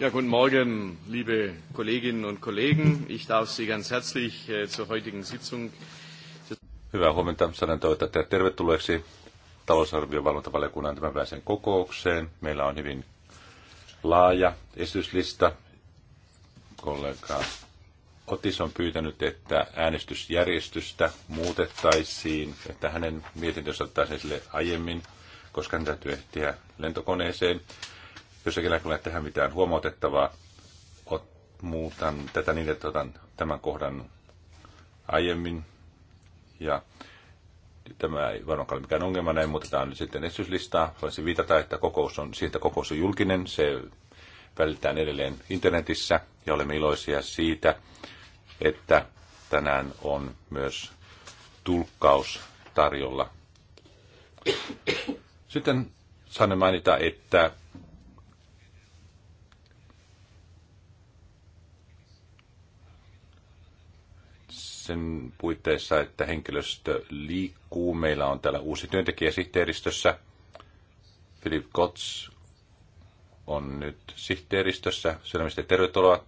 Ja, guten Morgen, liebe Kolleginnen und Kollegen. Ich darf Sie ganz herzlich äh, zur heutigen Sitzung. Hyvää huomenta. Sanon toivottavasti teidät tervetulleeksi talousarviovalvontavaliokunnan tämänpäiväiseen kokoukseen. Meillä on hyvin laaja esityslista. Kollega Otis on pyytänyt, että äänestysjärjestystä muutettaisiin, että hänen mietintönsä ottaisiin sille aiemmin, koska hän täytyy ehtiä lentokoneeseen. Jos ei ole tähän mitään huomautettavaa, ot, muutan tätä niin, että otan tämän kohdan aiemmin. Ja tämä ei varmaankaan ole mikään ongelma, näin muutetaan nyt sitten esityslistaa. Voisin viitata, että kokous on, siitä kokous on julkinen, se välitetään edelleen internetissä ja olemme iloisia siitä, että tänään on myös tulkkaus tarjolla. Sitten saan mainita, että sen puitteissa, että henkilöstö liikkuu. Meillä on täällä uusi työntekijä sihteeristössä. Philip Kotz on nyt sihteeristössä. Selvästi tervetuloa.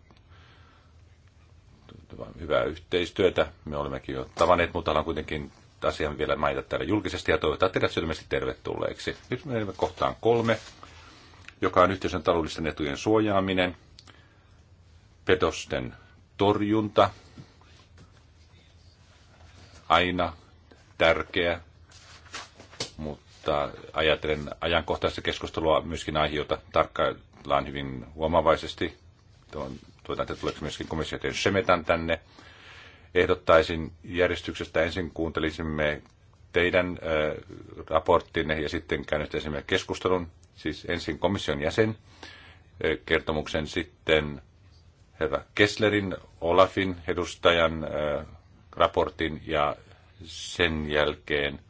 Tuota, hyvää yhteistyötä. Me olemmekin jo tavanneet, mutta ollaan kuitenkin asian vielä mainita täällä julkisesti ja toivottaa teidät selvästi tervetulleeksi. Nyt menemme kohtaan kolme, joka on yhteisön taloudellisten etujen suojaaminen, pedosten torjunta aina tärkeä, mutta ajatellen ajankohtaista keskustelua myöskin aihe, jota tarkkaillaan hyvin huomavaisesti. Tuotan että tuleeko myöskin komissio Semetan tänne. Ehdottaisin järjestyksestä ensin kuuntelisimme teidän äh, raporttinne ja sitten käynnistäisimme keskustelun. Siis ensin komission jäsen kertomuksen, sitten herra Kesslerin, Olafin edustajan raportin ja sen jälkeen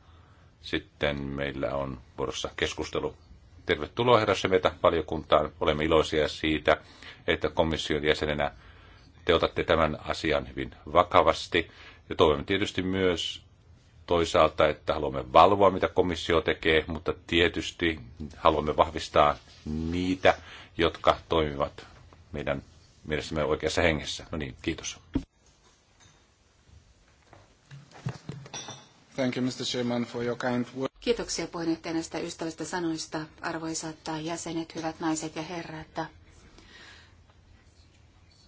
sitten meillä on vuorossa keskustelu. Tervetuloa herra Semeta valiokuntaan. Olemme iloisia siitä, että komission jäsenenä te otatte tämän asian hyvin vakavasti. Ja toivomme tietysti myös toisaalta, että haluamme valvoa, mitä komissio tekee, mutta tietysti haluamme vahvistaa niitä, jotka toimivat meidän mielestämme oikeassa hengessä. No niin, kiitos. Thank you, Mr. Chairman, for your kind words. Kiitoksia puheenjohtaja näistä ystävistä sanoista, arvoisat jäsenet, hyvät naiset ja herrat.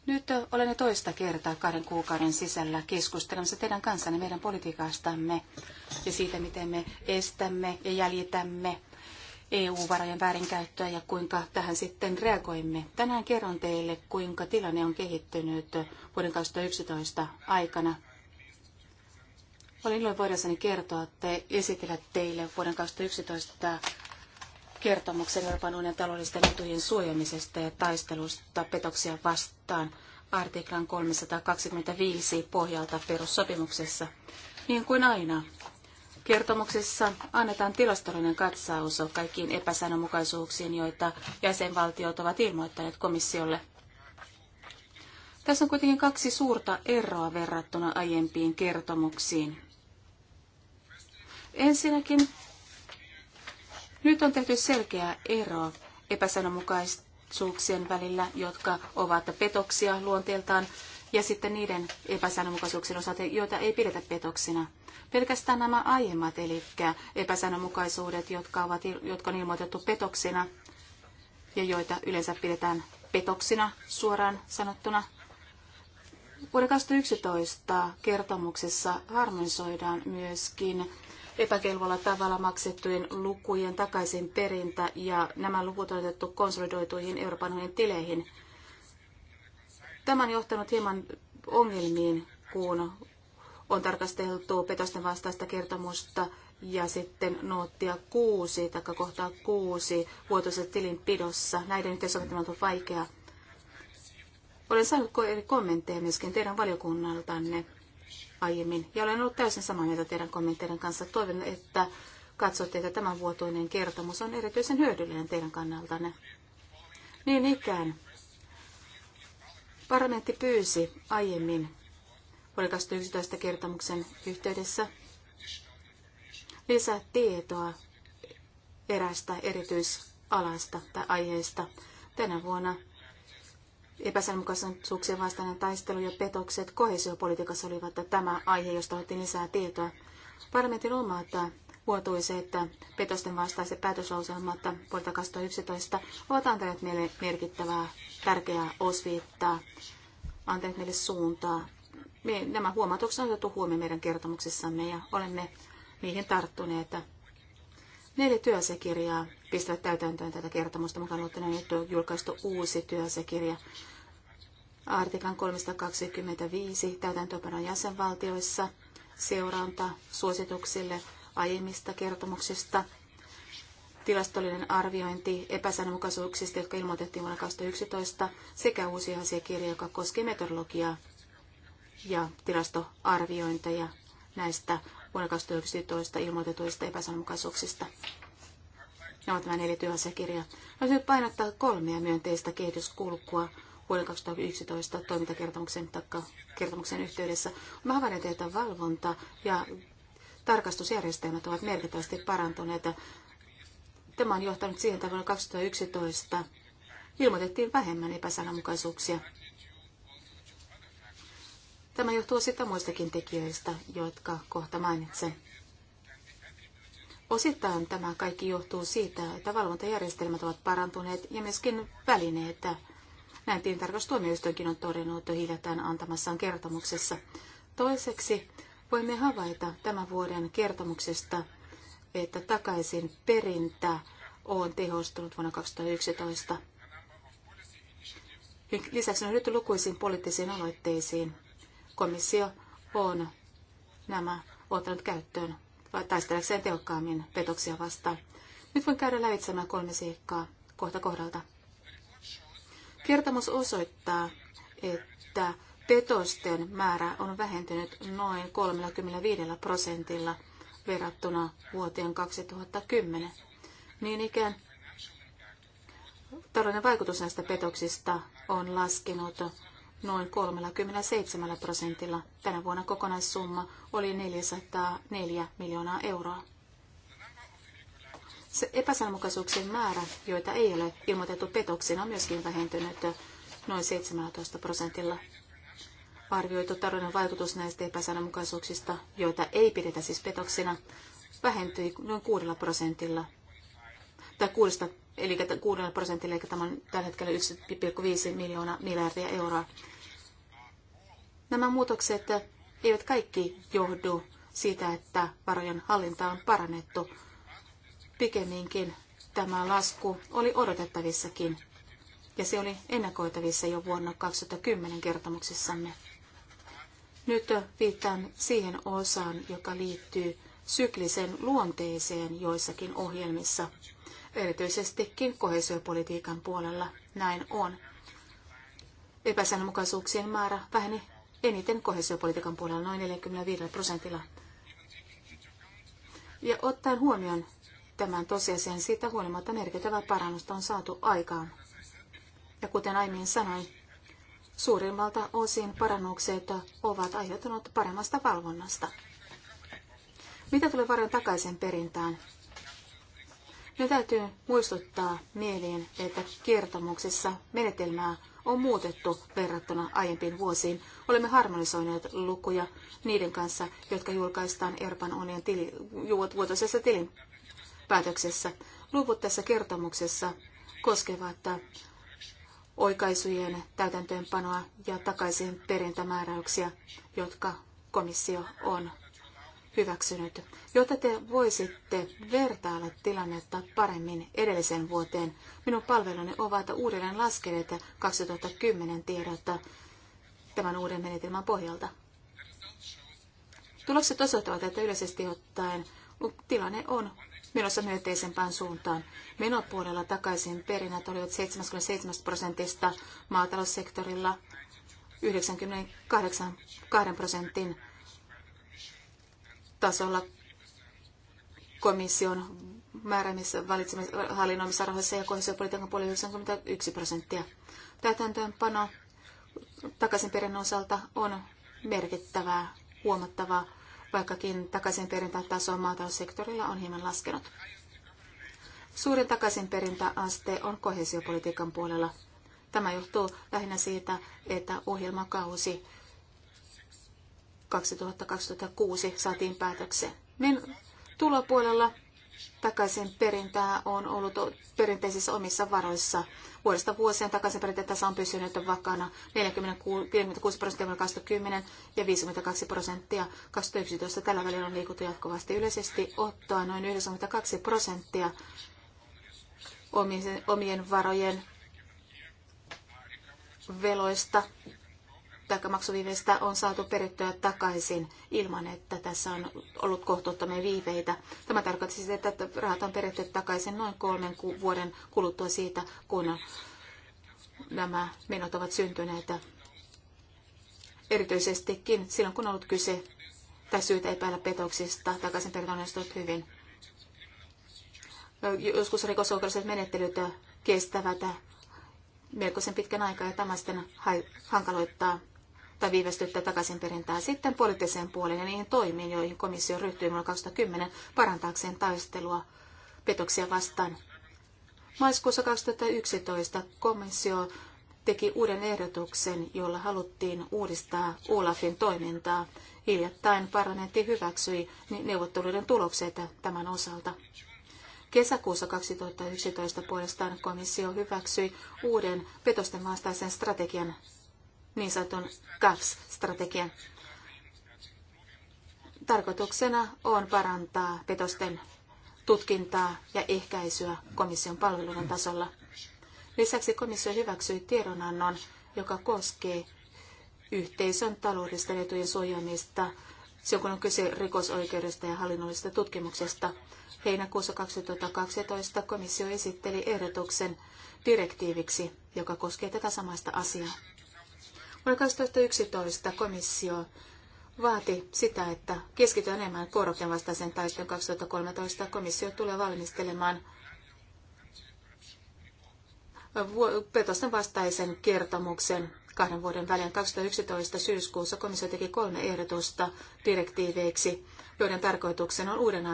Nyt olen jo toista kertaa kahden kuukauden sisällä keskustelemassa teidän kanssanne meidän politiikastamme ja siitä, miten me estämme ja jäljitämme EU-varojen väärinkäyttöä ja kuinka tähän sitten reagoimme. Tänään kerron teille, kuinka tilanne on kehittynyt vuoden 2011 aikana olen iloinen voidessani kertoa, että esitellä teille vuoden 2011 kertomuksen Euroopan unionin taloudellisten etujen suojamisesta ja taistelusta petoksia vastaan artiklan 325 pohjalta perussopimuksessa. Niin kuin aina, kertomuksessa annetaan tilastollinen katsaus kaikkiin epäsäännönmukaisuuksiin, joita jäsenvaltiot ovat ilmoittaneet komissiolle. Tässä on kuitenkin kaksi suurta eroa verrattuna aiempiin kertomuksiin Ensinnäkin nyt on tehty selkeä ero epäsanomukaisuuksien välillä, jotka ovat petoksia luonteeltaan, ja sitten niiden epäsanomukaisuuksien osalta, joita ei pidetä petoksina. Pelkästään nämä aiemmat, eli epäsanomukaisuudet, jotka, ovat, jotka on ilmoitettu petoksina ja joita yleensä pidetään petoksina suoraan sanottuna. Vuoden 2011 kertomuksessa harmonisoidaan myöskin epäkelvolla tavalla maksettujen lukujen takaisin perintä ja nämä luvut on otettu konsolidoituihin Euroopan unionin tileihin. Tämä on johtanut hieman ongelmiin, kun on tarkasteltu petosten vastaista kertomusta ja sitten noottia kuusi, tai kohtaa kuusi vuotuisessa tilinpidossa. Näiden yhteensovittaminen on vaikea. Olen saanut eri kommentteja myöskin teidän valiokunnaltanne aiemmin. Ja olen ollut täysin samaa mieltä teidän kommentteiden kanssa. Toivon, että katsotte, että tämän vuotuinen kertomus on erityisen hyödyllinen teidän kannaltanne. Niin ikään. Parlamentti pyysi aiemmin vuoden 2011 kertomuksen yhteydessä lisää tietoa erästä erityisalasta tai aiheesta. Tänä vuonna epäsäännönmukaisuuksien vastainen taistelu ja petokset kohesiopolitiikassa olivat tämä aihe, josta otettiin lisää tietoa. Parlamentin se, että petosten vastaiset päätöslauselmat vuodelta 2011 ovat antaneet meille merkittävää, tärkeää osviittaa, antaneet meille suuntaa. Me, nämä huomautukset on otettu huomioon meidän kertomuksessamme ja olemme niihin tarttuneet. Neljä työasiakirjaa pistävät täytäntöön tätä kertomusta mukaan luettuna nyt on julkaistu uusi työasiakirja. Artikan 325 täytäntöönpanon jäsenvaltioissa seuranta suosituksille aiemmista kertomuksista, tilastollinen arviointi epäsäännönmukaisuuksista, jotka ilmoitettiin vuonna 2011, sekä uusi asiakirja, joka koskee metodologiaa ja tilastoarviointeja näistä vuonna 2011 ilmoitetuista epäsanmukaisuuksista. Ne ovat nämä neljä työasiakirjaa. Haluaisin painottaa kolmea myönteistä kehityskulkua vuoden 2011 toimintakertomuksen takka kertomuksen yhteydessä. me havainneet, että valvonta ja tarkastusjärjestelmät ovat merkittävästi parantuneita. Tämä on johtanut siihen, että vuonna 2011 ilmoitettiin vähemmän epäsanamukaisuuksia. Tämä johtuu sitä muistakin tekijöistä, jotka kohta mainitsen. Osittain tämä kaikki johtuu siitä, että valvontajärjestelmät ovat parantuneet ja myöskin välineet. Näin tilintarkastustuomioistuinkin on todennut hiljattain antamassaan kertomuksessa. Toiseksi voimme havaita tämän vuoden kertomuksesta, että takaisin perintä on tehostunut vuonna 2011. Lisäksi on ryhdytty lukuisiin poliittisiin aloitteisiin, komissio on nämä ottanut käyttöön taistelakseen tehokkaammin petoksia vastaan. Nyt voin käydä lävitsemään kolme seikkaa kohta kohdalta. Kertomus osoittaa, että petosten määrä on vähentynyt noin 35 prosentilla verrattuna vuoteen 2010. Niin ikään taloudellinen vaikutus näistä petoksista on laskenut noin 37 prosentilla. Tänä vuonna kokonaissumma oli 404 miljoonaa euroa. Se määrä, joita ei ole ilmoitettu petoksina, on myöskin vähentynyt noin 17 prosentilla. Arvioitu talouden vaikutus näistä epäsanmukaisuuksista, joita ei pidetä siis petoksina, vähentyi noin 6 prosentilla tai 6, eli 6 prosentilla, eli tämä on tällä hetkellä 1,5 miljoonaa miljardia euroa. Nämä muutokset eivät kaikki johdu siitä, että varojen hallinta on parannettu. Pikemminkin tämä lasku oli odotettavissakin, ja se oli ennakoitavissa jo vuonna 2010 kertomuksessamme. Nyt viittaan siihen osaan, joka liittyy syklisen luonteeseen joissakin ohjelmissa – erityisestikin kohesiopolitiikan puolella näin on. Epäsäännönmukaisuuksien määrä väheni eniten kohesiopolitiikan puolella noin 45 prosentilla. Ja ottaen huomioon tämän tosiasian siitä huolimatta merkittävää parannusta on saatu aikaan. Ja kuten aiemmin sanoin, suurimmalta osin parannukset ovat aiheutuneet paremmasta valvonnasta. Mitä tulee varojen takaisin perintään? Nyt täytyy muistuttaa mieliin, että kertomuksessa menetelmää on muutettu verrattuna aiempiin vuosiin. Olemme harmonisoineet lukuja niiden kanssa, jotka julkaistaan Euroopan unionin tili, vuotuisessa tilinpäätöksessä. Luvut tässä kertomuksessa koskevat oikaisujen täytäntöönpanoa ja takaisin perintämääräyksiä, jotka komissio on hyväksynyt, jotta te voisitte vertailla tilannetta paremmin edelliseen vuoteen. Minun palveluni ovat uudelleen laskeneet 2010 tiedot tämän uuden menetelmän pohjalta. Tulokset osoittavat, että yleisesti ottaen tilanne on menossa myönteisempään suuntaan. Menopuolella takaisin perinnät olivat 77 prosentista maataloussektorilla 98 prosentin tasolla komission määräämissä valitsemissa hallinnoimissa rahoissa ja kohesiopolitiikan puolella 91 prosenttia. Täytäntöönpano takaisinperinnän osalta on merkittävää, huomattavaa, vaikkakin takaisinperintätaso maataloussektorilla on hieman laskenut. Suurin takaisinperintäaste on kohesiopolitiikan puolella. Tämä johtuu lähinnä siitä, että ohjelmakausi 2006 saatiin päätökseen. Min niin tulopuolella takaisin perintää on ollut perinteisissä omissa varoissa. Vuodesta vuosien takaisin perintätaso on pysynyt vakana 46 prosenttia vuonna 2010 ja 52 prosenttia 2011. Tällä välillä on liikuttu jatkuvasti yleisesti ottaa noin 92 prosenttia omien varojen veloista tai maksuviiveistä on saatu perittyä takaisin ilman, että tässä on ollut kohtuuttomia viiveitä. Tämä tarkoittaa siis, että rahat on peritty takaisin noin kolmen vuoden kuluttua siitä, kun nämä menot ovat syntyneet. Erityisestikin silloin, kun on ollut kyse tai syytä epäillä petoksista, takaisin onnistunut hyvin. Joskus rikosoikeudelliset menettelyt kestävät melkoisen pitkän aikaa ja tämä sitten hankaloittaa tai viivästyttää takaisinperintää sitten poliittiseen puoleen ja niihin toimiin, joihin komissio ryhtyi vuonna 2010 parantaakseen taistelua petoksia vastaan. Maaliskuussa 2011 komissio teki uuden ehdotuksen, jolla haluttiin uudistaa Olafin toimintaa. Hiljattain parlamentti hyväksyi neuvotteluiden tulokset tämän osalta. Kesäkuussa 2011 puolestaan komissio hyväksyi uuden petosten vastaisen strategian niin sanotun kaps strategian Tarkoituksena on parantaa petosten tutkintaa ja ehkäisyä komission palveluiden tasolla. Lisäksi komissio hyväksyi tiedonannon, joka koskee yhteisön taloudellisten etujen suojaamista, silloin kun on kyse rikosoikeudesta ja hallinnollisesta tutkimuksesta. Heinäkuussa 2012 komissio esitteli ehdotuksen direktiiviksi, joka koskee tätä samaista asiaa. Vuonna 2011 komissio vaati sitä, että keskitytään enemmän korruption vastaiseen taisteluun 2013. Komissio tulee valmistelemaan petosten vastaisen kertomuksen kahden vuoden välein 2011 syyskuussa komissio teki kolme ehdotusta direktiiveiksi, joiden tarkoituksena on uuden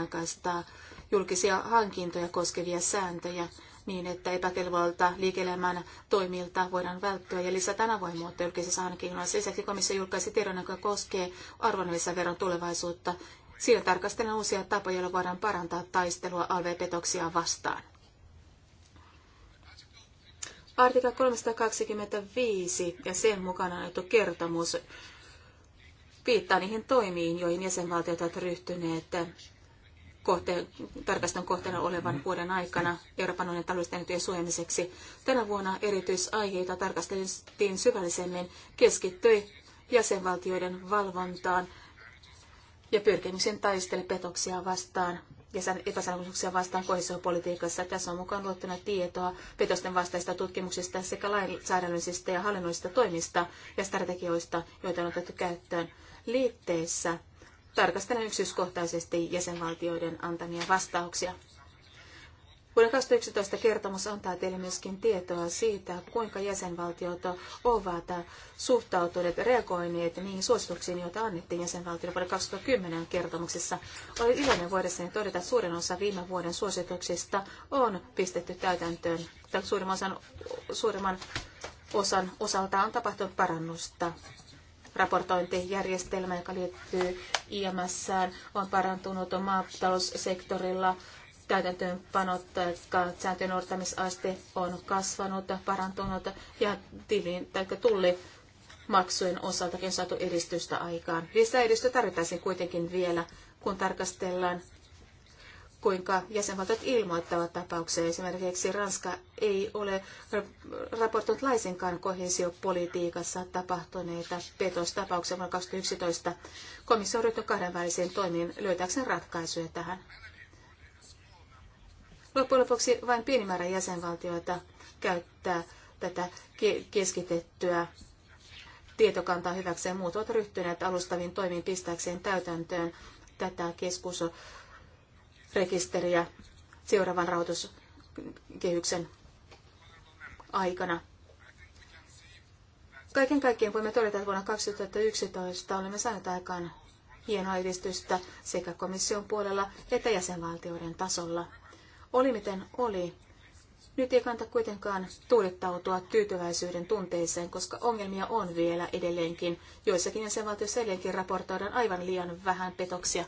julkisia hankintoja koskevia sääntöjä niin, että epäkelvoilta liike-elämän toimilta voidaan välttyä ja lisätä avoimuutta julkisessa hankinnoissa. Lisäksi komissio julkaisi tiedon, joka koskee arvonlisäveron tulevaisuutta. Siinä tarkastellaan uusia tapoja, joilla voidaan parantaa taistelua alv-petoksia vastaan. Artikla 325 ja sen mukana annettu kertomus viittaa niihin toimiin, joihin jäsenvaltiot ovat ryhtyneet kohte- tarkastelun kohteena olevan mm-hmm. vuoden aikana Euroopan unionin taloudellisten etujen suojelmiseksi. Tänä vuonna erityisaiheita tarkasteltiin syvällisemmin, keskittyi jäsenvaltioiden valvontaan ja pyrkimyksen taistele petoksia vastaan ja epäsäännöllisyyksiä vastaan kohesiopolitiikassa. Tässä on mukaan luettuna tietoa petosten vastaista tutkimuksista sekä lainsäädännöllisistä ja hallinnollisista toimista ja strategioista, joita on otettu käyttöön. Liitteissä tarkastelen yksityiskohtaisesti jäsenvaltioiden antamia vastauksia. Vuoden 2011 kertomus antaa teille myöskin tietoa siitä, kuinka jäsenvaltiot ovat suhtautuneet reagoineet niihin suosituksiin, joita annettiin jäsenvaltioille vuoden 2010 kertomuksessa. Olen iloinen vuodessani todeta, että suurin osa viime vuoden suosituksista on pistetty täytäntöön. Suurimman osan, suurimman osan osalta on tapahtunut parannusta raportointijärjestelmä, joka liittyy IMS, on parantunut maataloussektorilla. Täytäntöönpanot tai sääntöjen ortamisaste on kasvanut, parantunut ja tilin tai tulli maksujen osaltakin saatu edistystä aikaan. Lisää edistystä tarvittaisiin kuitenkin vielä, kun tarkastellaan kuinka jäsenvaltiot ilmoittavat tapauksia. Esimerkiksi Ranska ei ole raportoinut laisinkaan kohesiopolitiikassa tapahtuneita petostapauksia vuonna 2011. Komissio ryhtynyt kahdenvälisiin toimiin löytääkseen ratkaisuja tähän. Loppujen lopuksi vain pieni määrä jäsenvaltioita käyttää tätä keskitettyä tietokantaa hyväkseen. Muut ovat ryhtyneet alustaviin toimiin pistääkseen täytäntöön tätä keskusta rekisteriä seuraavan rahoituskehyksen aikana. Kaiken kaikkiaan voimme todeta, että vuonna 2011 olemme saaneet aikaan hienoa edistystä sekä komission puolella että jäsenvaltioiden tasolla. Oli miten oli. Nyt ei kannata kuitenkaan tuudittautua tyytyväisyyden tunteeseen, koska ongelmia on vielä edelleenkin. Joissakin jäsenvaltioissa edelleenkin raportoidaan aivan liian vähän petoksia.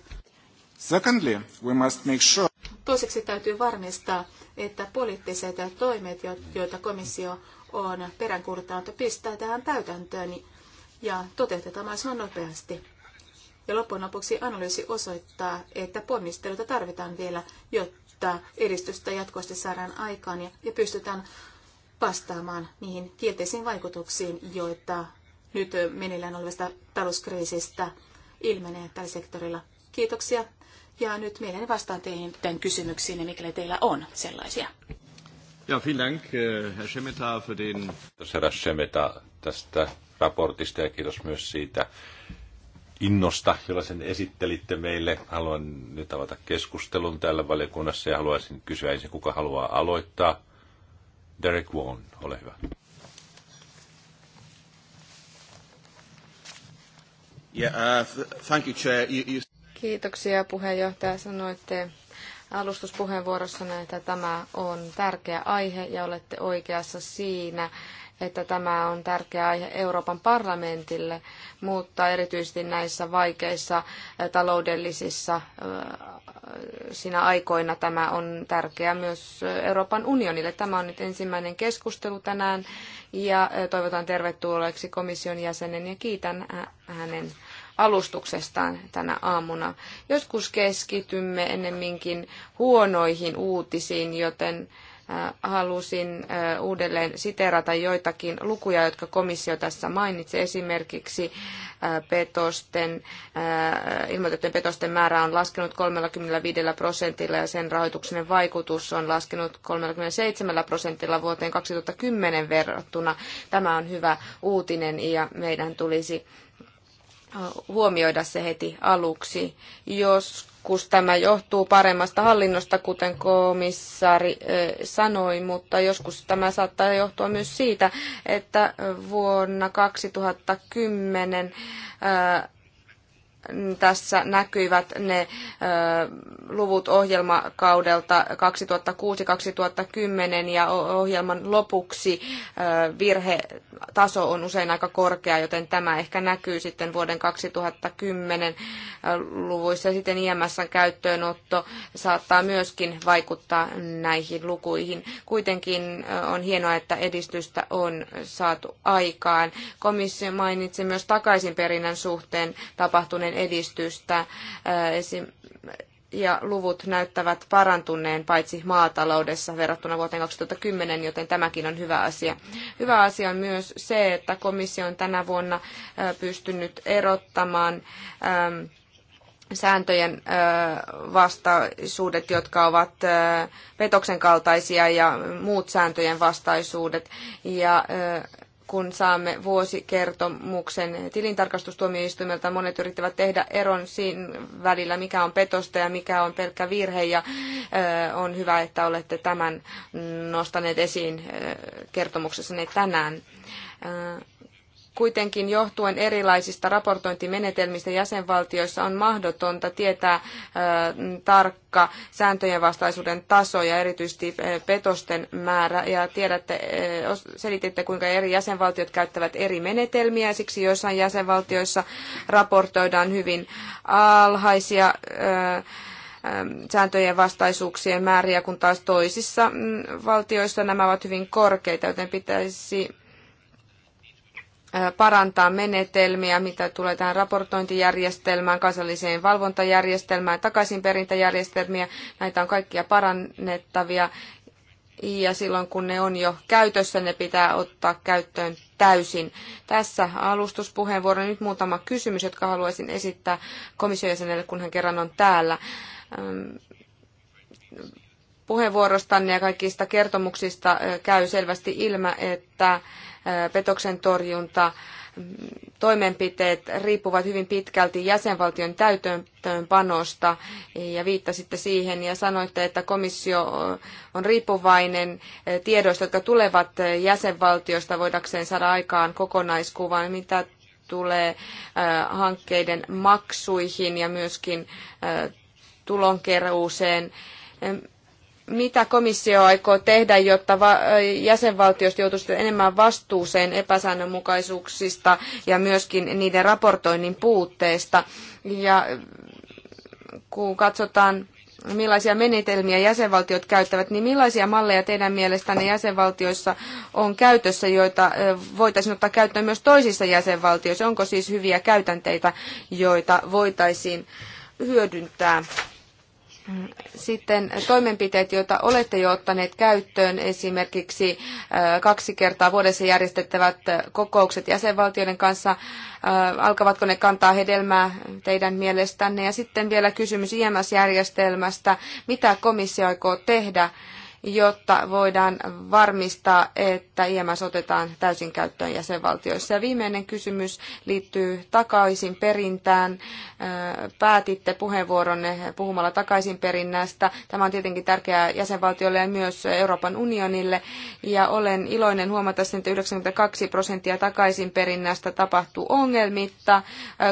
Secondly, we must make sure... Toiseksi täytyy varmistaa, että poliittiset toimet, joita komissio on peräänkuuluttanut, pistää tähän täytäntöön ja toteutetaan mahdollisimman nopeasti. Ja loppujen lopuksi analyysi osoittaa, että ponnisteluita tarvitaan vielä, jotta edistystä jatkuvasti saadaan aikaan ja, ja pystytään vastaamaan niihin kielteisiin vaikutuksiin, joita nyt meneillään olevasta talouskriisistä ilmenee tällä sektorilla. Kiitoksia ja nyt mielen vastaan teidän kysymyksiin, mikäli teillä on sellaisia. Ja, vielen dank, eh, Herr Schemeta, für den... Herra Schemeta tästä raportista ja kiitos myös siitä innosta, jolla sen esittelitte meille. Haluan nyt avata keskustelun täällä valiokunnassa ja haluaisin kysyä ensin, kuka haluaa aloittaa. Derek Vaughan, ole hyvä. Yeah, uh, thank you, Chair. You, you... Kiitoksia puheenjohtaja. Sanoitte alustuspuheenvuorossanne, että tämä on tärkeä aihe ja olette oikeassa siinä, että tämä on tärkeä aihe Euroopan parlamentille, mutta erityisesti näissä vaikeissa taloudellisissa sinä aikoina tämä on tärkeä myös Euroopan unionille. Tämä on nyt ensimmäinen keskustelu tänään ja toivotan tervetulleeksi komission jäsenen ja kiitän hänen alustuksestaan tänä aamuna. Joskus keskitymme ennemminkin huonoihin uutisiin, joten halusin uudelleen siterata joitakin lukuja, jotka komissio tässä mainitsi. Esimerkiksi petosten, ilmoitettujen petosten määrä on laskenut 35 prosentilla ja sen rahoituksen vaikutus on laskenut 37 prosentilla vuoteen 2010 verrattuna. Tämä on hyvä uutinen ja meidän tulisi huomioida se heti aluksi. Joskus tämä johtuu paremmasta hallinnosta, kuten komissaari sanoi, mutta joskus tämä saattaa johtua myös siitä, että vuonna 2010 tässä näkyivät ne luvut ohjelmakaudelta 2006-2010 ja ohjelman lopuksi virhetaso on usein aika korkea, joten tämä ehkä näkyy sitten vuoden 2010 luvuissa. Sitten IMSn käyttöönotto saattaa myöskin vaikuttaa näihin lukuihin. Kuitenkin on hienoa, että edistystä on saatu aikaan. Komissio mainitsi myös takaisinperinnän suhteen tapahtuneen talouden edistystä ja luvut näyttävät parantuneen paitsi maataloudessa verrattuna vuoteen 2010, joten tämäkin on hyvä asia. Hyvä asia on myös se, että komissio on tänä vuonna pystynyt erottamaan sääntöjen vastaisuudet, jotka ovat petoksen kaltaisia ja muut sääntöjen vastaisuudet. Ja kun saamme vuosikertomuksen tilintarkastustuomioistuimelta. Monet yrittävät tehdä eron siinä välillä, mikä on petosta ja mikä on pelkkä virhe. Ja on hyvä, että olette tämän nostaneet esiin kertomuksessanne tänään. Kuitenkin johtuen erilaisista raportointimenetelmistä jäsenvaltioissa on mahdotonta tietää tarkka sääntöjen vastaisuuden taso ja erityisesti petosten määrä. Ja tiedätte, selititte, kuinka eri jäsenvaltiot käyttävät eri menetelmiä ja siksi joissain jäsenvaltioissa raportoidaan hyvin alhaisia sääntöjen vastaisuuksien määriä, kun taas toisissa mm, valtioissa nämä ovat hyvin korkeita, joten pitäisi parantaa menetelmiä, mitä tulee tähän raportointijärjestelmään, kansalliseen valvontajärjestelmään, takaisinperintäjärjestelmiä. Näitä on kaikkia parannettavia ja silloin kun ne on jo käytössä, ne pitää ottaa käyttöön täysin. Tässä alustuspuheenvuoro. Nyt muutama kysymys, jotka haluaisin esittää komissiojäsenelle, kun hän kerran on täällä. Puheenvuorostanne ja kaikista kertomuksista käy selvästi ilmä, että petoksen torjunta, toimenpiteet riippuvat hyvin pitkälti jäsenvaltion täytäntöönpanosta ja viittasitte siihen ja sanoitte, että komissio on riippuvainen tiedoista, jotka tulevat jäsenvaltiosta voidakseen saada aikaan kokonaiskuvan, mitä tulee hankkeiden maksuihin ja myöskin tulonkeruuseen mitä komissio aikoo tehdä, jotta jäsenvaltiot joutuisivat enemmän vastuuseen epäsäännönmukaisuuksista ja myöskin niiden raportoinnin puutteesta. Ja kun katsotaan millaisia menetelmiä jäsenvaltiot käyttävät, niin millaisia malleja teidän mielestänne jäsenvaltioissa on käytössä, joita voitaisiin ottaa käyttöön myös toisissa jäsenvaltioissa? Onko siis hyviä käytänteitä, joita voitaisiin hyödyntää sitten toimenpiteet, joita olette jo ottaneet käyttöön, esimerkiksi kaksi kertaa vuodessa järjestettävät kokoukset jäsenvaltioiden kanssa, alkavatko ne kantaa hedelmää teidän mielestänne? Ja sitten vielä kysymys IMS-järjestelmästä, mitä komissio aikoo tehdä? jotta voidaan varmistaa, että IMS otetaan täysin käyttöön jäsenvaltioissa. Ja viimeinen kysymys liittyy takaisin perintään. Päätitte puheenvuoronne puhumalla takaisin perinnästä. Tämä on tietenkin tärkeää jäsenvaltioille ja myös Euroopan unionille. Ja olen iloinen huomata sen, että 92 prosenttia takaisin perinnästä tapahtuu ongelmitta.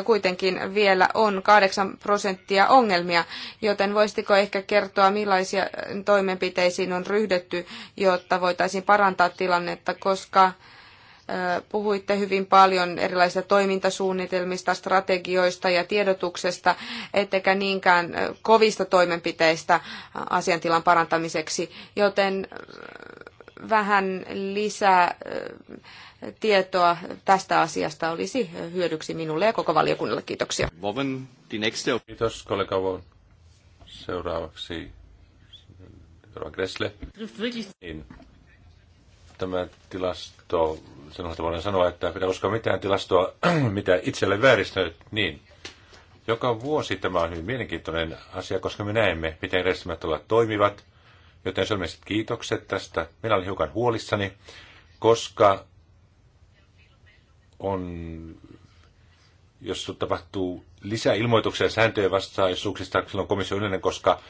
Kuitenkin vielä on 8 prosenttia ongelmia, joten voisitko ehkä kertoa, millaisia toimenpiteisiin on on ryhdytty, jotta voitaisiin parantaa tilannetta, koska puhuitte hyvin paljon erilaisista toimintasuunnitelmista, strategioista ja tiedotuksesta, ettekä niinkään kovista toimenpiteistä asiantilan parantamiseksi, joten vähän lisää tietoa tästä asiasta olisi hyödyksi minulle ja koko valiokunnalle. Kiitoksia. Kiitos kollega Seuraavaksi Rova Gressle. Niin. Tämä tilasto, sen voidaan sanoa, että pitää uskoa mitään tilastoa, mitä itselle vääristänyt. Niin. Joka vuosi tämä on hyvin mielenkiintoinen asia, koska me näemme, miten järjestelmät toimivat. Joten sellaiset kiitokset tästä. Minä olin hiukan huolissani, koska on, jos tapahtuu ilmoituksia sääntöjen vastaisuuksista silloin komissio yleinen, koska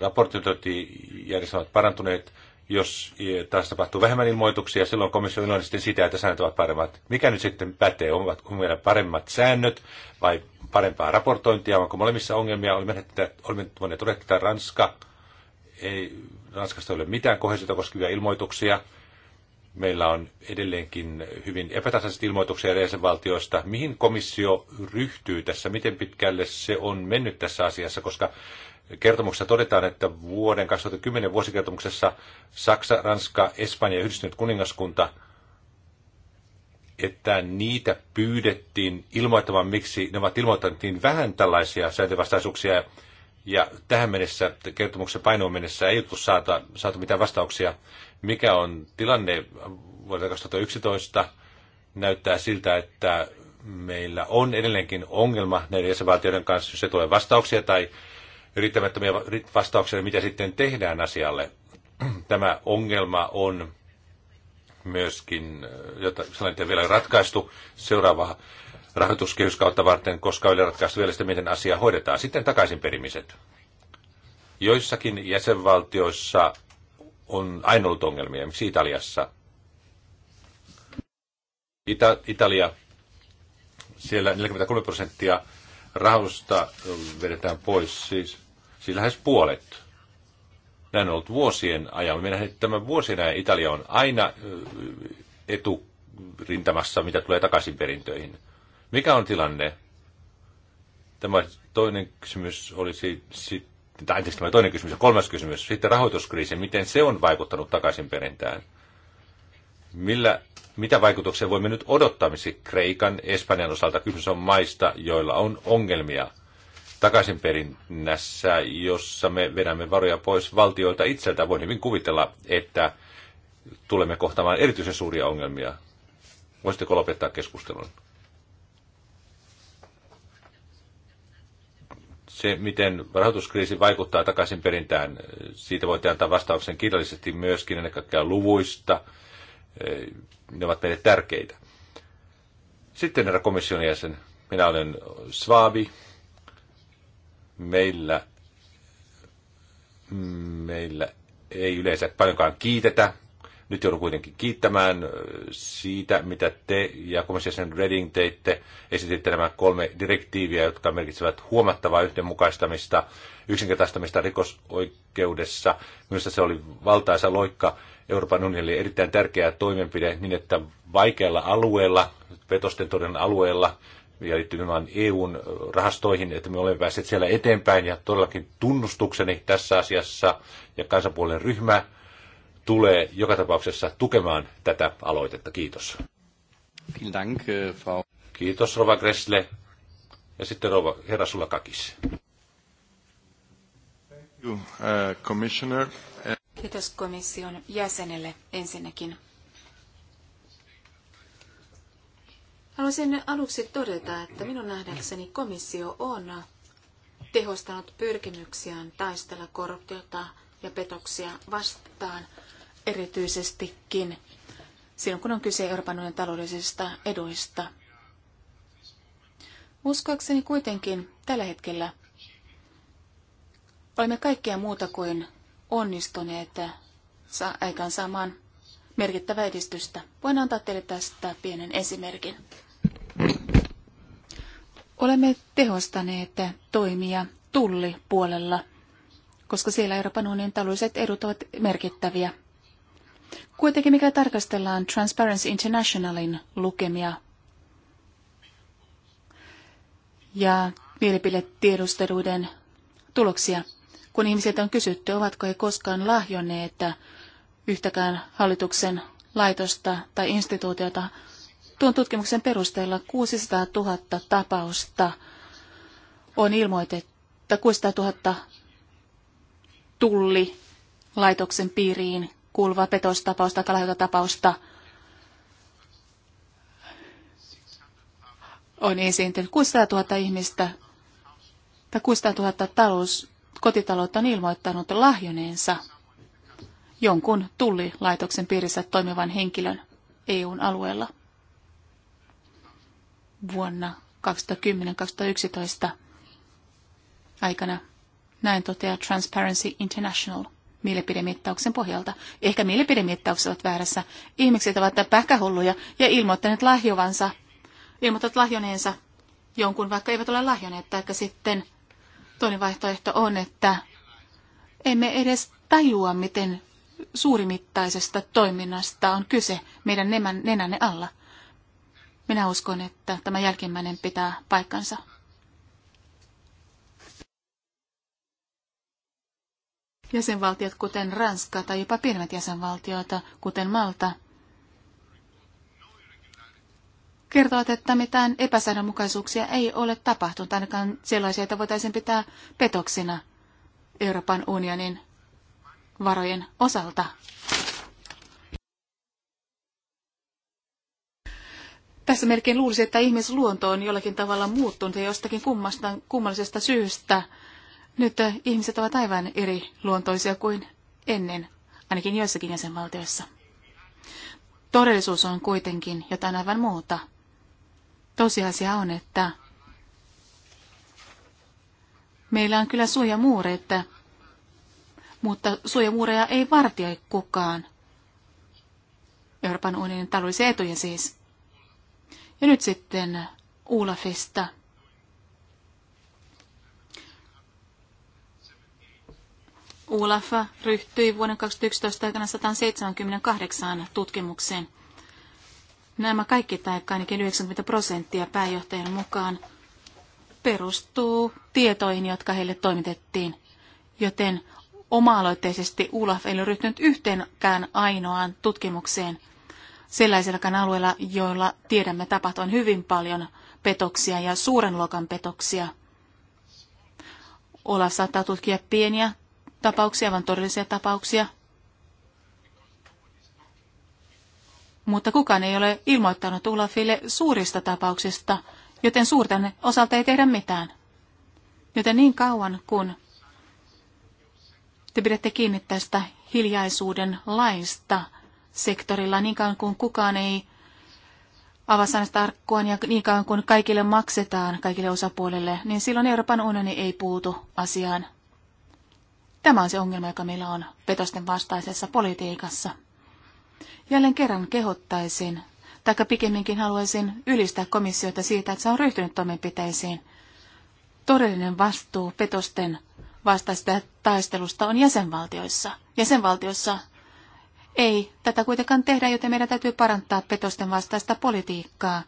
raportointijärjestelmät ovat parantuneet. Jos taas tapahtuu vähemmän ilmoituksia, silloin komissio on sitten sitä, että säännöt ovat paremmat. Mikä nyt sitten pätee? onko meillä paremmat säännöt vai parempaa raportointia? Onko molemmissa ongelmia? Olemme, että, olemme voineet todeta, että Ranska ei, Ranskasta ei ole mitään kohesiota koskevia ilmoituksia. Meillä on edelleenkin hyvin epätasaiset ilmoituksia jäsenvaltioista. Mihin komissio ryhtyy tässä? Miten pitkälle se on mennyt tässä asiassa? Koska kertomuksessa todetaan, että vuoden 2010 vuosikertomuksessa Saksa, Ranska, Espanja ja Yhdistynyt kuningaskunta, että niitä pyydettiin ilmoittamaan, miksi ne ovat ilmoittaneet niin vähän tällaisia sääntövastaisuuksia. Ja tähän mennessä kertomuksen painoon mennessä ei ole saata, saatu mitään vastauksia. Mikä on tilanne vuodelta 2011? Näyttää siltä, että meillä on edelleenkin ongelma näiden jäsenvaltioiden kanssa, jos ei tule vastauksia tai riittämättömiä vastauksia, mitä sitten tehdään asialle. Tämä ongelma on myöskin, äh, jota sellainen että vielä ratkaistu, seuraava rahoituskehyskautta varten, koska ei ratkaistu vielä sitä, miten asia hoidetaan. Sitten takaisin perimiset. Joissakin jäsenvaltioissa on aina ollut ongelmia, esimerkiksi Italiassa. Ita- Italia, siellä 43 prosenttia rahoista vedetään pois siis, siis lähes puolet. Näin on ollut vuosien ajan. Me nähdään, että tämän vuosien ajan Italia on aina eturintamassa, mitä tulee takaisin perintöihin. Mikä on tilanne? Tämä toinen kysymys olisi sitten, tai anteeksi, tämä toinen kysymys ja kolmas kysymys, sitten rahoituskriisi, miten se on vaikuttanut takaisin perintään? millä, mitä vaikutuksia voimme nyt odottamisi Kreikan, Espanjan osalta? Kysymys on maista, joilla on ongelmia takaisinperinnässä, jossa me vedämme varoja pois valtioilta itseltä. Voin hyvin kuvitella, että tulemme kohtaamaan erityisen suuria ongelmia. Voisitteko lopettaa keskustelun? se, miten rahoituskriisi vaikuttaa takaisin perintään, siitä voitte antaa vastauksen kirjallisesti myöskin ennen kaikkea luvuista, ne ovat meille tärkeitä. Sitten herra komission jäsen, minä olen Svaabi. Meillä, meillä ei yleensä paljonkaan kiitetä. Nyt joudun kuitenkin kiittämään siitä, mitä te ja komission Reding teitte. Esititte nämä kolme direktiiviä, jotka merkitsevät huomattavaa yhdenmukaistamista, yksinkertaistamista rikosoikeudessa. Minusta se oli valtaisa loikka Euroopan unionille erittäin tärkeä toimenpide niin, että vaikealla alueella, petosten toden alueella, ja liittyy nimenomaan EUn rahastoihin, että me olemme päässeet siellä eteenpäin ja todellakin tunnustukseni tässä asiassa ja kansanpuolen ryhmä tulee joka tapauksessa tukemaan tätä aloitetta. Kiitos. Dank, äh, Frau. Kiitos Rova Gressle ja sitten Rova Herra Sulakakis. Thank you, uh, commissioner. Kiitos komission jäsenelle ensinnäkin. Haluaisin aluksi todeta, että minun nähdäkseni komissio on tehostanut pyrkimyksiään taistella korruptiota ja petoksia vastaan erityisestikin silloin, kun on kyse Euroopan unionin taloudellisista eduista. Uskoakseni kuitenkin tällä hetkellä olemme kaikkea muuta kuin onnistuneet aikaan saamaan merkittävää edistystä. Voin antaa teille tästä pienen esimerkin. Olemme tehostaneet toimia tullipuolella, koska siellä Euroopan unionin taloudelliset edut ovat merkittäviä. Kuitenkin mikä tarkastellaan Transparency Internationalin lukemia ja mielipidetiedusteluiden tuloksia, kun ihmisiltä on kysytty, ovatko he koskaan lahjonneet yhtäkään hallituksen laitosta tai instituutiota. Tuon tutkimuksen perusteella 600 000 tapausta on ilmoitettu, 600 000 tulli laitoksen piiriin kuuluva petostapausta, tapausta, on esiintynyt 600 000 ihmistä tai 600 000 talous, kotitaloutta on ilmoittanut lahjoneensa jonkun tullilaitoksen piirissä toimivan henkilön EUn alueella vuonna 2010-2011 aikana. Näin toteaa Transparency International mielipidemittauksen pohjalta. Ehkä mielipidemittaukset ovat väärässä. Ihmiset ovat pähkähulluja ja ilmoittaneet lahjovansa, ilmoittaneet lahjoneensa jonkun, vaikka eivät ole lahjoneet, tai sitten Toinen vaihtoehto on, että emme edes tajua, miten suurimittaisesta toiminnasta on kyse meidän nenänne alla. Minä uskon, että tämä jälkimmäinen pitää paikkansa. Jäsenvaltiot, kuten Ranska tai jopa pienemmät jäsenvaltiot, kuten Malta – kertovat, että mitään epäsäännönmukaisuuksia ei ole tapahtunut, ainakaan sellaisia, että voitaisiin pitää petoksina Euroopan unionin varojen osalta. Tässä melkein luulisi, että ihmisluonto on jollakin tavalla muuttunut ja jostakin kummasta, kummallisesta syystä. Nyt äh, ihmiset ovat aivan eri luontoisia kuin ennen, ainakin joissakin jäsenvaltioissa. Todellisuus on kuitenkin jotain aivan muuta. Tosiasia on, että meillä on kyllä suojamuureita, mutta suojamuureja ei vartioi kukaan. Euroopan unionin taloudellisia etuja siis. Ja nyt sitten Ulafista. Ulafa ryhtyi vuoden 2011 aikana 178 tutkimukseen – Nämä kaikki, tai ainakin 90 prosenttia pääjohtajan mukaan, perustuu tietoihin, jotka heille toimitettiin, joten oma-aloitteisesti Ulaf ei ole ryhtynyt yhteenkään ainoaan tutkimukseen sellaisellakaan alueella, joilla tiedämme tapahtuvan hyvin paljon petoksia ja suuren luokan petoksia. Olaf saattaa tutkia pieniä tapauksia, vaan todellisia tapauksia, mutta kukaan ei ole ilmoittanut Ulafille suurista tapauksista, joten suurten osalta ei tehdä mitään. Joten niin kauan kun te pidätte kiinni tästä hiljaisuuden laista sektorilla, niin kauan kuin kukaan ei avaa sanasta ja niin kauan kuin kaikille maksetaan, kaikille osapuolille, niin silloin Euroopan unioni ei puutu asiaan. Tämä on se ongelma, joka meillä on petosten vastaisessa politiikassa. Jälleen kerran kehottaisin, tai pikemminkin haluaisin ylistää komissiota siitä, että se on ryhtynyt toimenpiteisiin. Todellinen vastuu petosten vastaista taistelusta on jäsenvaltioissa. Jäsenvaltioissa ei tätä kuitenkaan tehdä, joten meidän täytyy parantaa petosten vastaista politiikkaa.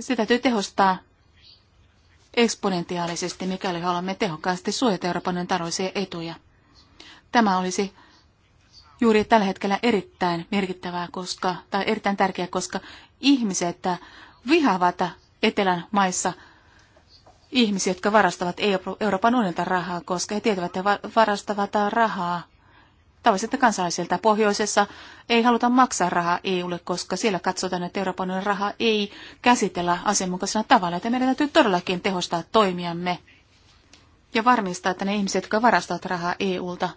Sitä täytyy tehostaa eksponentiaalisesti, mikäli haluamme tehokkaasti suojata Euroopan etuja. Tämä olisi juuri tällä hetkellä erittäin merkittävää, koska, tai erittäin tärkeää, koska ihmiset vihaavat etelän maissa ihmisiä, jotka varastavat Euroopan unionilta rahaa, koska he tietävät, että varastavat rahaa tavallisilta kansalaisilta. Pohjoisessa ei haluta maksaa rahaa EUlle, koska siellä katsotaan, että Euroopan unionin rahaa ei käsitellä asianmukaisena tavalla, että meidän täytyy todellakin tehostaa toimiamme ja varmistaa, että ne ihmiset, jotka varastavat rahaa EUlta,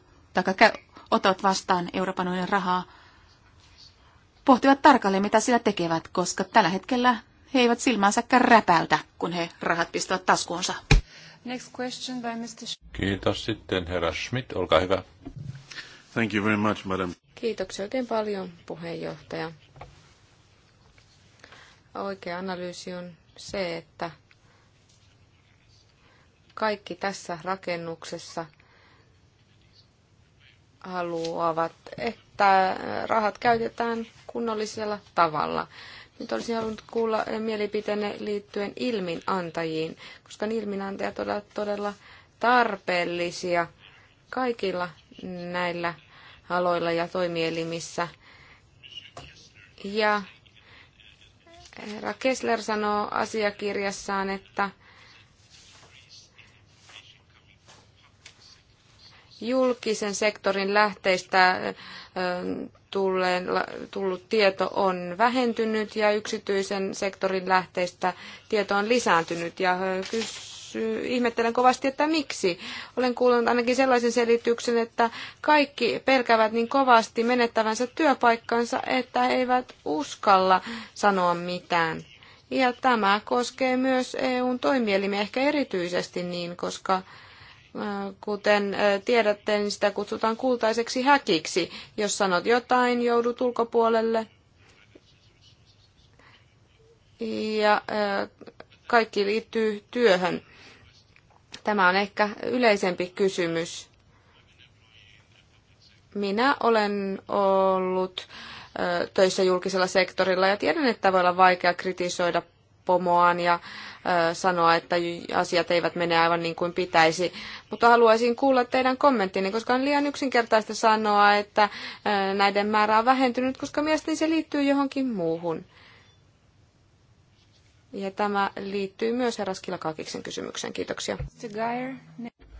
tai ottavat vastaan Euroopan unionin rahaa, pohtivat tarkalleen, mitä sillä tekevät, koska tällä hetkellä he eivät silmänsäkään räpältä, kun he rahat pistävät taskuunsa. Next question by Mr. Kiitos sitten, herra Schmidt, olkaa hyvä. Thank you very much, madam. Kiitoksia oikein paljon, puheenjohtaja. Oikea analyysi on se, että kaikki tässä rakennuksessa – haluavat, että rahat käytetään kunnollisella tavalla. Nyt olisin halunnut kuulla mielipiteenne liittyen ilminantajiin, koska ilminantajat ovat todella tarpeellisia kaikilla näillä aloilla ja toimielimissä. Ja herra Kessler sanoo asiakirjassaan, että julkisen sektorin lähteistä tullut tieto on vähentynyt ja yksityisen sektorin lähteistä tieto on lisääntynyt. Ja kysy, ihmettelen kovasti, että miksi. Olen kuullut ainakin sellaisen selityksen, että kaikki pelkävät niin kovasti menettävänsä työpaikkansa, että he eivät uskalla sanoa mitään. Ja tämä koskee myös EUn toimielimiä ehkä erityisesti niin, koska Kuten tiedätte, niin sitä kutsutaan kultaiseksi häkiksi. Jos sanot jotain, joudut ulkopuolelle. Ja kaikki liittyy työhön. Tämä on ehkä yleisempi kysymys. Minä olen ollut töissä julkisella sektorilla ja tiedän, että voi olla vaikea kritisoida pomoaan ja sanoa, että asiat eivät mene aivan niin kuin pitäisi. Mutta haluaisin kuulla teidän kommenttinne, koska on liian yksinkertaista sanoa, että näiden määrä on vähentynyt, koska mielestäni se liittyy johonkin muuhun. Ja tämä liittyy myös herra Skilakakiksen kysymykseen. Kiitoksia.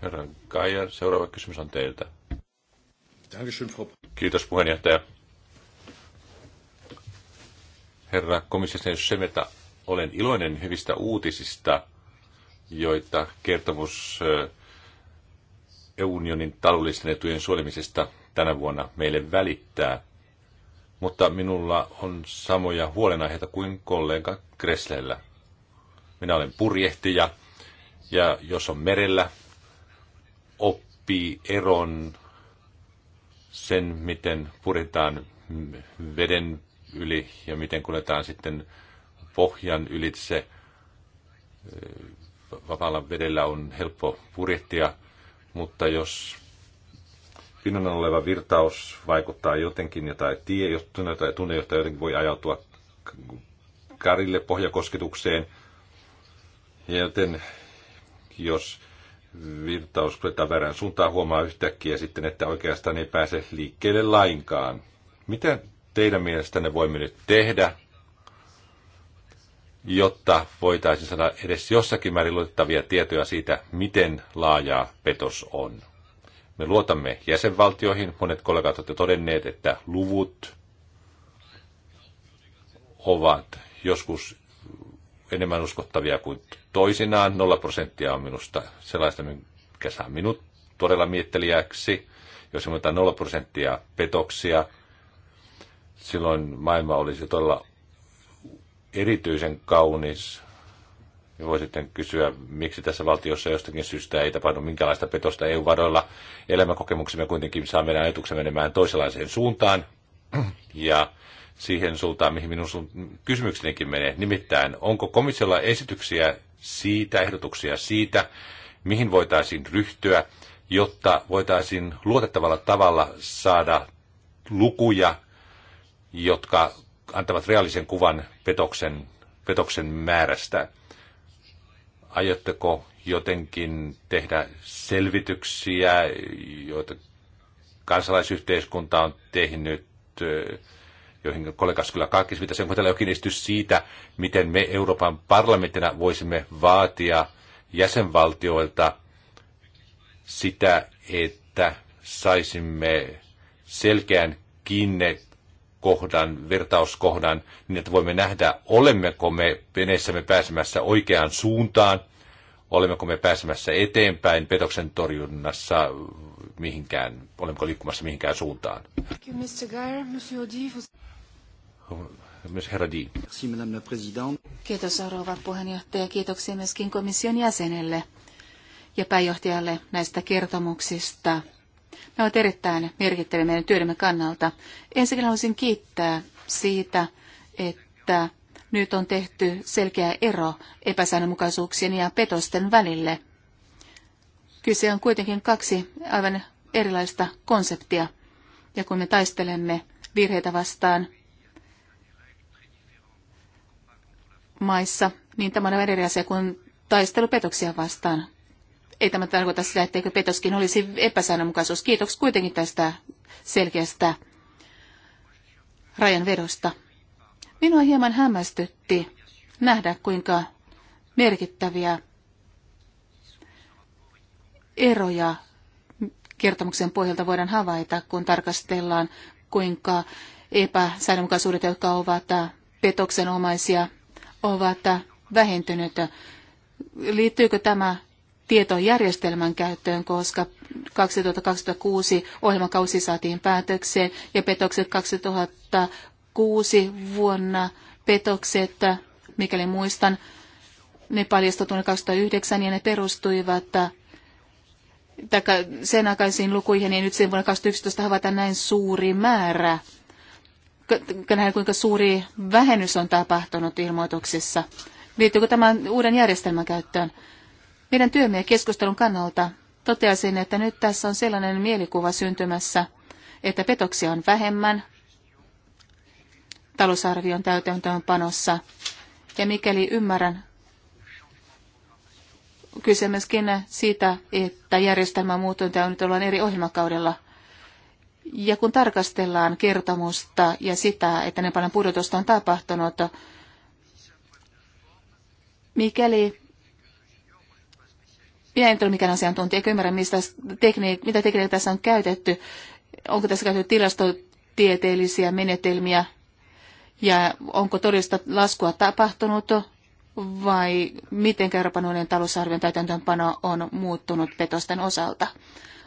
Herra Geier, seuraava kysymys on teiltä. Kiitos puheenjohtaja. Herra komissiosen Semeta, olen iloinen hyvistä uutisista, joita kertomus unionin taloudellisten etujen suolimisesta tänä vuonna meille välittää. Mutta minulla on samoja huolenaiheita kuin kollega Kreslellä. Minä olen purjehtija ja jos on merellä, oppii eron sen, miten puritaan veden yli ja miten kuljetaan sitten pohjan ylitse. Vapaalla vedellä on helppo purjehtia, mutta jos pinnan oleva virtaus vaikuttaa jotenkin, jotain tie, jos tunne, tai tunne, jota jotenkin voi ajautua karille pohjakosketukseen. Ja joten jos virtaus kuljetaan väärän suuntaan, huomaa yhtäkkiä sitten, että oikeastaan ei pääse liikkeelle lainkaan. Mitä teidän mielestänne voimme nyt tehdä jotta voitaisiin saada edes jossakin määrin luotettavia tietoja siitä, miten laajaa petos on. Me luotamme jäsenvaltioihin. Monet kollegat ovat todenneet, että luvut ovat joskus enemmän uskottavia kuin toisinaan. Nolla prosenttia on minusta sellaista, mikä saa minut todella miettelijäksi. Jos sanotaan nolla prosenttia petoksia, silloin maailma olisi todella erityisen kaunis. Ja voi sitten kysyä, miksi tässä valtiossa jostakin syystä ei tapahdu minkälaista petosta EU-varoilla. Elämäkokemuksemme kuitenkin saa meidän ajatuksemme menemään toisenlaiseen suuntaan. Ja siihen suuntaan, mihin minun sun kysymyksenikin menee. Nimittäin, onko komissiolla esityksiä siitä, ehdotuksia siitä, mihin voitaisiin ryhtyä, jotta voitaisiin luotettavalla tavalla saada lukuja, jotka antavat reaalisen kuvan petoksen, petoksen määrästä. Aiotteko jotenkin tehdä selvityksiä, joita kansalaisyhteiskunta on tehnyt, eh, joihin kollegas kyllä kaikki viittasi, onko täällä jokin esitys siitä, miten me Euroopan parlamenttina voisimme vaatia jäsenvaltioilta sitä, että saisimme selkeän kiinne kohdan, vertauskohdan, niin että voimme nähdä, olemmeko me veneessämme pääsemässä oikeaan suuntaan, olemmeko me pääsemässä eteenpäin petoksen torjunnassa mihinkään, olemmeko liikkumassa mihinkään suuntaan. Myös herra Di. Kiitos rouva puheenjohtaja. Kiitoksia myöskin komission jäsenelle ja pääjohtajalle näistä kertomuksista. Ne ovat erittäin merkittäviä meidän työdemme kannalta. Ensinnäkin haluaisin kiittää siitä, että nyt on tehty selkeä ero epäsäännönmukaisuuksien ja petosten välille. Kyse on kuitenkin kaksi aivan erilaista konseptia. Ja kun me taistelemme virheitä vastaan maissa, niin tämä on eri asia kuin taistelu petoksia vastaan. Ei tämä tarkoita sitä, etteikö petoskin olisi epäsäännönmukaisuus. Kiitoksia kuitenkin tästä selkeästä rajanvedosta. Minua hieman hämmästytti nähdä, kuinka merkittäviä eroja kertomuksen pohjalta voidaan havaita, kun tarkastellaan, kuinka epäsäännönmukaisuudet, jotka ovat petoksenomaisia, ovat vähentyneet. Liittyykö tämä tietojärjestelmän käyttöön, koska 2026 ohjelmakausi saatiin päätökseen ja petokset 2006 vuonna petokset, mikäli muistan, ne paljastui vuonna 2009 ja ne perustuivat taikka sen aikaisiin lukuihin, niin nyt sen vuonna 2011 havaitaan näin suuri määrä. Nähdään, kuinka suuri vähennys on tapahtunut ilmoituksissa. Liittyykö tämä uuden järjestelmän käyttöön? Meidän työmme ja keskustelun kannalta toteaisin, että nyt tässä on sellainen mielikuva syntymässä, että petoksia on vähemmän talousarvion täytäntöönpanossa. Ja mikäli ymmärrän, kyse myöskin siitä, että järjestelmä muutoin ja nyt ollaan eri ohjelmakaudella. Ja kun tarkastellaan kertomusta ja sitä, että ne paljon pudotusta on tapahtunut, mikäli minä en ole mikään asiantuntija, enkä ymmärrä, mistä tekni, mitä tekniikkaa tässä on käytetty. Onko tässä käytetty tilastotieteellisiä menetelmiä ja onko todellista laskua tapahtunut vai miten kerropanoinen talousarvion täytäntöönpano on muuttunut petosten osalta?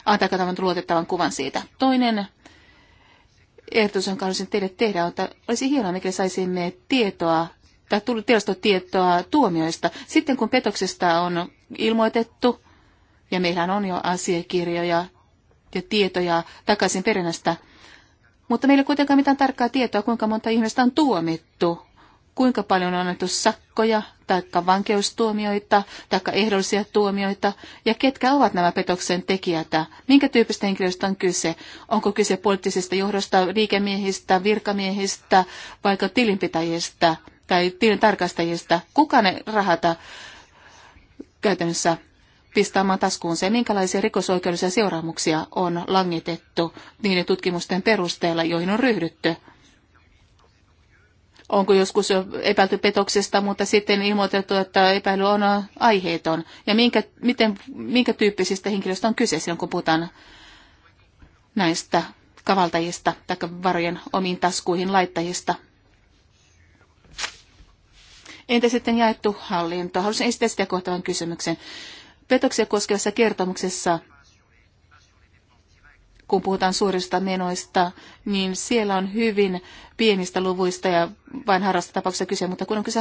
Antakaa tämän luotettavan kuvan siitä. Toinen ehdotus, jonka haluaisin teille tehdä, on, että olisi hienoa, mikä saisimme tietoa tai tullut tilastotietoa tuomioista. Sitten kun petoksesta on ilmoitettu, ja meillä on jo asiakirjoja ja tietoja takaisin perinnästä, mutta meillä ei kuitenkaan mitään tarkkaa tietoa, kuinka monta ihmistä on tuomittu, kuinka paljon on annettu sakkoja, taikka vankeustuomioita, taikka ehdollisia tuomioita, ja ketkä ovat nämä petoksen tekijät, minkä tyyppistä henkilöistä on kyse, onko kyse poliittisista johdosta, liikemiehistä, virkamiehistä, vaikka tilinpitäjistä, tai tilintarkastajista, kuka ne rahat käytännössä pistää taskuun se minkälaisia rikosoikeudellisia seuraamuksia on langitettu niiden tutkimusten perusteella, joihin on ryhdytty. Onko joskus epäilty petoksesta, mutta sitten ilmoitettu, että epäily on aiheeton. Ja minkä, miten, minkä tyyppisistä henkilöistä on kyse silloin, kun puhutaan näistä kavaltajista tai varojen omiin taskuihin laittajista. Entä sitten jaettu hallinto? Haluaisin esittää sitä kohtavan kysymyksen. Petoksia koskevassa kertomuksessa, kun puhutaan suurista menoista, niin siellä on hyvin pienistä luvuista ja vain harrasta tapauksessa kyse, mutta kun on kyse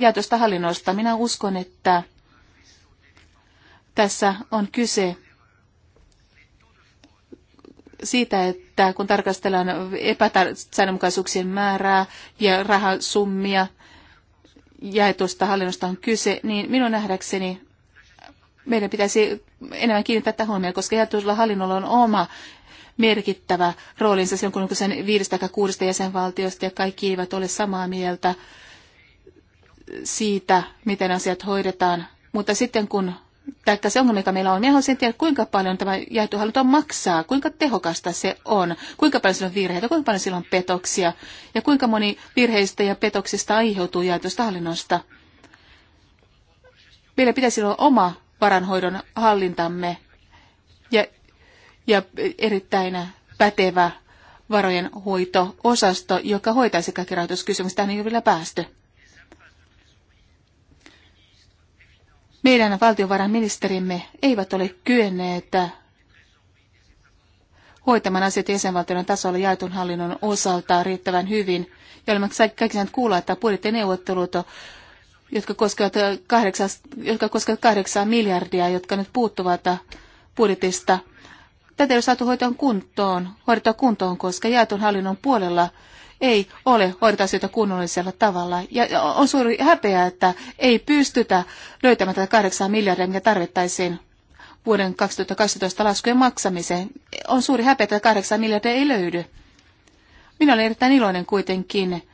jaetusta hallinnosta, minä uskon, että tässä on kyse siitä, että kun tarkastellaan epäsäännönmukaisuuksien määrää ja rahasummia, jaetusta hallinnosta on kyse, niin minun nähdäkseni meidän pitäisi enemmän kiinnittää tähän huomioon, koska jaetulla hallinnolla on oma merkittävä roolinsa silloin, kun sen viidestä tai kuudesta jäsenvaltiosta ja kaikki eivät ole samaa mieltä siitä, miten asiat hoidetaan. Mutta sitten kun tätä se ongelma, mikä meillä on. Niin minä haluaisin tietää, kuinka paljon tämä jaettu halutaan maksaa, kuinka tehokasta se on, kuinka paljon sillä on virheitä, kuinka paljon sillä on petoksia ja kuinka moni virheistä ja petoksista aiheutuu jaetusta hallinnosta. Meillä pitäisi olla oma varanhoidon hallintamme ja, ja erittäin pätevä varojen hoito-osasto, joka hoitaisi kaikki rahoituskysymykset. Tähän ei ole vielä päästy. Meidän valtiovarainministerimme eivät ole kyenneet hoitamaan asiat jäsenvaltioiden tasolla jaetun hallinnon osalta riittävän hyvin. Ja olemme kaikki saaneet kuulla, että budjettineuvottelut, jotka koskevat, kahdeksan, jotka koskevat kahdeksaa miljardia, jotka nyt puuttuvat budjetista, tätä ei ole saatu hoitoon kuntoon, hoidettua kuntoon, koska jaetun hallinnon puolella – ei ole hoideta asioita kunnollisella tavalla. Ja on suuri häpeä, että ei pystytä löytämään tätä 8 miljardia, mikä tarvittaisiin vuoden 2012 laskujen maksamiseen. On suuri häpeä, että 8 miljardia ei löydy. Minä olen erittäin iloinen kuitenkin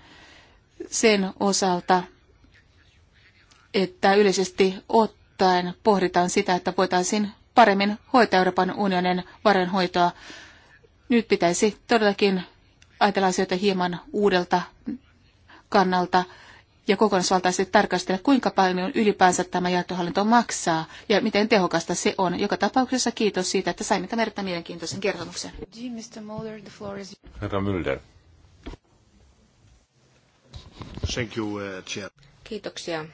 sen osalta, että yleisesti ottaen pohditaan sitä, että voitaisiin paremmin hoitaa Euroopan unionin varenhoitoa. Nyt pitäisi todellakin ajatella asioita hieman uudelta kannalta ja kokonaisvaltaisesti tarkastella, kuinka paljon ylipäänsä tämä jaettuhallinto maksaa ja miten tehokasta se on. Joka tapauksessa kiitos siitä, että saimme tämän erittäin mielenkiintoisen kertomuksen. Herra Mulder. Thank you, uh, chair. Kiitoksia,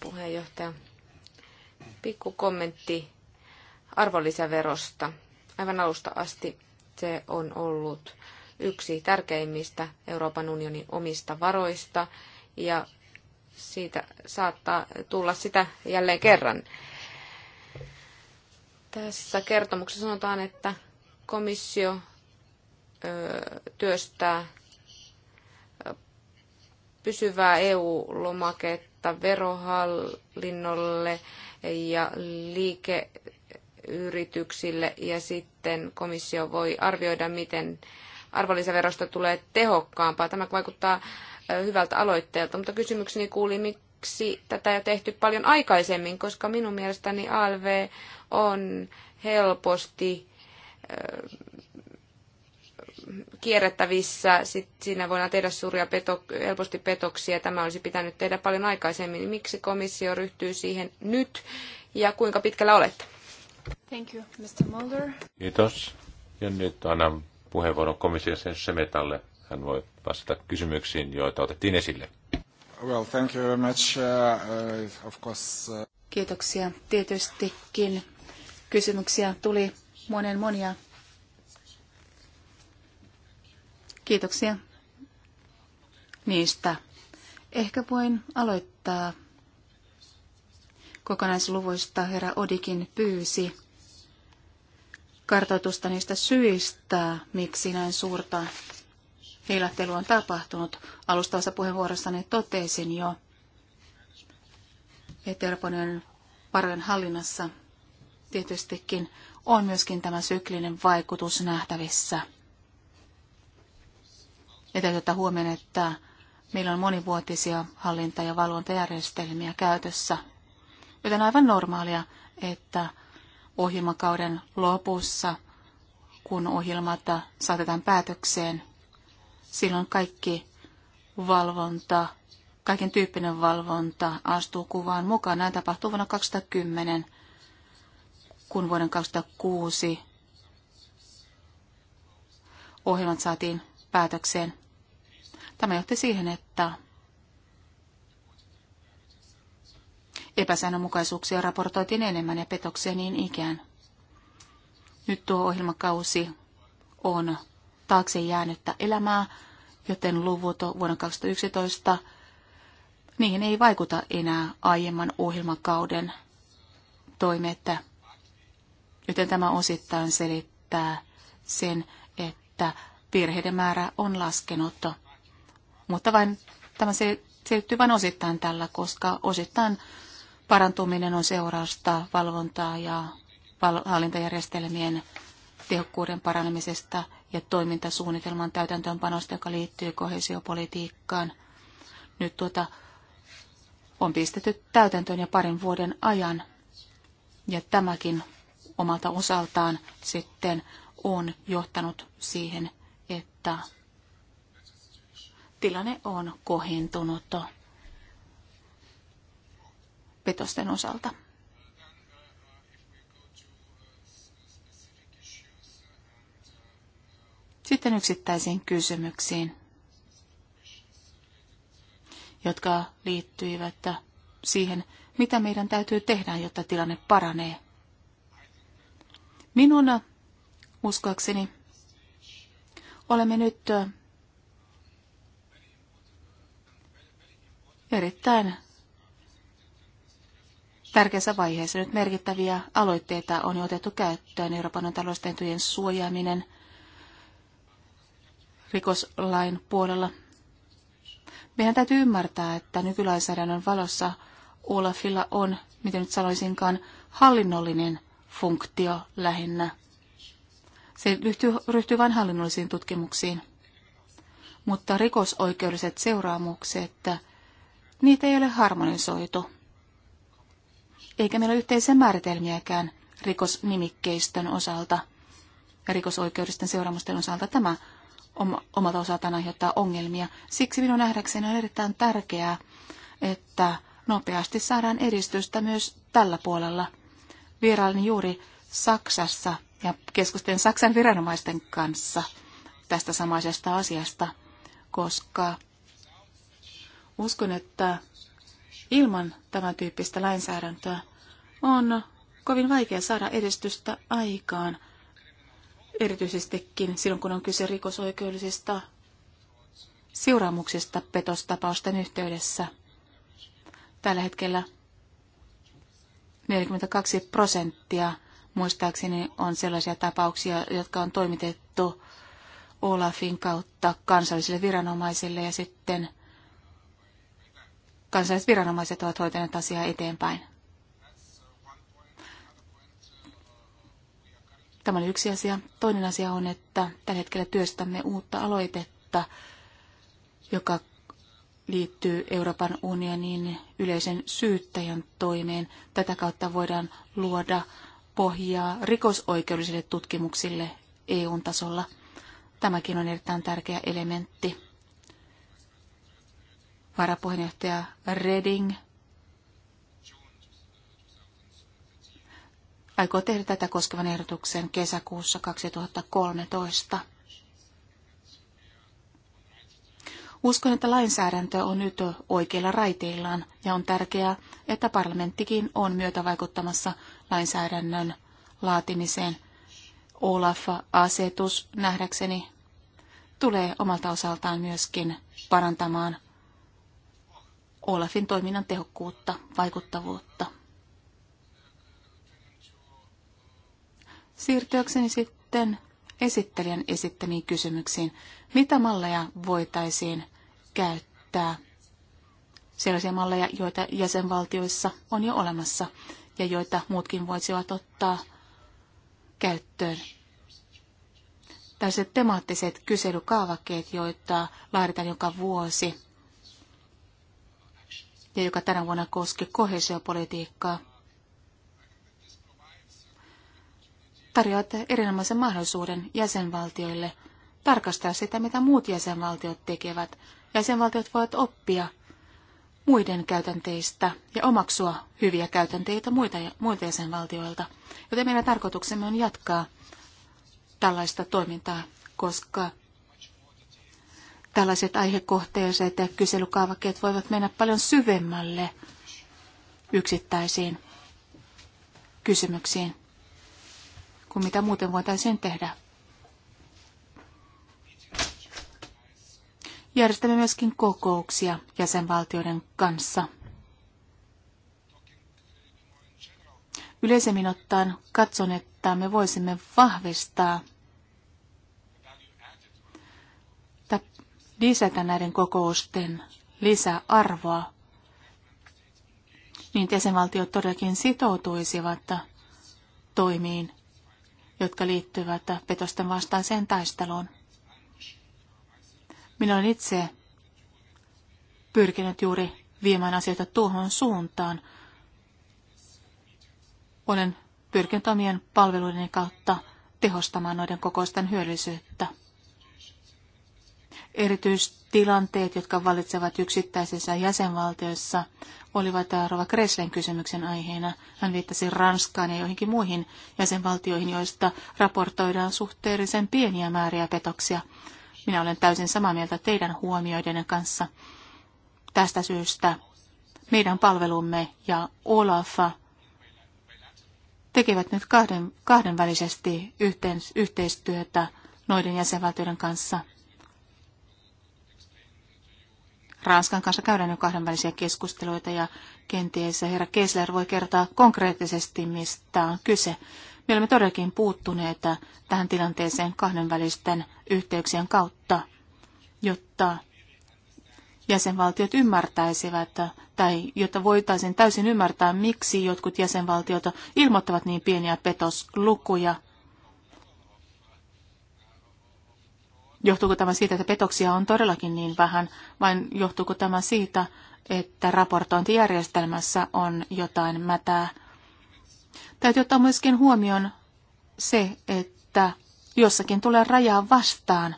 puheenjohtaja. Pikku kommentti arvonlisäverosta. Aivan alusta asti se on ollut yksi tärkeimmistä Euroopan unionin omista varoista ja siitä saattaa tulla sitä jälleen kerran. Tässä kertomuksessa sanotaan, että komissio työstää pysyvää EU-lomaketta verohallinnolle ja liikeyrityksille ja sitten komissio voi arvioida, miten arvonlisäverosta tulee tehokkaampaa. Tämä vaikuttaa hyvältä aloitteelta, mutta kysymykseni kuuli, miksi tätä ei ole tehty paljon aikaisemmin, koska minun mielestäni ALV on helposti kierrettävissä, sit siinä voidaan tehdä suuria peto, helposti petoksia. Tämä olisi pitänyt tehdä paljon aikaisemmin. Niin miksi komissio ryhtyy siihen nyt ja kuinka pitkällä olette? Thank you, Mr. Mulder. Kiitos. Ja nyt annan puheenvuoron komission Semetalle. Hän voi vastata kysymyksiin, joita otettiin esille. Well, thank you very much. Uh, uh, of course, uh... Kiitoksia. Tietystikin kysymyksiä tuli monen monia. Kiitoksia niistä. Ehkä voin aloittaa kokonaisluvuista herra Odikin pyysi kartoitusta niistä syistä, miksi näin suurta heilahtelu on tapahtunut. Alustavassa puheenvuorossani totesin jo, että Euroopan varojen hallinnassa tietystikin on myöskin tämä syklinen vaikutus nähtävissä. Ja täytyy ottaa huomioon, että meillä on monivuotisia hallinta- ja valvontajärjestelmiä käytössä, joten aivan normaalia, että ohjelmakauden lopussa, kun ohjelmat saatetaan päätökseen. Silloin kaikki valvonta, kaiken tyyppinen valvonta astuu kuvaan mukaan. Näin tapahtuu vuonna 2010, kun vuoden 2006 ohjelmat saatiin päätökseen. Tämä johti siihen, että Epäsäännönmukaisuuksia raportoitiin enemmän ja petoksia niin ikään. Nyt tuo ohjelmakausi on taakse jäänyttä elämää, joten luvut vuonna 2011, niihin ei vaikuta enää aiemman ohjelmakauden toimetta. Joten tämä osittain selittää sen, että virheiden määrä on laskenut. Mutta vain, tämä selittyy vain osittain tällä, koska osittain parantuminen on seurausta valvontaa ja hallintajärjestelmien tehokkuuden paranemisesta ja toimintasuunnitelman täytäntöönpanosta, joka liittyy kohesiopolitiikkaan. Nyt tuota on pistetty täytäntöön jo parin vuoden ajan. Ja tämäkin omalta osaltaan sitten on johtanut siihen, että tilanne on kohentunut petosten osalta. Sitten yksittäisiin kysymyksiin, jotka liittyivät siihen, mitä meidän täytyy tehdä, jotta tilanne paranee. Minun uskoakseni olemme nyt erittäin tärkeässä vaiheessa. Nyt merkittäviä aloitteita on jo otettu käyttöön. Euroopan taloustentujen suojaaminen rikoslain puolella. Meidän täytyy ymmärtää, että nykylainsäädännön valossa Olafilla on, miten nyt sanoisinkaan, hallinnollinen funktio lähinnä. Se ryhtyy, ryhtyy vain hallinnollisiin tutkimuksiin. Mutta rikosoikeudelliset seuraamukset, niitä ei ole harmonisoitu eikä meillä ole yhteisiä määritelmiäkään rikosnimikkeistön osalta ja rikosoikeudisten seuraamusten osalta. Tämä omalta osaltaan aiheuttaa ongelmia. Siksi minun nähdäkseni on erittäin tärkeää, että nopeasti saadaan edistystä myös tällä puolella. Vierailin juuri Saksassa ja keskustelin Saksan viranomaisten kanssa tästä samaisesta asiasta, koska uskon, että Ilman tämän tyyppistä lainsäädäntöä on kovin vaikea saada edistystä aikaan, erityisestikin silloin, kun on kyse rikosoikeudellisista seuraamuksista petostapausten yhteydessä. Tällä hetkellä 42 prosenttia muistaakseni on sellaisia tapauksia, jotka on toimitettu Olafin kautta kansallisille viranomaisille ja sitten – kansalliset viranomaiset ovat hoitaneet asiaa eteenpäin. Tämä oli yksi asia. Toinen asia on, että tällä hetkellä työstämme uutta aloitetta, joka liittyy Euroopan unionin yleisen syyttäjän toimeen. Tätä kautta voidaan luoda pohjaa rikosoikeudellisille tutkimuksille eu tasolla. Tämäkin on erittäin tärkeä elementti varapuheenjohtaja Redding aikoo tehdä tätä koskevan ehdotuksen kesäkuussa 2013. Uskon, että lainsäädäntö on nyt oikeilla raiteillaan ja on tärkeää, että parlamenttikin on vaikuttamassa lainsäädännön laatimiseen. Olaf-asetus nähdäkseni tulee omalta osaltaan myöskin parantamaan Olafin toiminnan tehokkuutta, vaikuttavuutta. Siirtyäkseni sitten esittelijän esittämiin kysymyksiin. Mitä malleja voitaisiin käyttää? Sellaisia malleja, joita jäsenvaltioissa on jo olemassa ja joita muutkin voisivat ottaa käyttöön. Tällaiset temaattiset kyselykaavakkeet, joita laaditaan joka vuosi ja joka tänä vuonna koski kohesiopolitiikkaa, tarjoavat erinomaisen mahdollisuuden jäsenvaltioille tarkastaa sitä, mitä muut jäsenvaltiot tekevät. Jäsenvaltiot voivat oppia muiden käytänteistä ja omaksua hyviä käytänteitä muita, muilta jäsenvaltioilta. Joten meidän tarkoituksemme on jatkaa tällaista toimintaa, koska tällaiset aihekohteiset ja kyselykaavakkeet voivat mennä paljon syvemmälle yksittäisiin kysymyksiin kuin mitä muuten voitaisiin tehdä. Järjestämme myöskin kokouksia jäsenvaltioiden kanssa. Yleisemmin ottaen katson, että me voisimme vahvistaa – lisätä näiden kokousten lisäarvoa, niin jäsenvaltiot todellakin sitoutuisivat toimiin, jotka liittyvät petosten vastaiseen taisteluun. Minä olen itse pyrkinyt juuri viemään asioita tuohon suuntaan. Olen pyrkinyt omien palveluiden kautta tehostamaan noiden kokousten hyödyllisyyttä erityistilanteet, jotka valitsevat yksittäisissä jäsenvaltioissa, olivat äh, Rova Kreslen kysymyksen aiheena. Hän viittasi Ranskaan ja joihinkin muihin jäsenvaltioihin, joista raportoidaan suhteellisen pieniä määriä petoksia. Minä olen täysin samaa mieltä teidän huomioidenne kanssa. Tästä syystä meidän palvelumme ja Olaf tekevät nyt kahden, kahdenvälisesti yhteen, yhteistyötä noiden jäsenvaltioiden kanssa – Ranskan kanssa käydään jo kahdenvälisiä keskusteluita ja kenties herra Kessler voi kertoa konkreettisesti, mistä on kyse. Me olemme todellakin puuttuneet tähän tilanteeseen kahdenvälisten yhteyksien kautta, jotta jäsenvaltiot ymmärtäisivät tai jotta voitaisiin täysin ymmärtää, miksi jotkut jäsenvaltiot ilmoittavat niin pieniä petoslukuja. Johtuuko tämä siitä, että petoksia on todellakin niin vähän, vai johtuuko tämä siitä, että raportointijärjestelmässä on jotain mätää? Täytyy ottaa myöskin huomioon se, että jossakin tulee rajaa vastaan,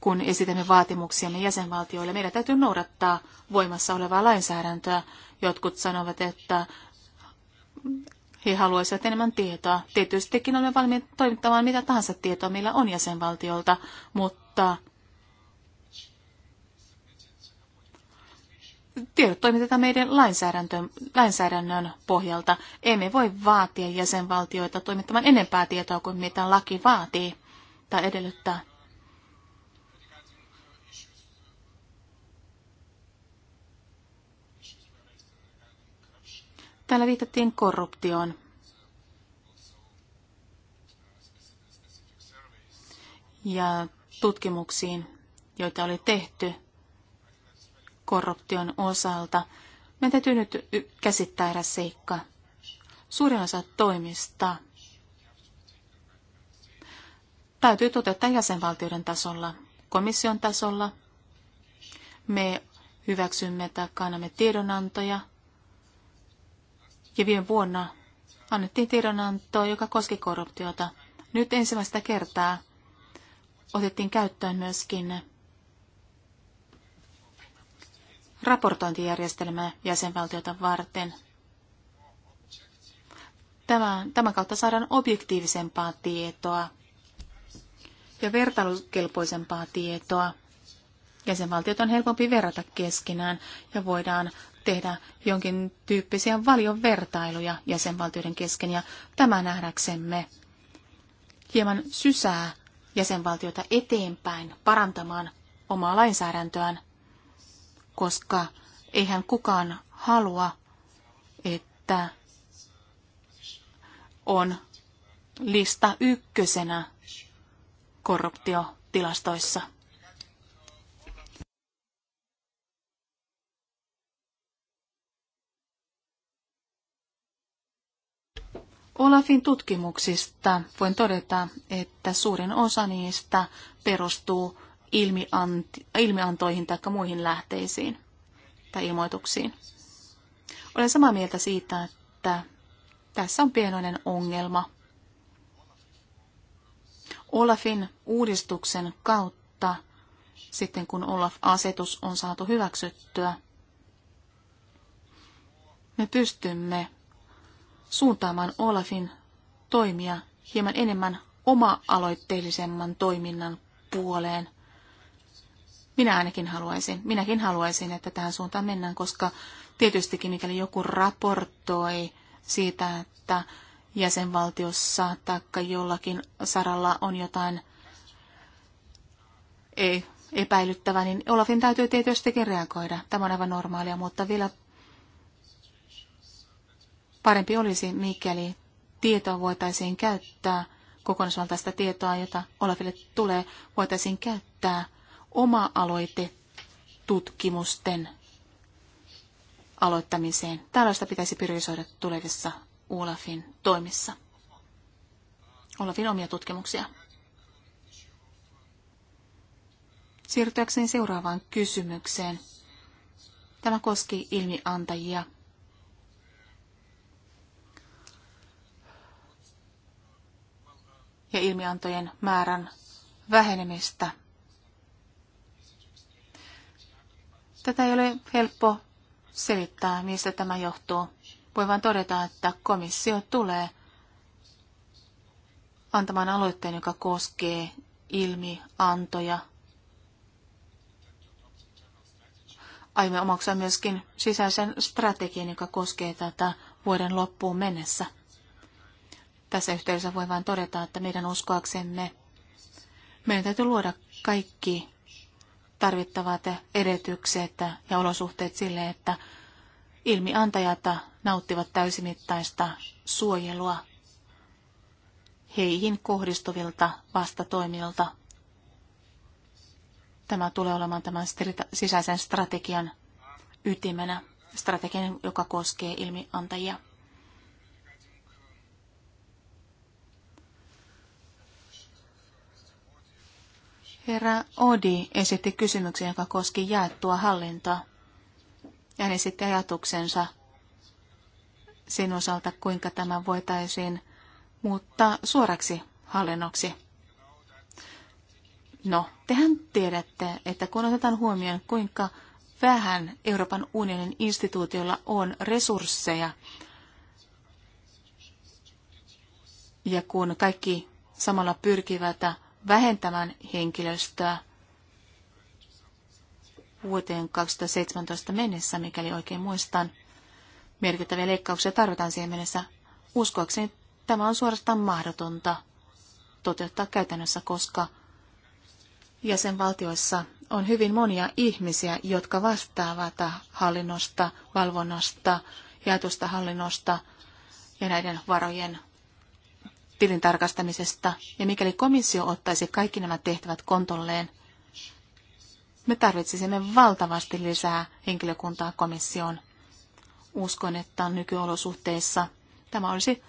kun esitämme vaatimuksiamme jäsenvaltioille. Meidän täytyy noudattaa voimassa olevaa lainsäädäntöä. Jotkut sanovat, että he haluaisivat enemmän tietoa. Tietystikin olemme valmiit toimittamaan mitä tahansa tietoa, millä on jäsenvaltiolta, mutta tiedot toimitetaan meidän lainsäädännön, lainsäädännön pohjalta. Emme voi vaatia jäsenvaltioita toimittamaan enempää tietoa kuin mitä laki vaatii tai edellyttää. Täällä viitattiin korruptioon. Ja tutkimuksiin, joita oli tehty korruption osalta. Meidän täytyy nyt käsittää eräs seikka. Suurin osa toimista täytyy toteuttaa jäsenvaltioiden tasolla, komission tasolla. Me hyväksymme tai kannamme tiedonantoja – ja viime vuonna annettiin tiedonanto, joka koski korruptiota. Nyt ensimmäistä kertaa otettiin käyttöön myöskin raportointijärjestelmä jäsenvaltiota varten. Tämän, tämän kautta saadaan objektiivisempaa tietoa ja vertailukelpoisempaa tietoa Jäsenvaltiot on helpompi verrata keskenään ja voidaan tehdä jonkin tyyppisiä valion jäsenvaltioiden kesken ja tämä nähdäksemme hieman sysää jäsenvaltioita eteenpäin parantamaan omaa lainsäädäntöään, koska eihän kukaan halua, että on lista ykkösenä korruptiotilastoissa. Olafin tutkimuksista voin todeta, että suurin osa niistä perustuu ilmiantoihin tai muihin lähteisiin tai ilmoituksiin. Olen samaa mieltä siitä, että tässä on pienoinen ongelma. Olafin uudistuksen kautta, sitten kun Olaf-asetus on saatu hyväksyttyä, me pystymme suuntaamaan Olafin toimia hieman enemmän oma-aloitteellisemman toiminnan puoleen. Minä ainakin haluaisin, minäkin haluaisin, että tähän suuntaan mennään, koska tietystikin mikäli joku raportoi siitä, että jäsenvaltiossa tai jollakin saralla on jotain ei epäilyttävää, niin Olafin täytyy tietystikin reagoida. Tämä on aivan normaalia, mutta vielä Parempi olisi, mikäli tietoa voitaisiin käyttää, kokonaisvaltaista tietoa, jota Olafille tulee, voitaisiin käyttää oma-aloite tutkimusten aloittamiseen. Tällaista pitäisi priorisoida tulevissa Olafin toimissa. Olafin omia tutkimuksia. Siirtyäkseni seuraavaan kysymykseen. Tämä koski ilmiantajia ja ilmiantojen määrän vähenemistä. Tätä ei ole helppo selittää, mistä tämä johtuu. Voi vain todeta, että komissio tulee antamaan aloitteen, joka koskee ilmiantoja. Aiomme omaksua myöskin sisäisen strategian, joka koskee tätä vuoden loppuun mennessä. Tässä yhteydessä voi vain todeta, että meidän uskoaksemme meidän täytyy luoda kaikki tarvittavat edetykset ja olosuhteet sille, että ilmiantajat nauttivat täysimittaista suojelua heihin kohdistuvilta vastatoimilta. Tämä tulee olemaan tämän sisäisen strategian ytimenä, strategian, joka koskee ilmiantajia. Herra Odi esitti kysymyksen, joka koski jaettua hallintoa. Ja hän esitti ajatuksensa sen osalta, kuinka tämä voitaisiin muuttaa suoraksi hallinnoksi. No, tehän tiedätte, että kun otetaan huomioon, kuinka vähän Euroopan unionin instituutioilla on resursseja, ja kun kaikki samalla pyrkivät vähentämään henkilöstöä vuoteen 2017 mennessä, mikäli oikein muistan. Merkittäviä leikkauksia tarvitaan siihen mennessä. Uskoakseni tämä on suorastaan mahdotonta toteuttaa käytännössä, koska jäsenvaltioissa on hyvin monia ihmisiä, jotka vastaavat hallinnosta, valvonnasta, jaetusta hallinnosta ja näiden varojen tilin tarkastamisesta, ja mikäli komissio ottaisi kaikki nämä tehtävät kontolleen, me tarvitsisimme valtavasti lisää henkilökuntaa komissioon. Uskon, että nykyolosuhteissa tämä olisi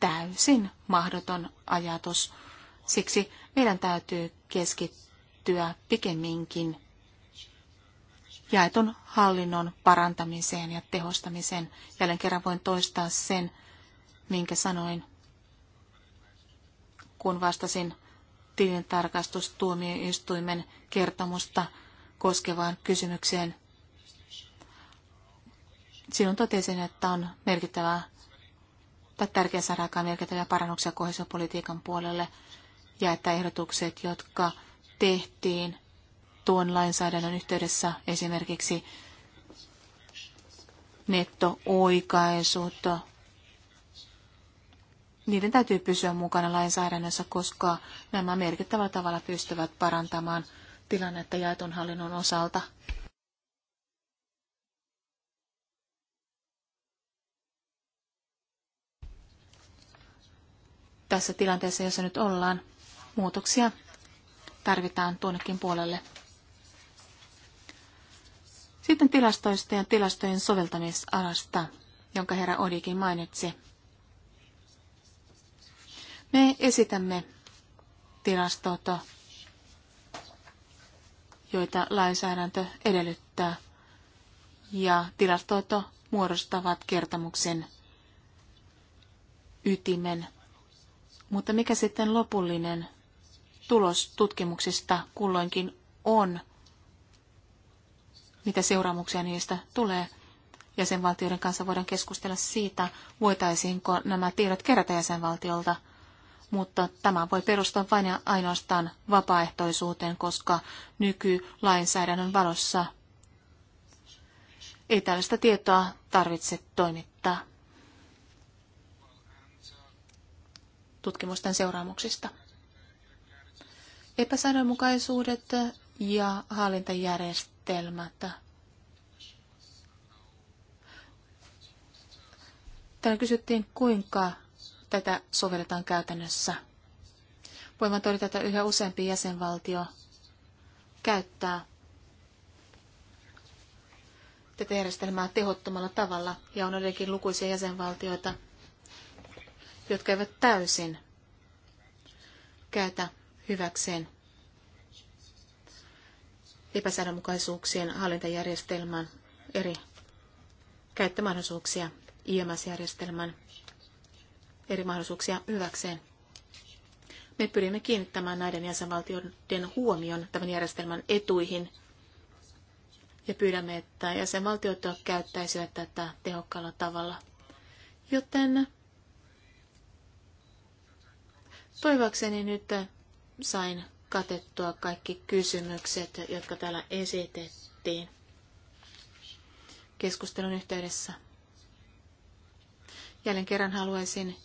täysin mahdoton ajatus. Siksi meidän täytyy keskittyä pikemminkin jaetun hallinnon parantamiseen ja tehostamiseen. Jälleen kerran voin toistaa sen, minkä sanoin kun vastasin tilintarkastustuomioistuimen kertomusta koskevaan kysymykseen. sinun totesin, että on merkittävää tai tärkeä saada aikaan merkittäviä parannuksia kohesiopolitiikan puolelle ja että ehdotukset, jotka tehtiin tuon lainsäädännön yhteydessä esimerkiksi netto-oikaisut niiden täytyy pysyä mukana lainsäädännössä, koska nämä merkittävällä tavalla pystyvät parantamaan tilannetta jaetun hallinnon osalta. Tässä tilanteessa, jossa nyt ollaan, muutoksia tarvitaan tuonnekin puolelle. Sitten tilastoista ja tilastojen soveltamisalasta, jonka herra Odikin mainitsi. Me esitämme tilastot, joita lainsäädäntö edellyttää, ja tilastot muodostavat kertomuksen ytimen. Mutta mikä sitten lopullinen tulos tutkimuksista kulloinkin on, mitä seuraamuksia niistä tulee. Jäsenvaltioiden kanssa voidaan keskustella siitä, voitaisiinko nämä tiedot kerätä jäsenvaltiolta – mutta tämä voi perustua vain ja ainoastaan vapaaehtoisuuteen, koska nykylainsäädännön valossa ei tällaista tietoa tarvitse toimittaa tutkimusten seuraamuksista. Epäsäännönmukaisuudet ja hallintajärjestelmät. Täällä kysyttiin, kuinka tätä sovelletaan käytännössä. Voimme todeta, että yhä useampi jäsenvaltio käyttää tätä järjestelmää tehottomalla tavalla, ja on edelleenkin lukuisia jäsenvaltioita, jotka eivät täysin käytä hyväkseen epäsäännönmukaisuuksien hallintajärjestelmän eri käyttömahdollisuuksia IMS-järjestelmän eri mahdollisuuksia hyväkseen. Me pyrimme kiinnittämään näiden jäsenvaltioiden huomion tämän järjestelmän etuihin ja pyydämme, että jäsenvaltiot käyttäisivät tätä tehokkaalla tavalla. Joten toivakseni nyt sain katettua kaikki kysymykset, jotka täällä esitettiin keskustelun yhteydessä. Jälleen kerran haluaisin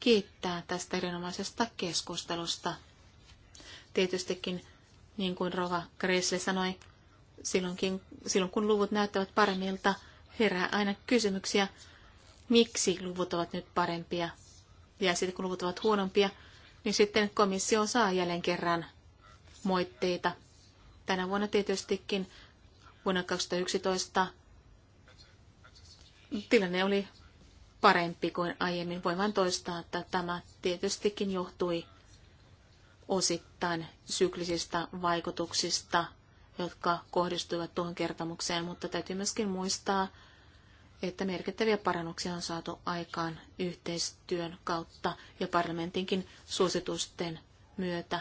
kiittää tästä erinomaisesta keskustelusta. Tietystikin, niin kuin Rova Gresle sanoi, silloinkin, silloin kun luvut näyttävät paremmilta, herää aina kysymyksiä, miksi luvut ovat nyt parempia. Ja sitten kun luvut ovat huonompia, niin sitten komissio saa jälleen kerran moitteita. Tänä vuonna tietystikin vuonna 2011 tilanne oli parempi kuin aiemmin. Voin vain toistaa, että tämä tietystikin johtui osittain syklisistä vaikutuksista, jotka kohdistuivat tuohon kertomukseen, mutta täytyy myöskin muistaa, että merkittäviä parannuksia on saatu aikaan yhteistyön kautta ja parlamentinkin suositusten myötä.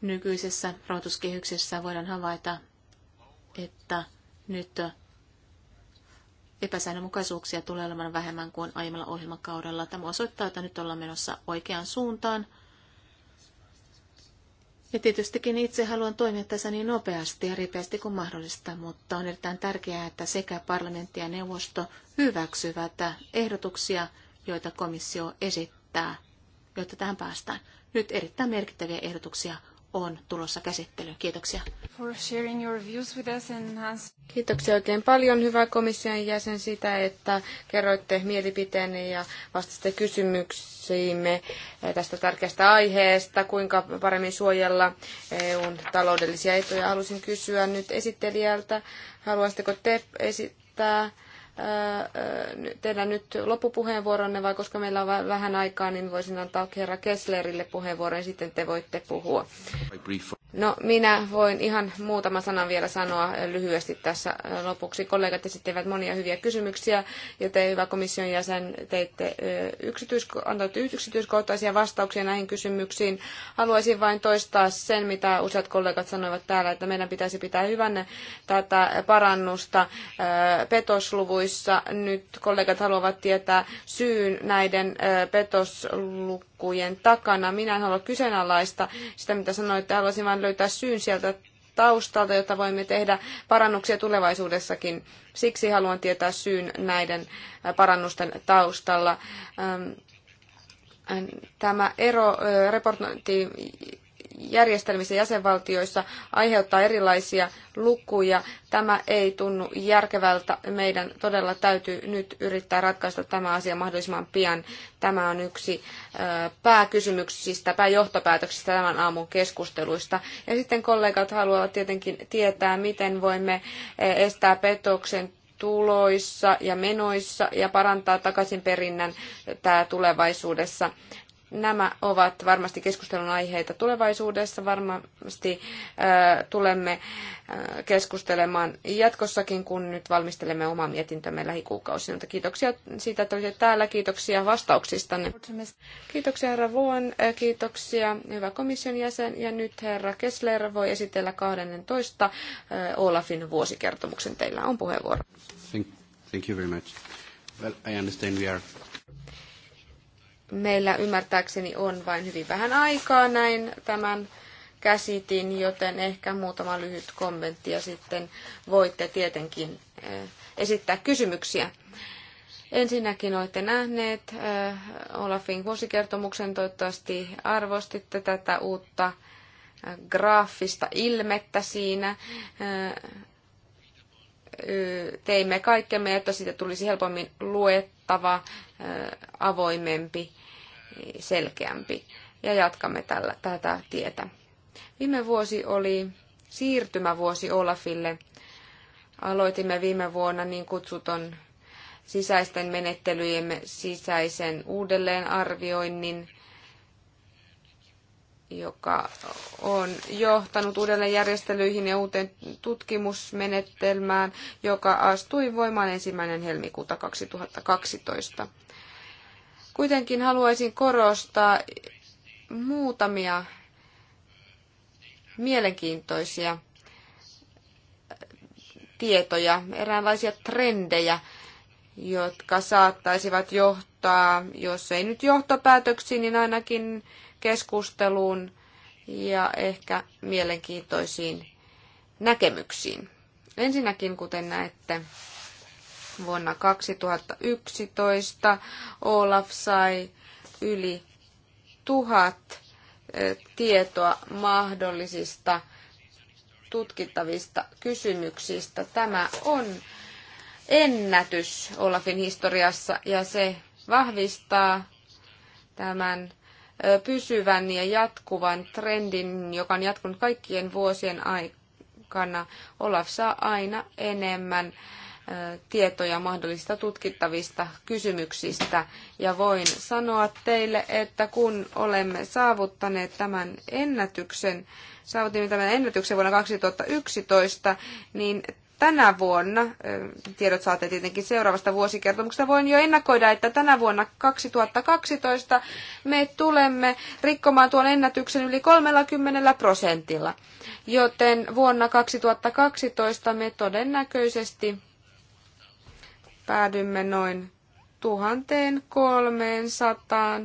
Nykyisessä rahoituskehyksessä voidaan havaita, että nyt epäsäännönmukaisuuksia tulee olemaan vähemmän kuin aiemmalla ohjelmakaudella. Tämä osoittaa, että nyt ollaan menossa oikeaan suuntaan. Ja tietystikin itse haluan toimia tässä niin nopeasti ja ripeästi kuin mahdollista, mutta on erittäin tärkeää, että sekä parlamentti ja neuvosto hyväksyvät ehdotuksia, joita komissio esittää, jotta tähän päästään. Nyt erittäin merkittäviä ehdotuksia on tulossa käsittelyyn. Kiitoksia. Kiitoksia oikein paljon, hyvä komission jäsen, sitä, että kerroitte mielipiteenne ja vastasitte kysymyksiimme eh, tästä tärkeästä aiheesta, kuinka paremmin suojella EUn taloudellisia etuja. Halusin kysyä nyt esittelijältä, haluaisitteko te esittää tehdä nyt loppupuheenvuoronne, vai koska meillä on vähän aikaa, niin voisin antaa herra Kesslerille puheenvuoron, ja sitten te voitte puhua. No, minä voin ihan muutama sanan vielä sanoa lyhyesti tässä lopuksi. Kollegat esittivät monia hyviä kysymyksiä, ja te, hyvä komission jäsen, teitte yksityisko- antoitte yksityiskohtaisia vastauksia näihin kysymyksiin. Haluaisin vain toistaa sen, mitä useat kollegat sanoivat täällä, että meidän pitäisi pitää hyvänä tätä parannusta petosluvuista, joissa nyt kollegat haluavat tietää syyn näiden petoslukujen takana. Minä en halua kyseenalaista sitä, mitä sanoitte. Haluaisin vain löytää syyn sieltä taustalta, jotta voimme tehdä parannuksia tulevaisuudessakin. Siksi haluan tietää syyn näiden parannusten taustalla. Tämä ero raportointi järjestelmissä jäsenvaltioissa aiheuttaa erilaisia lukuja. Tämä ei tunnu järkevältä. Meidän todella täytyy nyt yrittää ratkaista tämä asia mahdollisimman pian. Tämä on yksi pääkysymyksistä, pääjohtopäätöksistä tämän aamun keskusteluista. Ja sitten kollegat haluavat tietenkin tietää, miten voimme estää petoksen tuloissa ja menoissa ja parantaa takaisinperinnän tää tulevaisuudessa. Nämä ovat varmasti keskustelun aiheita tulevaisuudessa. Varmasti tulemme keskustelemaan jatkossakin, kun nyt valmistelemme omaa mietintömme lähikuukausina. Kiitoksia siitä, että olitte täällä. Kiitoksia vastauksistanne. Kiitoksia herra Vuon, kiitoksia hyvä komission jäsen. Ja nyt herra Kessler voi esitellä 12 Olafin vuosikertomuksen. Teillä on puheenvuoro. Thank, you very much. Well, I understand we are Meillä ymmärtääkseni on vain hyvin vähän aikaa, näin tämän käsitin, joten ehkä muutama lyhyt kommentti ja sitten voitte tietenkin eh, esittää kysymyksiä. Ensinnäkin olette nähneet eh, Olafin vuosikertomuksen, toivottavasti arvostitte tätä uutta eh, graafista ilmettä siinä. Teimme kaikkemme, että siitä tulisi helpommin luettava, avoimempi selkeämpi. Ja jatkamme tällä, tätä tietä. Viime vuosi oli siirtymävuosi Olafille. Aloitimme viime vuonna niin kutsuton sisäisten menettelyjemme sisäisen uudelleenarvioinnin, joka on johtanut uudelleenjärjestelyihin ja uuteen tutkimusmenetelmään, joka astui voimaan ensimmäinen helmikuuta 2012. Kuitenkin haluaisin korostaa muutamia mielenkiintoisia tietoja, eräänlaisia trendejä, jotka saattaisivat johtaa, jos ei nyt johtopäätöksiin, niin ainakin keskusteluun ja ehkä mielenkiintoisiin näkemyksiin. Ensinnäkin, kuten näette, Vuonna 2011 Olaf sai yli tuhat eh, tietoa mahdollisista tutkittavista kysymyksistä. Tämä on ennätys Olafin historiassa ja se vahvistaa tämän eh, pysyvän ja jatkuvan trendin, joka on jatkunut kaikkien vuosien aikana. Olaf saa aina enemmän tietoja mahdollisista tutkittavista kysymyksistä. Ja voin sanoa teille, että kun olemme saavuttaneet tämän ennätyksen, saavutimme tämän ennätyksen vuonna 2011, niin tänä vuonna, tiedot saatte tietenkin seuraavasta vuosikertomuksesta, voin jo ennakoida, että tänä vuonna 2012 me tulemme rikkomaan tuon ennätyksen yli 30 prosentilla. Joten vuonna 2012 me todennäköisesti päädymme noin 1300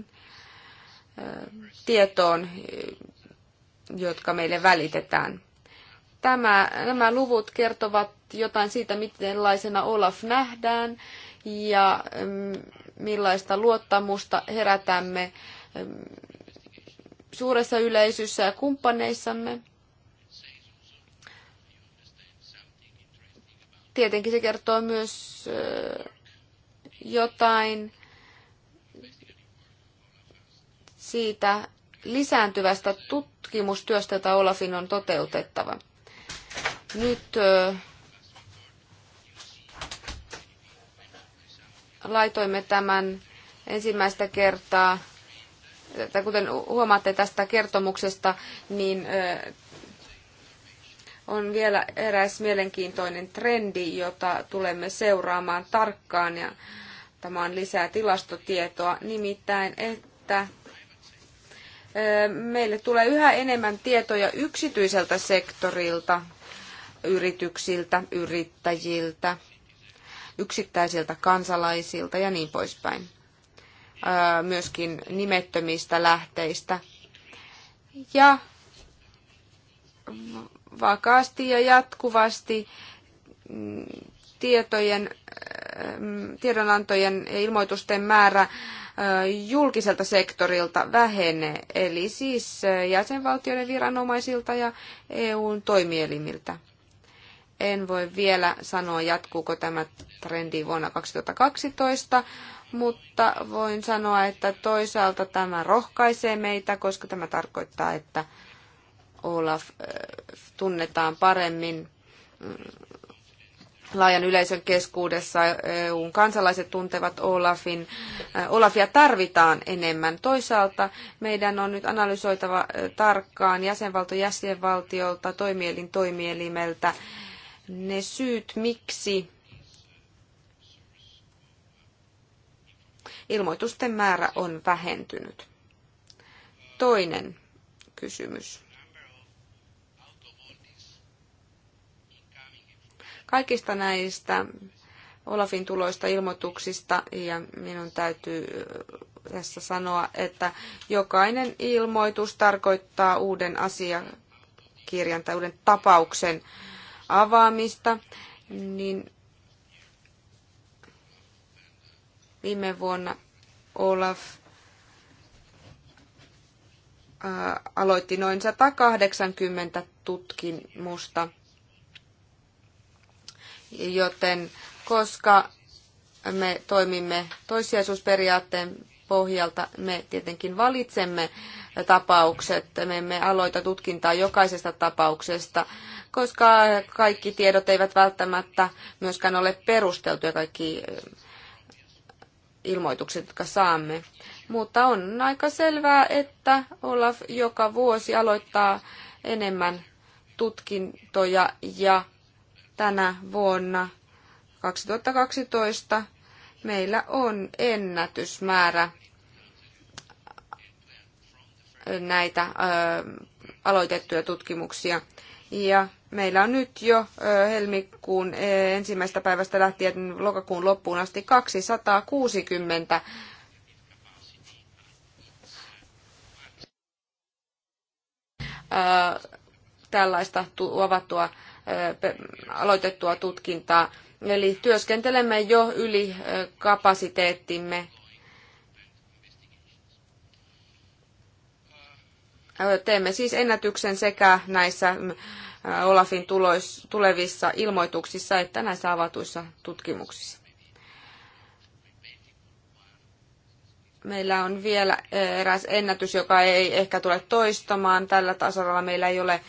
tietoon, jotka meille välitetään. Tämä, nämä luvut kertovat jotain siitä, mitenlaisena Olaf nähdään ja millaista luottamusta herätämme suuressa yleisössä ja kumppaneissamme. tietenkin se kertoo myös jotain siitä lisääntyvästä tutkimustyöstä, jota Olafin on toteutettava. Nyt laitoimme tämän ensimmäistä kertaa, kuten huomaatte tästä kertomuksesta, niin on vielä eräs mielenkiintoinen trendi, jota tulemme seuraamaan tarkkaan ja tämä on lisää tilastotietoa, nimittäin että meille tulee yhä enemmän tietoja yksityiseltä sektorilta, yrityksiltä, yrittäjiltä, yksittäisiltä kansalaisilta ja niin poispäin. Myöskin nimettömistä lähteistä. Ja vakaasti ja jatkuvasti mm, tietojen, mm, tiedonantojen ja ilmoitusten määrä julkiselta sektorilta vähenee, eli siis jäsenvaltioiden viranomaisilta ja EUn toimielimiltä. En voi vielä sanoa, jatkuuko tämä trendi vuonna 2012, mutta voin sanoa, että toisaalta tämä rohkaisee meitä, koska tämä tarkoittaa, että Olaf äh, tunnetaan paremmin mm, laajan yleisön keskuudessa. EUn kansalaiset tuntevat Olafin. Äh, Olafia tarvitaan enemmän. Toisaalta meidän on nyt analysoitava äh, tarkkaan jäsenvalto jäsenvaltiolta, toimielin toimielimeltä ne syyt, miksi ilmoitusten määrä on vähentynyt. Toinen kysymys. Kaikista näistä Olafin tuloista ilmoituksista ja minun täytyy tässä sanoa, että jokainen ilmoitus tarkoittaa uuden asiakirjan tai uuden tapauksen avaamista, niin viime vuonna Olaf aloitti noin 180 tutkimusta joten koska me toimimme toissijaisuusperiaatteen pohjalta, me tietenkin valitsemme tapaukset, me emme aloita tutkintaa jokaisesta tapauksesta, koska kaikki tiedot eivät välttämättä myöskään ole perusteltuja kaikki eh, ilmoitukset, jotka saamme. Mutta on aika selvää, että Olaf joka vuosi aloittaa enemmän tutkintoja ja tänä vuonna 2012 meillä on ennätysmäärä näitä ö, aloitettuja tutkimuksia. Ja meillä on nyt jo helmikuun ensimmäisestä päivästä lähtien lokakuun loppuun asti 260 tällaista avattua aloitettua tutkintaa. Eli työskentelemme jo yli kapasiteettimme. Teemme siis ennätyksen sekä näissä Olafin tulois, tulevissa ilmoituksissa että näissä avatuissa tutkimuksissa. Meillä on vielä eh, eräs ennätys, joka ei ehkä tule toistamaan. Tällä tasolla meillä ei ole eh,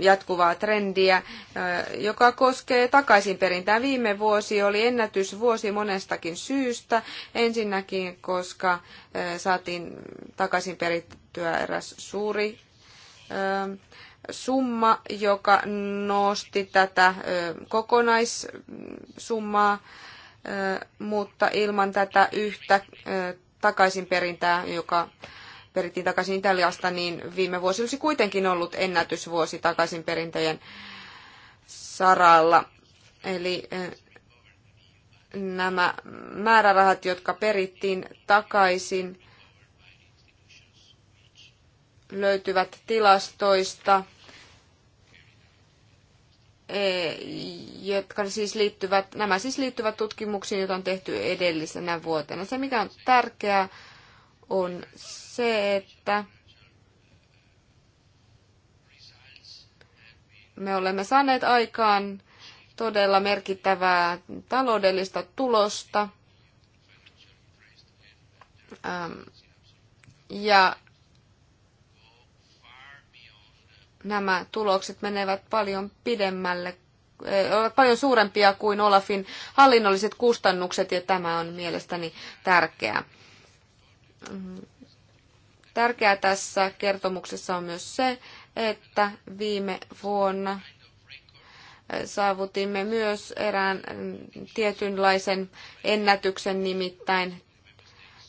jatkuvaa trendiä, eh, joka koskee takaisinperintää. Viime vuosi oli ennätysvuosi monestakin syystä. Ensinnäkin, koska saatiin takaisinperittyä eräs suuri summa, joka nosti tätä kokonaissummaa mutta ilman tätä yhtä takaisinperintää, joka perittiin takaisin Italiasta, niin viime vuosi olisi kuitenkin ollut ennätysvuosi takaisinperintöjen saralla. Eli nämä määrärahat, jotka perittiin takaisin, löytyvät tilastoista – E, jotka siis liittyvät, nämä siis liittyvät tutkimuksiin, joita on tehty edellisenä vuotena. Se, mikä on tärkeää, on se, että me olemme saaneet aikaan todella merkittävää taloudellista tulosta. Ja nämä tulokset menevät paljon pidemmälle ovat paljon suurempia kuin Olafin hallinnolliset kustannukset, ja tämä on mielestäni tärkeää. Tärkeää tässä kertomuksessa on myös se, että viime vuonna saavutimme myös erään tietynlaisen ennätyksen, nimittäin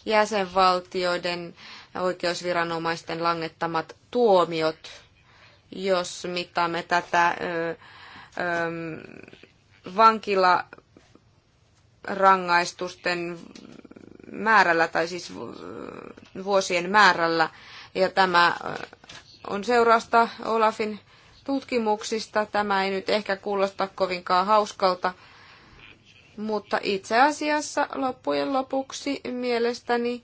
jäsenvaltioiden oikeusviranomaisten langettamat tuomiot jos mittaamme tätä ö, ö, vankilarangaistusten määrällä tai siis vuosien määrällä. Ja tämä on seurausta Olafin tutkimuksista. Tämä ei nyt ehkä kuulosta kovinkaan hauskalta, mutta itse asiassa loppujen lopuksi mielestäni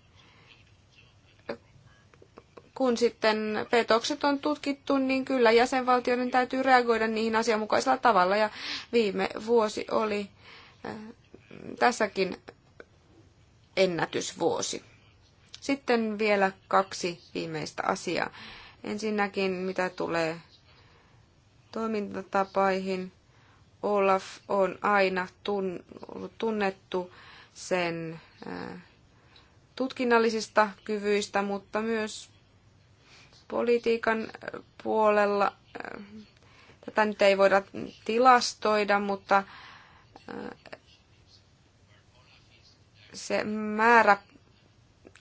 kun sitten petokset on tutkittu, niin kyllä jäsenvaltioiden täytyy reagoida niihin asianmukaisella tavalla. Ja viime vuosi oli äh, tässäkin ennätysvuosi. Sitten vielä kaksi viimeistä asiaa. Ensinnäkin, mitä tulee toimintatapaihin, Olaf on aina tunnettu sen äh, tutkinnallisista kyvyistä, mutta myös Politiikan puolella tätä nyt ei voida tilastoida, mutta äh, se määrä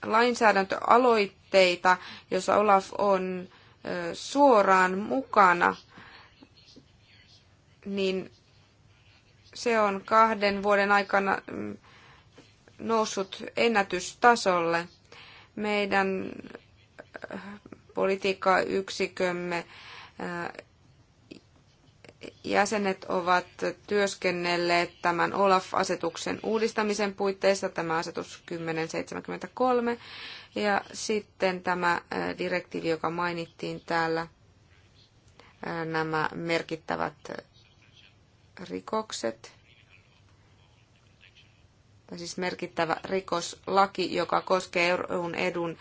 lainsäädäntöaloitteita, jos Olaf on äh, suoraan mukana, niin se on kahden vuoden aikana mm, noussut ennätystasolle. Meidän äh, politiikkayksikömme jäsenet ovat työskennelleet tämän OLAF-asetuksen uudistamisen puitteissa, tämä asetus 1073, ja sitten tämä direktiivi, joka mainittiin täällä, nämä merkittävät rikokset, tai siis merkittävä rikoslaki, joka koskee EUn edun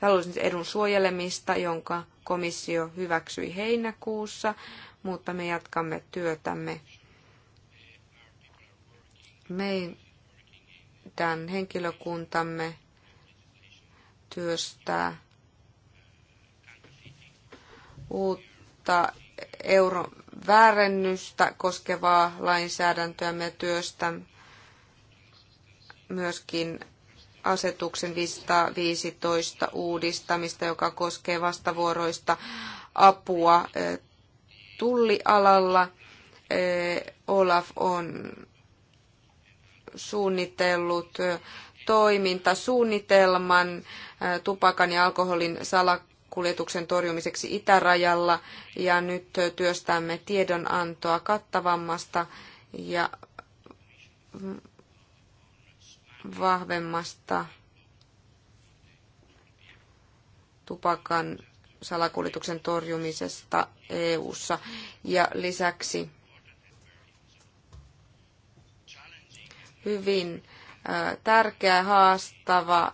taloudellisen edun suojelemista, jonka komissio hyväksyi heinäkuussa, mutta me jatkamme työtämme. Meidän henkilökuntamme työstää uutta euron väärennystä koskevaa lainsäädäntöä me työstämme myöskin asetuksen 515 uudistamista, joka koskee vastavuoroista apua eh, tullialalla. Eh, Olaf on suunnitellut eh, toimintasuunnitelman tupakan ja alkoholin salakuljetuksen torjumiseksi itärajalla ja nyt työstämme tiedonantoa kattavammasta ja vahvemmasta tupakan salakuljetuksen torjumisesta EU:ssa ja lisäksi hyvin tärkeä, haastava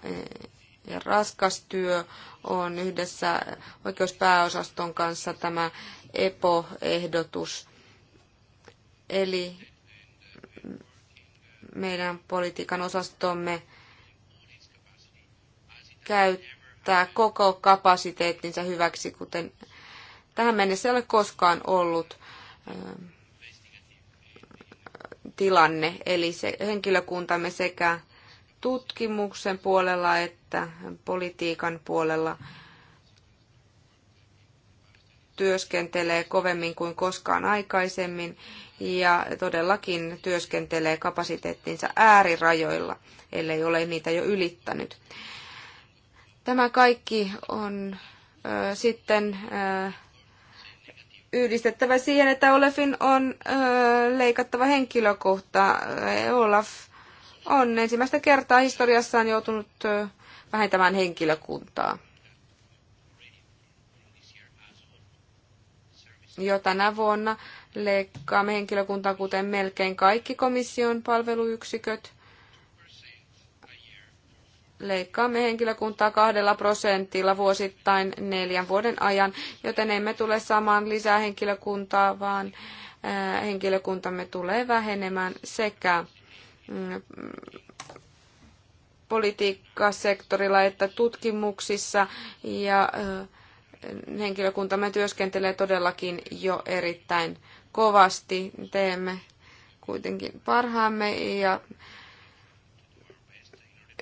ja raskas työ on yhdessä oikeuspääosaston kanssa tämä EPO-ehdotus. Eli meidän politiikan osastomme käyttää koko kapasiteettinsa hyväksi, kuten tähän mennessä ei ole koskaan ollut tilanne. Eli se henkilökuntamme sekä tutkimuksen puolella että politiikan puolella työskentelee kovemmin kuin koskaan aikaisemmin ja todellakin työskentelee kapasiteettinsa äärirajoilla, ellei ole niitä jo ylittänyt. Tämä kaikki on ö, sitten ö, yhdistettävä siihen, että Olefin on ö, leikattava henkilökohta. Olaf on ensimmäistä kertaa historiassaan joutunut ö, vähentämään henkilökuntaa. jo tänä vuonna leikkaamme henkilökuntaa, kuten melkein kaikki komission palveluyksiköt. Leikkaamme henkilökuntaa kahdella prosentilla vuosittain neljän vuoden ajan, joten emme tule saamaan lisää henkilökuntaa, vaan äh, henkilökuntamme tulee vähenemään sekä mm, politiikkasektorilla että tutkimuksissa ja äh, henkilökuntamme työskentelee todellakin jo erittäin kovasti. Teemme kuitenkin parhaamme ja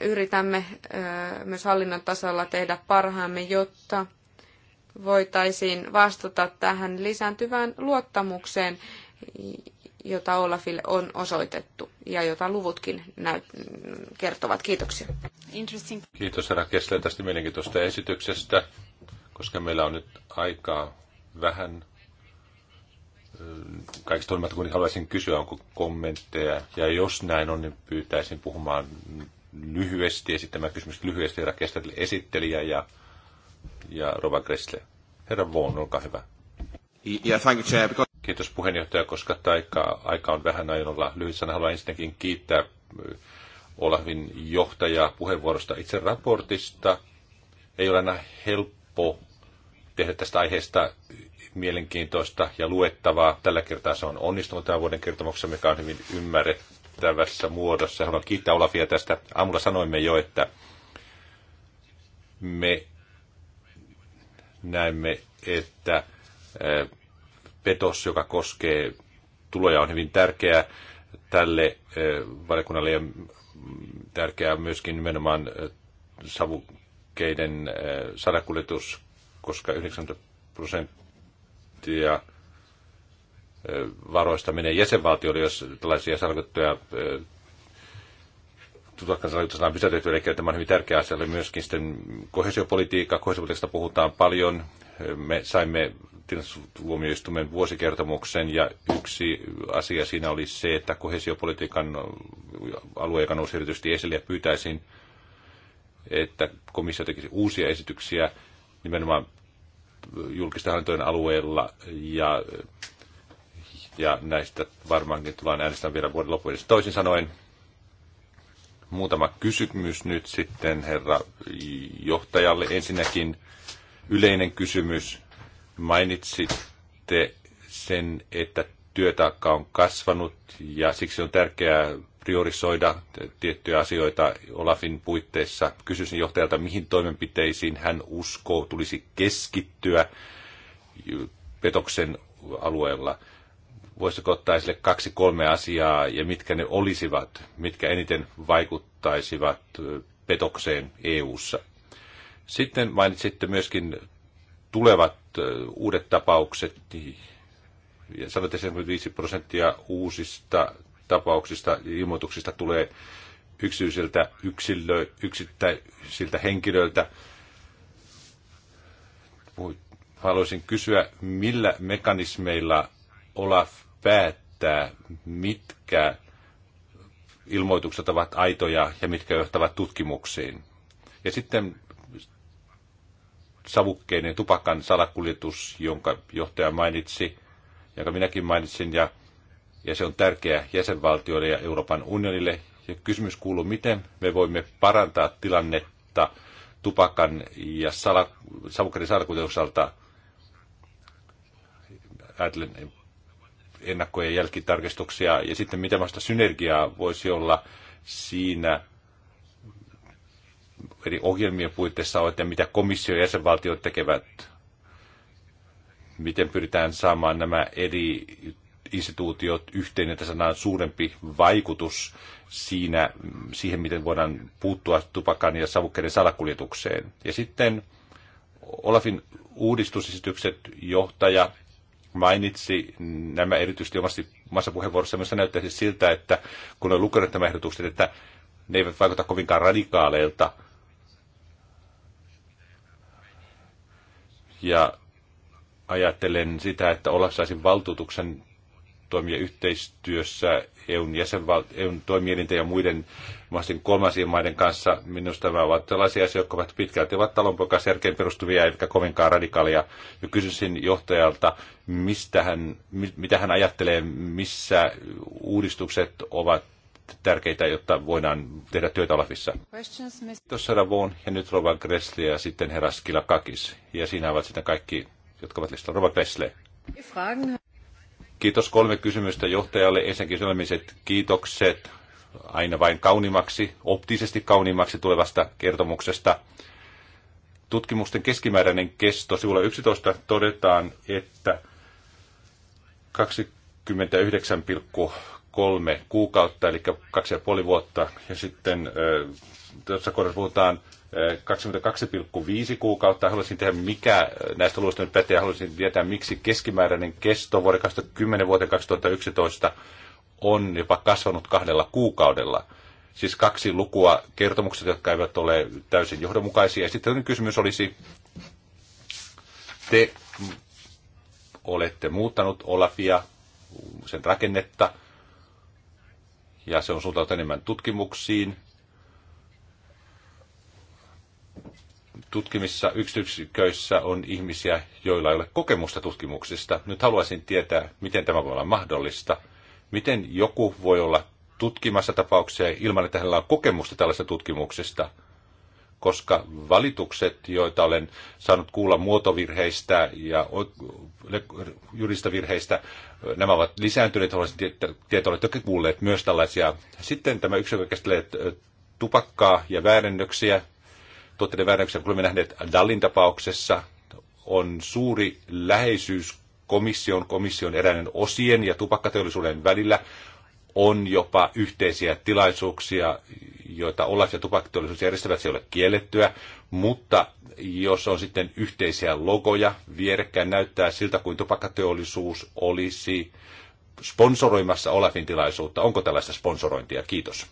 yritämme myös hallinnon tasolla tehdä parhaamme, jotta voitaisiin vastata tähän lisääntyvään luottamukseen, jota Olafille on osoitettu ja jota luvutkin näyt- kertovat. Kiitoksia. Kiitos herra Kessler tästä mielenkiintoista esityksestä koska meillä on nyt aikaa vähän kaikista huolimatta, kun haluaisin kysyä, onko kommentteja, ja jos näin on, niin pyytäisin puhumaan lyhyesti, esittämään kysymys lyhyesti herra Kestätille esittelijä ja, ja Rova Gressle. Herra Vaughan, olkaa hyvä. Yeah, thank you, chair, because... Kiitos puheenjohtaja, koska taika, aika on vähän ajan olla lyhyt sana. Haluan ensinnäkin kiittää Olavin johtajaa puheenvuorosta itse raportista. Ei ole aina helppo tehdä tästä aiheesta mielenkiintoista ja luettavaa. Tällä kertaa se on onnistunut tämän vuoden kertomuksessa, mikä on hyvin ymmärrettävässä muodossa. Haluan kiittää Olafia tästä. Aamulla sanoimme jo, että me näemme, että eh, petos, joka koskee tuloja, on hyvin tärkeä tälle eh, valiokunnalle ja tärkeää myöskin nimenomaan eh, savukeiden sadakuljetus koska 90 prosenttia varoista menee jäsenvaltioille, jos tällaisia salkuttuja tutkansalaisuutta on pysäytetty, eli tämä on hyvin tärkeä asia, oli myöskin sitten kohesiopolitiikka, kohesiopolitiikasta puhutaan paljon, me saimme tilastuomioistumen vuosikertomuksen ja yksi asia siinä oli se, että kohesiopolitiikan alue, joka nousi erityisesti esille ja pyytäisin, että komissio tekisi uusia esityksiä nimenomaan julkisten hallintojen alueella ja, ja näistä varmaankin tullaan äänestämään vielä vuoden loppuun. Toisin sanoen, muutama kysymys nyt sitten herra johtajalle. Ensinnäkin yleinen kysymys. Mainitsitte sen, että työtaakka on kasvanut ja siksi on tärkeää priorisoida tiettyjä asioita Olafin puitteissa. Kysyisin johtajalta, mihin toimenpiteisiin hän uskoo tulisi keskittyä petoksen alueella. Voisiko ottaa esille kaksi, kolme asiaa ja mitkä ne olisivat, mitkä eniten vaikuttaisivat petokseen EU:ssa? Sitten mainitsitte myöskin tulevat uudet tapaukset, ja sanoit, 5 75 prosenttia uusista tapauksista ja ilmoituksista tulee yksityisiltä yksilö, yksittäisiltä henkilöiltä. Haluaisin kysyä, millä mekanismeilla Olaf päättää, mitkä ilmoitukset ovat aitoja ja mitkä johtavat tutkimuksiin. Ja sitten savukkeinen tupakan salakuljetus, jonka johtaja mainitsi, jonka minäkin mainitsin, ja ja se on tärkeä jäsenvaltioille ja Euroopan unionille. Ja kysymys kuuluu, miten me voimme parantaa tilannetta tupakan ja sala, savukkeiden salakuljetuksen osalta ajatellen ennakko- ja jälkitarkistuksia, ja sitten mitä vasta synergiaa voisi olla siinä eri ohjelmien puitteissa on, että mitä komissio ja jäsenvaltiot tekevät, miten pyritään saamaan nämä eri instituutiot, yhteinen tässä suurempi vaikutus siinä, siihen, miten voidaan puuttua tupakan ja savukkeiden salakuljetukseen. Ja sitten Olafin uudistusesitykset johtaja mainitsi nämä erityisesti omassa, omassa puheenvuorossa, myös näyttäisi siltä, että kun on lukenut nämä ehdotukset, että ne eivät vaikuta kovinkaan radikaaleilta. Ja ajattelen sitä, että Olaf saisi valtuutuksen toimia yhteistyössä EUn, jäsenval- EUn toimielinten ja muiden maisten kolmansien maiden kanssa. Minusta nämä ovat sellaisia asioita, jotka ovat pitkälti ovat talonpoikaisjärkeen perustuvia eivätkä kovinkaan radikaalia. Ja kysyisin johtajalta, mistä hän, mitä hän ajattelee, missä uudistukset ovat tärkeitä, jotta voidaan tehdä työtä Olafissa. Kiitos Sara Vaughan ja nyt Rova Gressle ja sitten herra Skilakakis. Ja siinä ovat sitten kaikki, jotka ovat listalla. Rova Gressle. Kiitos kolme kysymystä johtajalle. Ensinnäkin sellaiset kiitokset aina vain kaunimaksi, optisesti kaunimaksi tulevasta kertomuksesta. Tutkimusten keskimääräinen kesto sivulla 11 todetaan, että 29,3 kuukautta, eli 2,5 vuotta, ja sitten tuossa kohdassa puhutaan 22,5 eh, kuukautta. Haluaisin tehdä, mikä eh, näistä luvuista nyt pätee. Haluaisin tietää, miksi keskimääräinen kesto vuoden 2010 vuoteen 2011 on jopa kasvanut kahdella kuukaudella. Siis kaksi lukua kertomukset, jotka eivät ole täysin johdonmukaisia. Ja sitten kysymys olisi, te olette muuttanut Olafia, sen rakennetta, ja se on suuntautunut enemmän tutkimuksiin, tutkimissa yksityisiköissä on ihmisiä, joilla ei ole kokemusta tutkimuksista. Nyt haluaisin tietää, miten tämä voi olla mahdollista. Miten joku voi olla tutkimassa tapauksia ilman, että hänellä on kokemusta tällaisesta tutkimuksesta? Koska valitukset, joita olen saanut kuulla muotovirheistä ja juristavirheistä, nämä ovat lisääntyneet. Haluaisin tietoa, että kuulleet myös tällaisia. Sitten tämä yksikö käsittelee tupakkaa ja väärennöksiä tuotteiden väärännöksiä, kun me nähneet Dallin tapauksessa, on suuri läheisyys komission, komission eräinen osien ja tupakkateollisuuden välillä on jopa yhteisiä tilaisuuksia, joita Olaf ja tupakkateollisuus järjestävät, se ei ole kiellettyä, mutta jos on sitten yhteisiä logoja vierekkäin, näyttää siltä kuin tupakkateollisuus olisi sponsoroimassa Olafin tilaisuutta. Onko tällaista sponsorointia? Kiitos.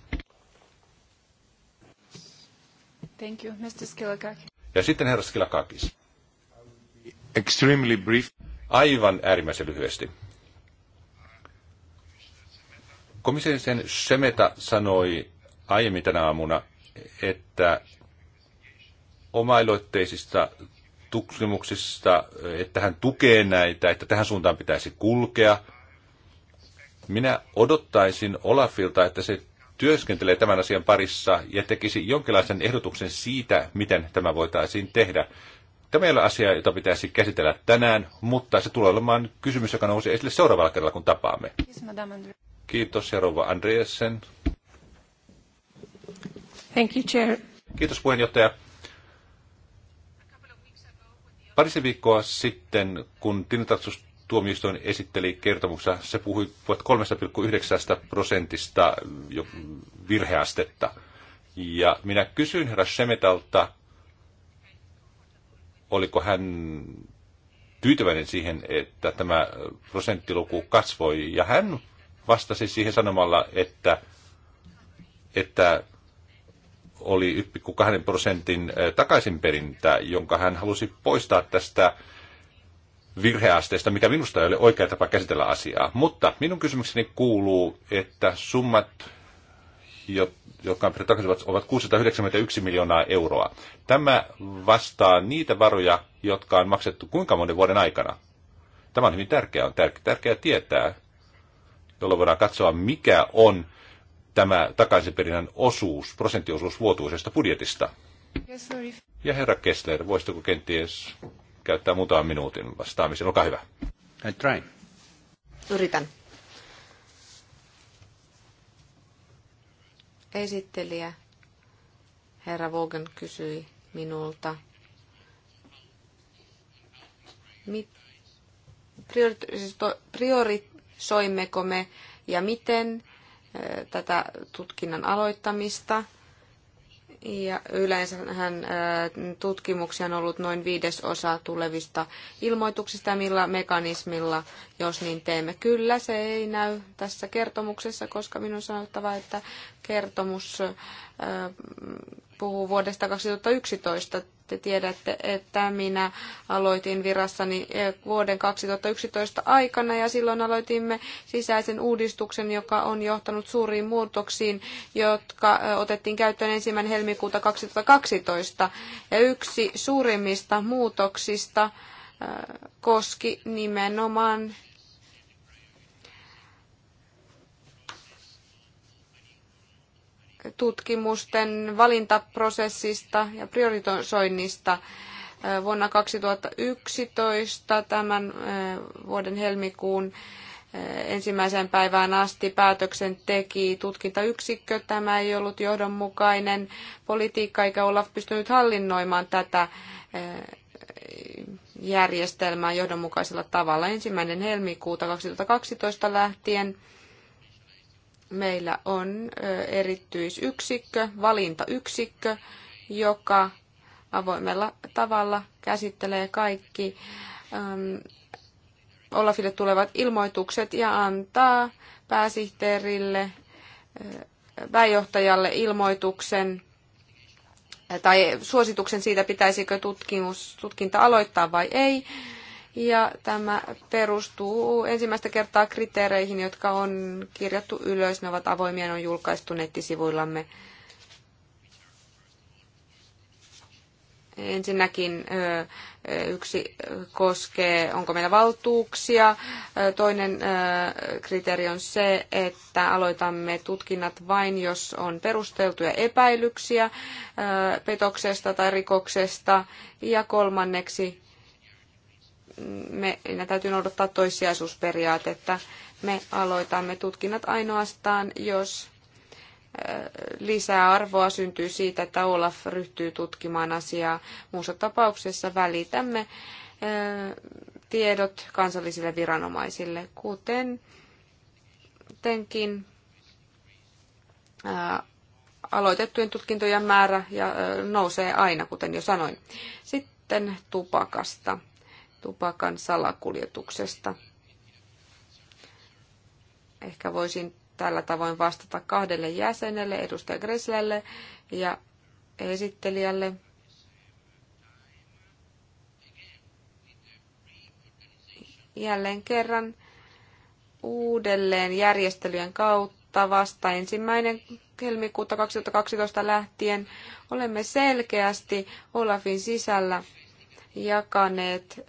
Thank you, Mr. Skilakakis. Ja sitten herra Skilakakis. Extremely brief. Aivan äärimmäisen lyhyesti. Komission sen Semeta sanoi aiemmin tänä aamuna, että omailoitteisista tutkimuksista, että hän tukee näitä, että tähän suuntaan pitäisi kulkea. Minä odottaisin Olafilta, että se työskentelee tämän asian parissa ja tekisi jonkinlaisen ehdotuksen siitä, miten tämä voitaisiin tehdä. Tämä ei ole asia, jota pitäisi käsitellä tänään, mutta se tulee olemaan kysymys, joka nousi esille seuraavalla kerralla, kun tapaamme. Kiitos, rouva Andreessen. Thank you, Chair. Kiitos, puheenjohtaja. Parisen viikkoa sitten, kun tilintarkastus tuomioistuin esitteli kertomuksessa, se puhui 3,9 prosentista virheastetta. Ja minä kysyin herra Shemetalta, oliko hän tyytyväinen siihen, että tämä prosenttiluku kasvoi. Ja hän vastasi siihen sanomalla, että, että oli 1,2 prosentin eh, takaisinperintä, jonka hän halusi poistaa tästä virheasteesta, mikä minusta ei ole oikea tapa käsitellä asiaa. Mutta minun kysymykseni kuuluu, että summat, jotka on ovat 691 miljoonaa euroa. Tämä vastaa niitä varoja, jotka on maksettu kuinka monen vuoden aikana. Tämä on hyvin tärkeää, on tär- tärkeää tietää, jolloin voidaan katsoa, mikä on tämä takaisinperinnän osuus, prosenttiosuus vuotuisesta budjetista. Ja herra Kessler, voisitko kenties käyttää muutaman minuutin vastaamiseen. Olkaa hyvä. I try. Yritän. Esittelijä herra Vogan kysyi minulta, mit, siis priorisoimmeko me ja miten eh, tätä tutkinnan aloittamista – ja yleensähän äh, tutkimuksia on ollut noin viides osa tulevista ilmoituksista, millä mekanismilla, jos niin teemme. Kyllä, se ei näy tässä kertomuksessa, koska minun on sanottava, että kertomus puhuu vuodesta 2011. Te tiedätte, että minä aloitin virassani eh, vuoden 2011 aikana ja silloin aloitimme sisäisen uudistuksen, joka on johtanut suuriin muutoksiin, jotka eh, otettiin käyttöön ensimmäinen helmikuuta 2012. Ja yksi suurimmista muutoksista eh, koski nimenomaan tutkimusten valintaprosessista ja prioritoinnista Vuonna 2011 tämän vuoden helmikuun ensimmäiseen päivään asti päätöksen teki tutkintayksikkö. Tämä ei ollut johdonmukainen politiikka, eikä Olaf pystynyt hallinnoimaan tätä järjestelmää johdonmukaisella tavalla. Ensimmäinen helmikuuta 2012 lähtien meillä on erityisyksikkö, valintayksikkö, joka avoimella tavalla käsittelee kaikki Olafille tulevat ilmoitukset ja antaa pääsihteerille, pääjohtajalle ilmoituksen tai suosituksen siitä, pitäisikö tutkimus, tutkinta aloittaa vai ei ja tämä perustuu ensimmäistä kertaa kriteereihin, jotka on kirjattu ylös. Ne ovat avoimia, ne on julkaistu nettisivuillamme. Ensinnäkin yksi koskee, onko meillä valtuuksia. Toinen kriteeri on se, että aloitamme tutkinnat vain, jos on perusteltuja epäilyksiä petoksesta tai rikoksesta. Ja kolmanneksi meidän täytyy noudattaa toissijaisuusperiaatetta. Me aloitamme tutkinnat ainoastaan, jos lisää arvoa syntyy siitä, että Olaf ryhtyy tutkimaan asiaa. Muussa tapauksessa välitämme tiedot kansallisille viranomaisille, kuten tenkin aloitettujen tutkintojen määrä ja, nousee aina, kuten jo sanoin. Sitten tupakasta tupakan salakuljetuksesta. Ehkä voisin tällä tavoin vastata kahdelle jäsenelle, edustaja Greslelle ja esittelijälle. Jälleen kerran uudelleen järjestelyjen kautta vasta ensimmäinen helmikuuta 2012 lähtien olemme selkeästi Olafin sisällä jakaneet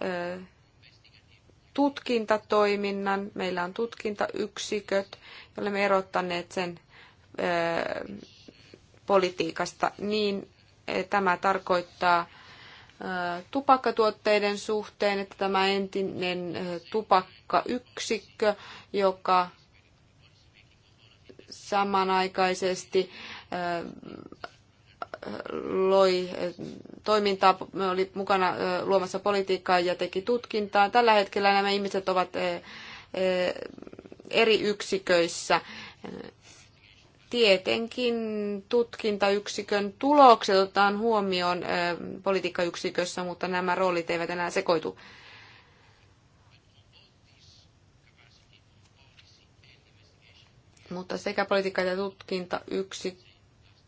tutkintatoiminnan. Meillä on tutkintayksiköt, joille me erottaneet sen politiikasta, niin tämä tarkoittaa tupakkatuotteiden suhteen, että tämä entinen tupakkayksikkö, joka samanaikaisesti loi eh, toimintaa, oli mukana eh, luomassa politiikkaa ja teki tutkintaa. Tällä hetkellä nämä ihmiset ovat eh, eri yksiköissä. Tietenkin tutkintayksikön tulokset otetaan huomioon politiikkayksikössä, mutta nämä roolit eivät enää sekoitu. Mutta sekä politiikka- ja tutkintayksikkö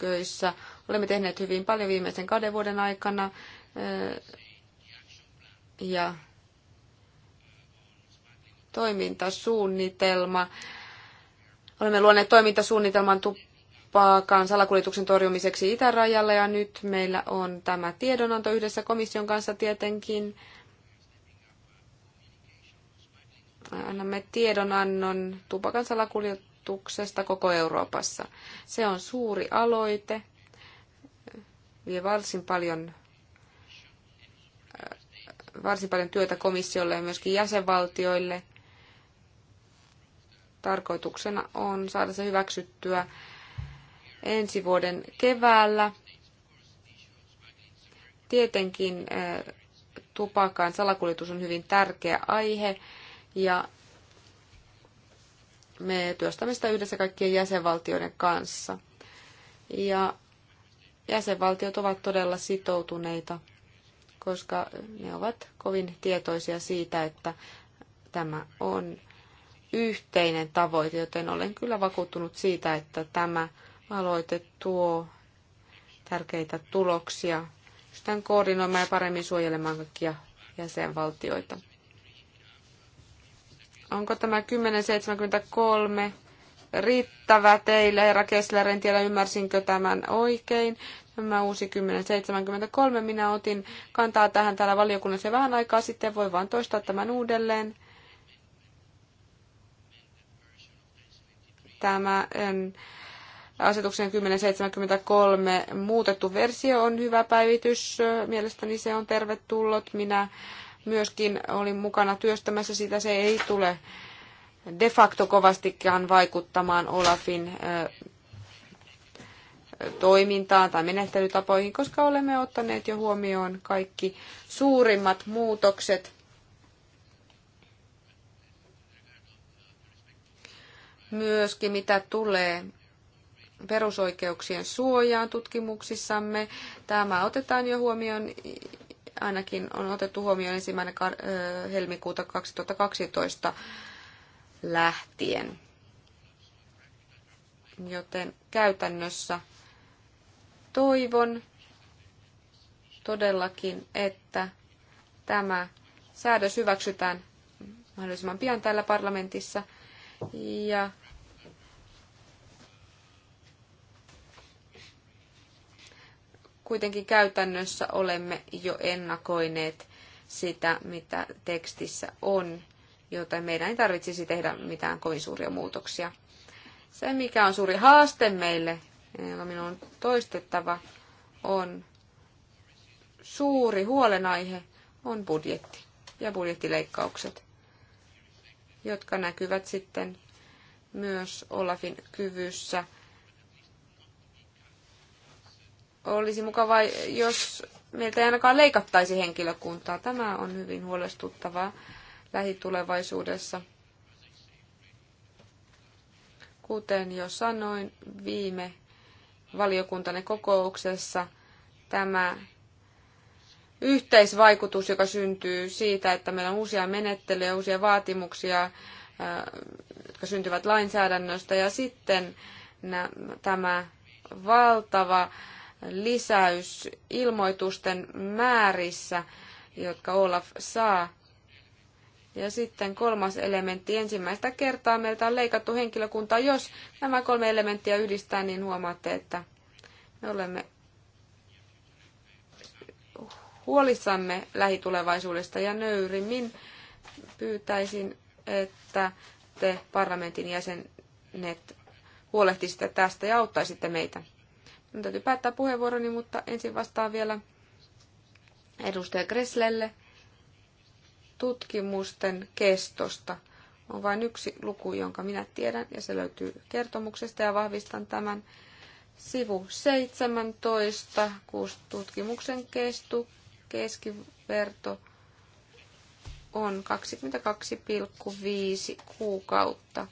yksiköissä. Olemme tehneet hyvin paljon viimeisen kahden vuoden aikana. Ja toimintasuunnitelma. Olemme luoneet toimintasuunnitelman tupakan salakuljetuksen torjumiseksi itärajalla ja nyt meillä on tämä tiedonanto yhdessä komission kanssa tietenkin. Annamme tiedonannon tupakan salakuljetuksen koulutuksesta koko Euroopassa. Se on suuri aloite, vie varsin paljon äh, varsin paljon työtä komissiolle ja myöskin jäsenvaltioille. Tarkoituksena on saada se hyväksyttyä ensi vuoden keväällä. Tietenkin äh, tupakan salakuljetus on hyvin tärkeä aihe ja me työstämme sitä yhdessä kaikkien jäsenvaltioiden kanssa. Ja jäsenvaltiot ovat todella sitoutuneita, koska ne ovat kovin tietoisia siitä, että tämä on yhteinen tavoite, joten olen kyllä vakuuttunut siitä, että tämä aloite tuo tärkeitä tuloksia, pystytään koordinoimaan ja paremmin suojelemaan kaikkia jäsenvaltioita. Onko tämä 1073 riittävä teille, herra Kessler, en tiedä ymmärsinkö tämän oikein. Tämä uusi 1073, minä otin kantaa tähän täällä valiokunnassa vähän aikaa sitten, voi vaan toistaa tämän uudelleen. Tämä en, asetuksen 1073 muutettu versio on hyvä päivitys. Mielestäni se on tervetullut. Minä myöskin olin mukana työstämässä sitä. Se ei tule de facto kovastikaan vaikuttamaan Olafin toimintaan tai menettelytapoihin, koska olemme ottaneet jo huomioon kaikki suurimmat muutokset. Myöskin mitä tulee perusoikeuksien suojaan tutkimuksissamme. Tämä otetaan jo huomioon ainakin on otettu huomioon ensimmäinen helmikuuta 2012 lähtien. Joten käytännössä toivon todellakin, että tämä säädös hyväksytään mahdollisimman pian täällä parlamentissa ja kuitenkin käytännössä olemme jo ennakoineet sitä, mitä tekstissä on, joten meidän ei tarvitsisi tehdä mitään kovin suuria muutoksia. Se, mikä on suuri haaste meille, jonka minun on toistettava, on suuri huolenaihe, on budjetti ja budjettileikkaukset, jotka näkyvät sitten myös Olafin kyvyssä – olisi mukavaa, jos meiltä ei ainakaan leikattaisi henkilökuntaa. Tämä on hyvin huolestuttavaa lähitulevaisuudessa. Kuten jo sanoin viime valiokuntanne kokouksessa, tämä yhteisvaikutus, joka syntyy siitä, että meillä on uusia menettelyjä, uusia vaatimuksia, jotka syntyvät lainsäädännöstä, ja sitten tämä valtava lisäys ilmoitusten määrissä, jotka Olaf saa. Ja sitten kolmas elementti. Ensimmäistä kertaa meiltä on leikattu henkilökuntaa. Jos nämä kolme elementtiä yhdistää, niin huomaatte, että me olemme huolissamme lähitulevaisuudesta ja nöyrimmin pyytäisin, että te parlamentin jäsenet huolehtisitte tästä ja auttaisitte meitä. Minun täytyy päättää puheenvuoroni, mutta ensin vastaan vielä edustaja Kresslelle tutkimusten kestosta. On vain yksi luku, jonka minä tiedän, ja se löytyy kertomuksesta, ja vahvistan tämän sivu 17, kun tutkimuksen kestu, keskiverto on 22,5 kuukautta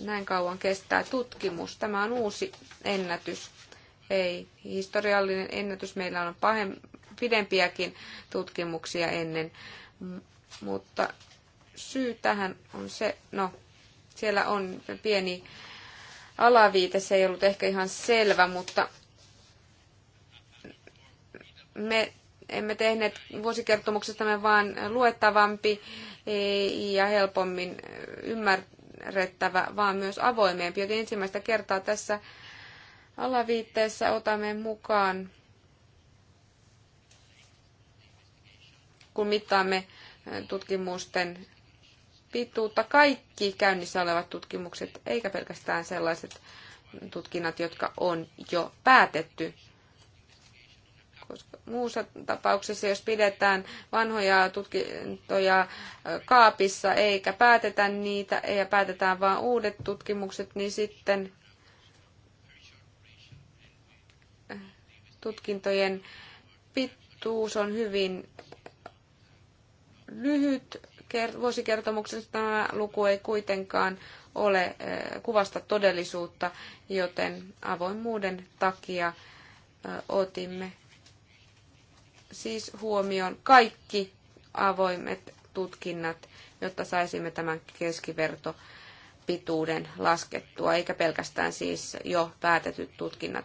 näin kauan kestää tutkimus. Tämä on uusi ennätys. Ei historiallinen ennätys. Meillä on pahem, pidempiäkin tutkimuksia ennen. mutta syy tähän on se, no siellä on pieni alaviite, se ei ollut ehkä ihan selvä, mutta me emme tehneet vuosikertomuksestamme vaan luettavampi ja helpommin ymmärtää ymmärrettävä, vaan myös avoimempi. Joten ensimmäistä kertaa tässä alaviitteessä otamme mukaan, kun mittaamme tutkimusten pituutta, kaikki käynnissä olevat tutkimukset, eikä pelkästään sellaiset tutkinnat, jotka on jo päätetty muussa tapauksessa, jos pidetään vanhoja tutkintoja äh, kaapissa eikä päätetä niitä ja päätetään vain uudet tutkimukset, niin sitten äh, tutkintojen pituus on hyvin lyhyt. Vuosikertomuksessa tämä luku ei kuitenkaan ole äh, kuvasta todellisuutta, joten avoimuuden takia otimme siis huomioon kaikki avoimet tutkinnat, jotta saisimme tämän keskivertopituuden laskettua, eikä pelkästään siis jo päätetyt tutkinnat.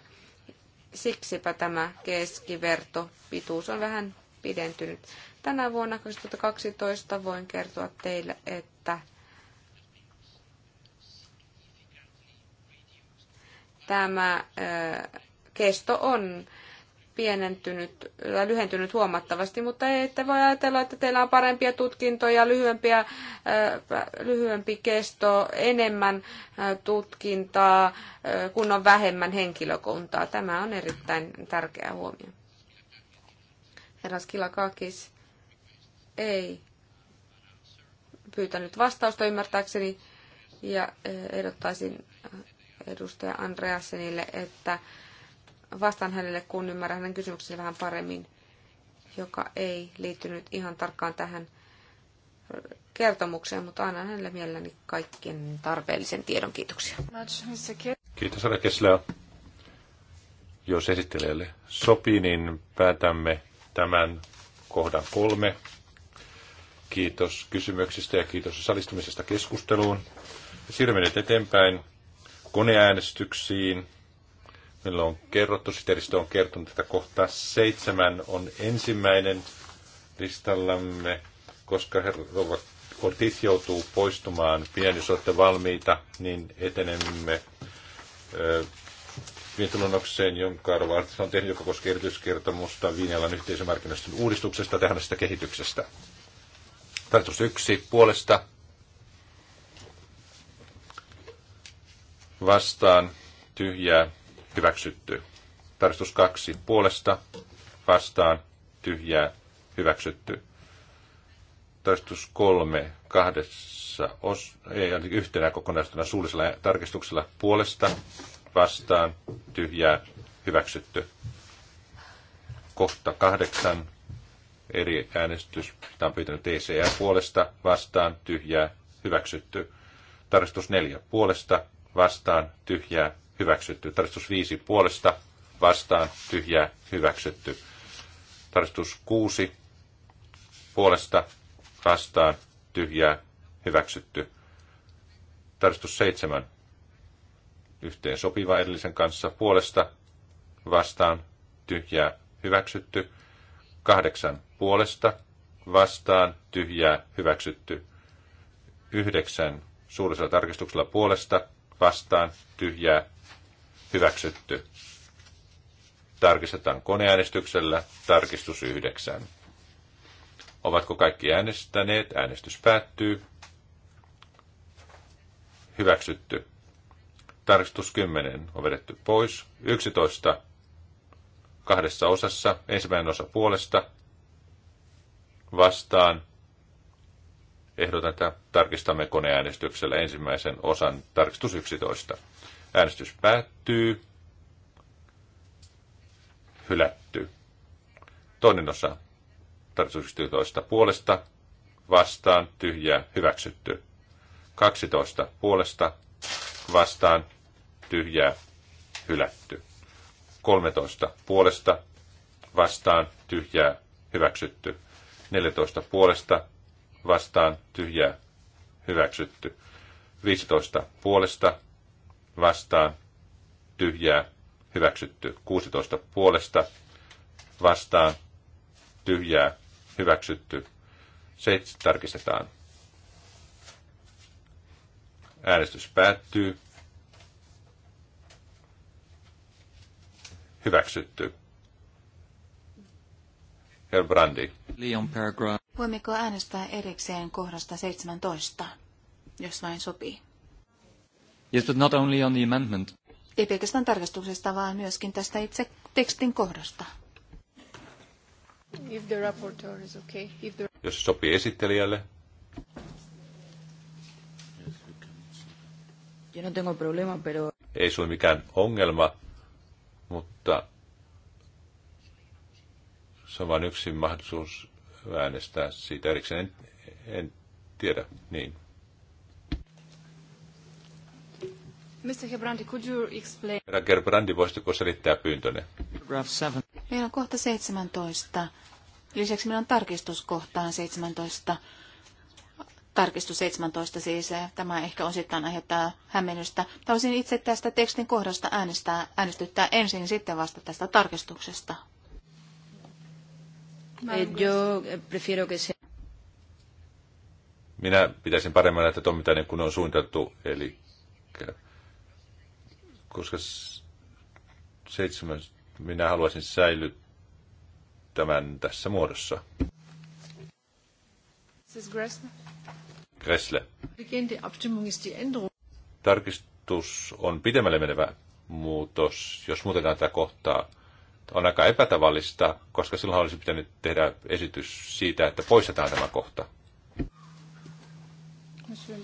Siksipä tämä keskivertopituus on vähän pidentynyt. Tänä vuonna 2012 voin kertoa teille, että tämä kesto on pienentynyt tai lyhentynyt huomattavasti, mutta että voi ajatella, että teillä on parempia tutkintoja, lyhyempiä, lyhyempi kesto, enemmän tutkintaa, kun on vähemmän henkilökuntaa. Tämä on erittäin tärkeä huomio. Herra Skilakakis ei pyytänyt vastausta ymmärtääkseni ja ehdottaisin edustaja Andreasenille, että vastaan hänelle, kun ymmärrän hänen kysymyksensä vähän paremmin, joka ei liittynyt ihan tarkkaan tähän kertomukseen, mutta annan hänelle mielelläni kaikkien tarpeellisen tiedon. Kiitoksia. Kiitos, Anna Kesslä. Jos esittelijälle sopii, niin päätämme tämän kohdan kolme. Kiitos kysymyksistä ja kiitos osallistumisesta keskusteluun. Siirrymme nyt eteenpäin koneäänestyksiin. Meillä on kerrottu, siteristö on kertonut, että kohta seitsemän on ensimmäinen listallamme, koska herra Ortiz joutuu poistumaan pian, jos olette valmiita, niin etenemme mietintöluonnokseen, jonka Rova Artis on tehnyt, joka koskee erityiskertomusta viinialan yhteisömarkkinoiden uudistuksesta tähän kehityksestä. Tarkoitus yksi puolesta vastaan tyhjää hyväksytty. Tarkistus kaksi puolesta vastaan tyhjää hyväksytty. Tarkistus kolme kahdessa os, ei, yhtenä kokonaisuutena suullisella tarkistuksella puolesta vastaan tyhjää hyväksytty. Kohta kahdeksan eri äänestys. tämä on pyytänyt ECR puolesta vastaan tyhjää hyväksytty. Tarkistus neljä puolesta vastaan tyhjää hyväksytty. Tarkistus 5 puolesta vastaan tyhjää hyväksytty. Tarkistus 6 puolesta vastaan tyhjää hyväksytty. Tarkistus 7 yhteen sopiva edellisen kanssa puolesta vastaan tyhjää hyväksytty. 8 puolesta vastaan tyhjää hyväksytty. 9 suurisella tarkistuksella puolesta vastaan tyhjää hyväksytty. Tarkistetaan koneäänestyksellä. Tarkistus 9. Ovatko kaikki äänestäneet? Äänestys päättyy. Hyväksytty. Tarkistus 10 on vedetty pois. 11 kahdessa osassa. Ensimmäinen osa puolesta vastaan. Ehdotan, että tarkistamme koneäänestyksellä ensimmäisen osan tarkistus 11. Äänestys päättyy. Hylätty. Toinen osa. Tarkoitus 11 puolesta. Vastaan. Tyhjää. Hyväksytty. 12 puolesta. Vastaan. Tyhjää. Hylätty. 13 puolesta. Vastaan. Tyhjää. Hyväksytty. 14 puolesta. Vastaan. Tyhjää. Hyväksytty. 15 puolesta vastaan, tyhjää, hyväksytty. 16 puolesta vastaan, tyhjää, hyväksytty. Se tarkistetaan. Äänestys päättyy. Hyväksytty. Herr Brandi. Leon Paragraph. Voimmeko äänestää erikseen kohdasta 17, jos vain sopii? Yes, but not only on the amendment. Ei pelkästään tarkastuksesta, vaan myöskin tästä itse tekstin kohdasta. If the rapporteur is okay. If the... Jos sopii esittelijälle. Yo no tengo problema, pero... Ei suin mikään ongelma, mutta se on vain yksi mahdollisuus äänestää siitä erikseen. En, en tiedä, niin. Mr. could you explain? Herra Gerbrandi, voisitteko selittää pyyntöne? Meillä on kohta 17. Lisäksi meillä on tarkistuskohtaan 17. Tarkistus 17 siis. Eh, tämä ehkä osittain aiheuttaa hämmennystä. Taisin itse tästä tekstin kohdasta äänestää, äänestyttää ensin sitten vasta tästä tarkistuksesta. Eh, eh, Minä pitäisin paremmin, että tuo mitä niin kuin on suunniteltu, eli koska seitsemän, minä haluaisin säilyä tämän tässä muodossa. Gressle. Tarkistus on pidemmälle menevä muutos, jos muutetaan tätä kohtaa. On aika epätavallista, koska silloin olisi pitänyt tehdä esitys siitä, että poistetaan tämä kohta. Monsieur.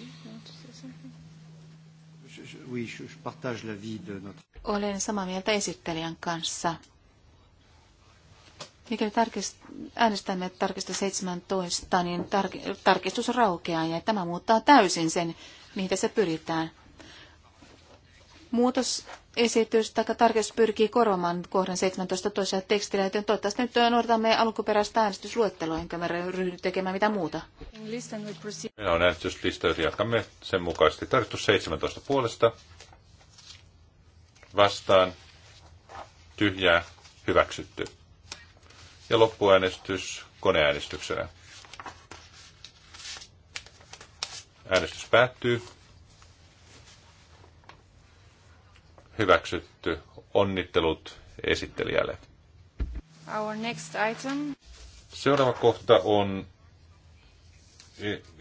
Oui, je partage l'avis de notre... Olen samaa mieltä esittelijän kanssa. Mikäli tarkist, äänestämme tarkistus 17, niin tar, tarkistus raukeaa ja tämä muuttaa täysin sen, mihin tässä pyritään. Muutosesitys tai tarkistus pyrkii korvaamaan kohdan 17 toisia tekstillä, joten toivottavasti nyt äh, meidän alkuperäistä äänestysluetteloa, enkä me ryhdy tekemään mitään muuta. Meillä on äänestyslista, joten jatkamme sen mukaisesti. Tarkistus 17 puolesta. Vastaan. Tyhjää. Hyväksytty. Ja loppuäänestys koneäänestyksenä. Äänestys päättyy. hyväksytty. Onnittelut esittelijälle. Our next item. Seuraava kohta on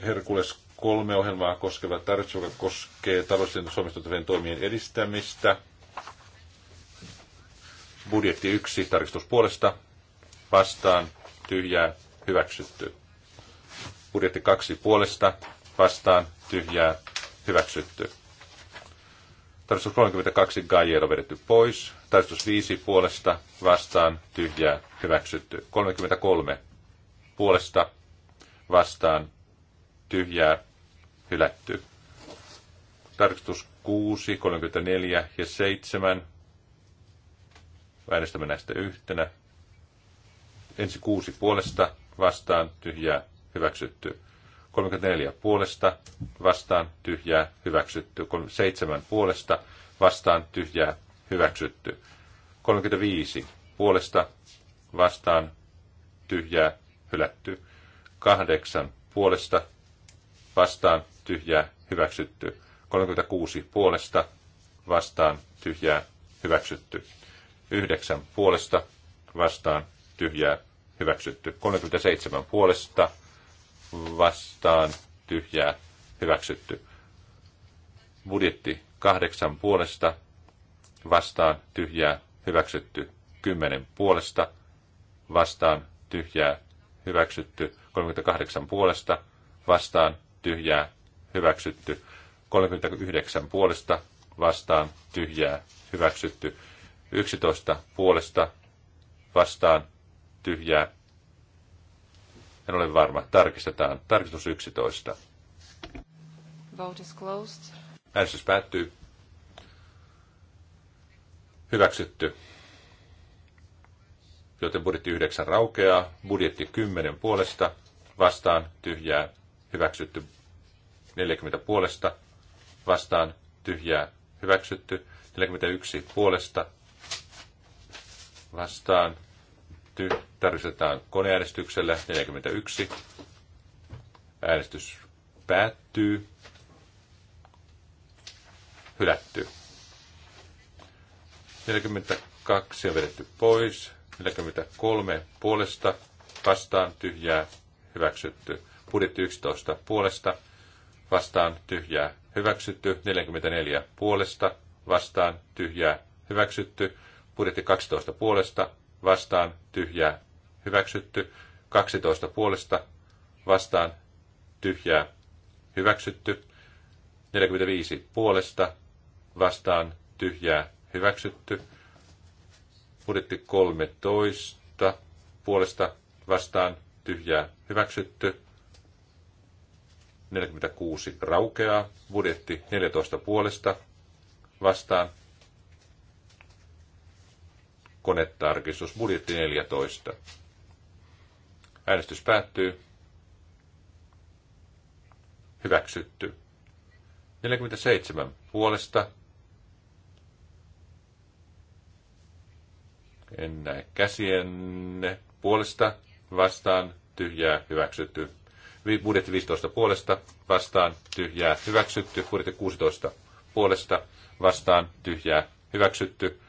Herkules kolme ohjelmaa koskeva tarjous, joka koskee taloudellisen suomistutuvien toimien edistämistä. Budjetti yksi tarkistus puolesta, vastaan, tyhjää, hyväksytty. Budjetti kaksi puolesta, vastaan, tyhjää, hyväksytty. Tarkistus 32 Gajero vedetty pois. Tarkistus 5 puolesta vastaan tyhjää hyväksytty. 33 puolesta vastaan tyhjää hylätty. Tarkistus 6, 34 ja 7. Äänestämme näistä yhtenä. Ensi kuusi puolesta vastaan tyhjää hyväksytty. 34 puolesta, vastaan tyhjää, hyväksytty. 37 puolesta, vastaan tyhjää, hyväksytty. 35 puolesta, vastaan tyhjää, hylätty. 8 puolesta, vastaan tyhjää, hyväksytty. 36 puolesta, vastaan tyhjää, hyväksytty. 9 puolesta, vastaan tyhjää, hyväksytty. 37 puolesta, vastaan tyhjää hyväksytty. Budjetti kahdeksan puolesta vastaan tyhjää hyväksytty. Kymmenen puolesta vastaan tyhjää hyväksytty. 38 puolesta vastaan tyhjää hyväksytty. 39 puolesta vastaan tyhjää hyväksytty. 11 puolesta vastaan tyhjää en ole varma. Tarkistetaan. Tarkistus 11. Vote is closed. Äänestys päättyy. Hyväksytty. Joten budjetti 9 raukeaa. Budjetti 10 puolesta. Vastaan tyhjää. Hyväksytty. 40 puolesta. Vastaan tyhjää. Hyväksytty. 41 puolesta. Vastaan hylätty. Tarkistetaan koneäänestyksellä 41. Äänestys päättyy. Hylätty. 42 on vedetty pois. 43 puolesta vastaan tyhjää hyväksytty. Budjetti 11 puolesta vastaan tyhjää hyväksytty. 44 puolesta vastaan tyhjää hyväksytty. Budjetti 12 puolesta vastaan tyhjää hyväksytty. 12 puolesta vastaan tyhjää hyväksytty. 45 puolesta vastaan tyhjää hyväksytty. Budjetti 13 puolesta vastaan tyhjää hyväksytty. 46 raukeaa. Budjetti 14 puolesta vastaan konetarkistus, budjetti 14. Äänestys päättyy. Hyväksytty. 47 puolesta. En näe käsienne puolesta vastaan tyhjää hyväksytty. Budjetti 15 puolesta vastaan tyhjää hyväksytty. Budjetti 16 puolesta vastaan tyhjää hyväksytty.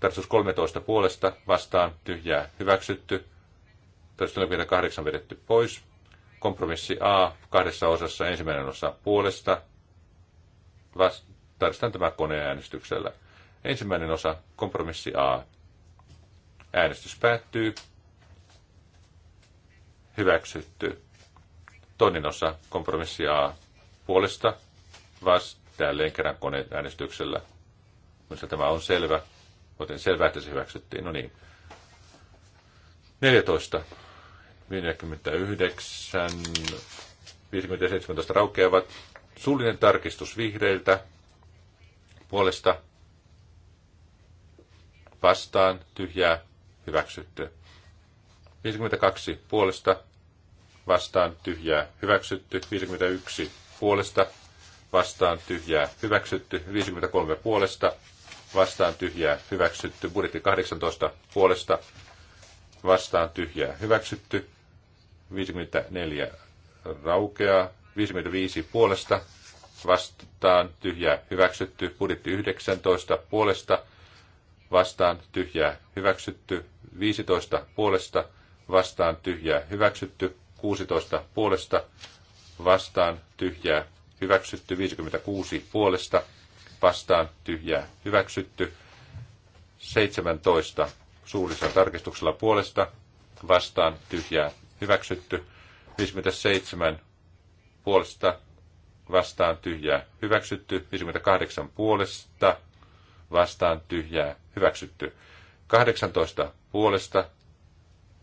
Tarkistus 13 puolesta vastaan tyhjää hyväksytty. Tarkistus 48 vedetty pois. Kompromissi A kahdessa osassa ensimmäinen osa puolesta. Vast- Tarkistan tämä koneäänestyksellä. Ensimmäinen osa kompromissi A. Äänestys päättyy. Hyväksytty. Toinen osa kompromissi A puolesta vast jälleen kerran koneäänestyksellä. Minusta tämä on selvä. Joten selvää, että se hyväksyttiin. No niin. 14. 59. 50 ja 17 raukeavat. Suullinen tarkistus vihreiltä. Puolesta vastaan tyhjää hyväksytty. 52 puolesta vastaan tyhjää hyväksytty. 51 puolesta vastaan tyhjää hyväksytty. 53 puolesta vastaan tyhjää hyväksytty. Budjetti 18 puolesta vastaan tyhjää hyväksytty. 54 raukeaa. 55 puolesta vastaan tyhjää hyväksytty. Budjetti 19 puolesta vastaan tyhjää hyväksytty. 15 puolesta vastaan tyhjää hyväksytty. 16 puolesta vastaan tyhjää hyväksytty. 56 puolesta vastaan tyhjää hyväksytty. 17 suullisella tarkistuksella puolesta vastaan tyhjää hyväksytty. 57 puolesta vastaan tyhjää hyväksytty. 58 puolesta vastaan tyhjää hyväksytty. 18 puolesta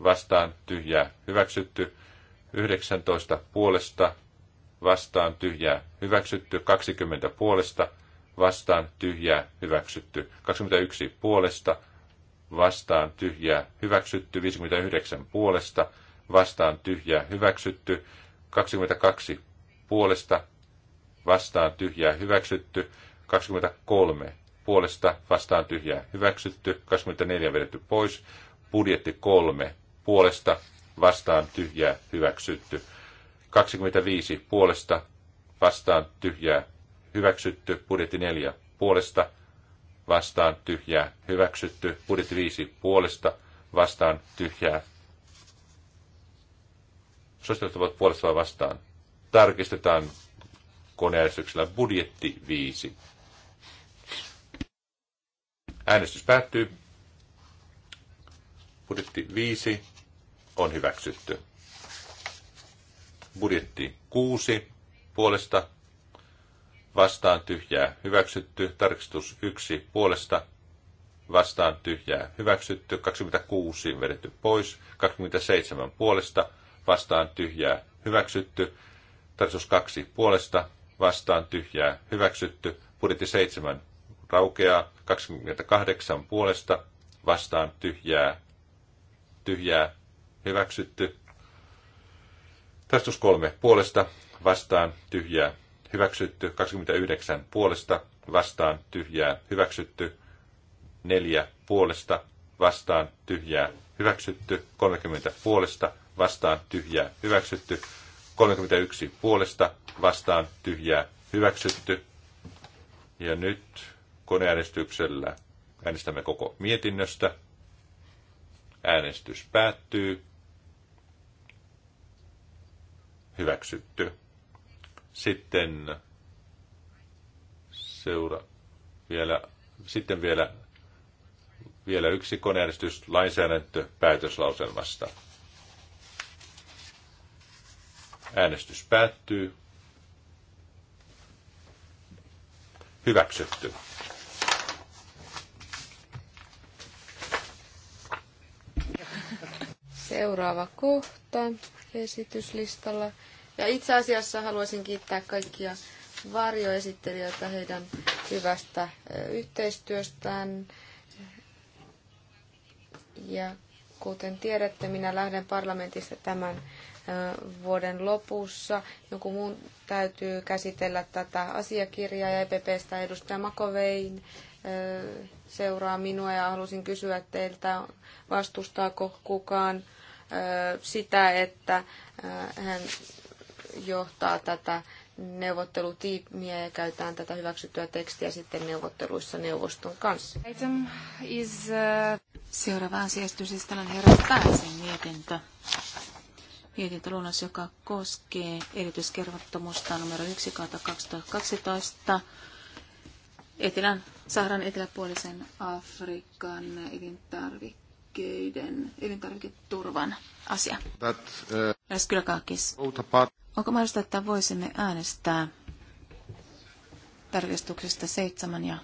vastaan tyhjää hyväksytty. 19 puolesta vastaan tyhjää hyväksytty. 20 puolesta vastaan tyhjää hyväksytty. 21 puolesta vastaan tyhjää hyväksytty. 59 puolesta vastaan tyhjää hyväksytty. 22 puolesta vastaan tyhjää hyväksytty. 23 puolesta vastaan tyhjää hyväksytty. 24 vedetty pois. Budjetti 3 puolesta vastaan tyhjää hyväksytty. 25 puolesta vastaan tyhjää hyväksytty. Budjetti 4 puolesta vastaan tyhjää hyväksytty. Budjetti 5 puolesta vastaan tyhjää. Sosiaaliset ovat puolesta vastaan. Tarkistetaan koneäänestyksellä budjetti 5. Äänestys päättyy. Budjetti 5 on hyväksytty. Budjetti 6 puolesta vastaan tyhjää hyväksytty, tarkistus 1 puolesta vastaan tyhjää hyväksytty, 26 vedetty pois, 27 puolesta vastaan tyhjää hyväksytty, tarkistus 2 puolesta vastaan tyhjää hyväksytty, budjetti 7 raukeaa, 28 puolesta vastaan tyhjää tyhjää hyväksytty, tarkistus 3 puolesta vastaan tyhjää hyväksytty, 29 puolesta vastaan tyhjää hyväksytty, 4 puolesta vastaan tyhjää hyväksytty, 30 puolesta vastaan tyhjää hyväksytty, 31 puolesta vastaan tyhjää hyväksytty. Ja nyt koneäänestyksellä äänestämme koko mietinnöstä. Äänestys päättyy. Hyväksytty. Sitten seura vielä, sitten vielä, vielä yksi koneäänestys lainsäädäntö päätöslauselmasta. Äänestys päättyy. Hyväksytty. Seuraava kohta esityslistalla ja itse asiassa haluaisin kiittää kaikkia varjoesittelijöitä heidän hyvästä yhteistyöstään. Ja kuten tiedätte, minä lähden parlamentista tämän vuoden lopussa. Joku muun täytyy käsitellä tätä asiakirjaa ja EPPstä edustaja Makovein seuraa minua ja halusin kysyä teiltä, vastustaako kukaan sitä, että hän johtaa tätä neuvottelutiimiä ja käytetään tätä hyväksyttyä tekstiä sitten neuvotteluissa neuvoston kanssa. Item is, uh... Seuraava asiastyslistalla on herra Pääsen mietintö. Mietintöluonnos, joka koskee erityiskervottomusta numero 1 2012 Etelän, Saharan eteläpuolisen Afrikan elintarvikkeiden, elintarviketurvan asia. That, uh... Läs Onko mahdollista, että voisimme äänestää tarkistuksesta seitsemän ja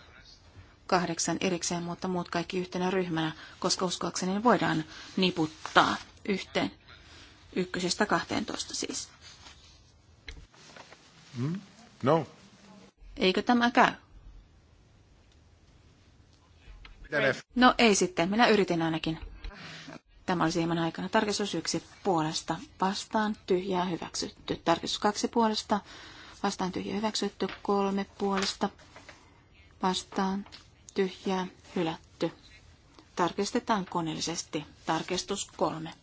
kahdeksan erikseen, mutta muut kaikki yhtenä ryhmänä, koska uskoakseni voidaan niputtaa yhteen. Ykkösestä 12 siis. Mm? No. Eikö tämä käy? No ei sitten, minä yritin ainakin. Tämä olisi hieman aikana. Tarkistus 1 puolesta vastaan tyhjää hyväksytty. Tarkistus 2 puolesta vastaan tyhjää hyväksytty. 3 puolesta vastaan tyhjää hylätty. Tarkistetaan koneellisesti. Tarkistus 3.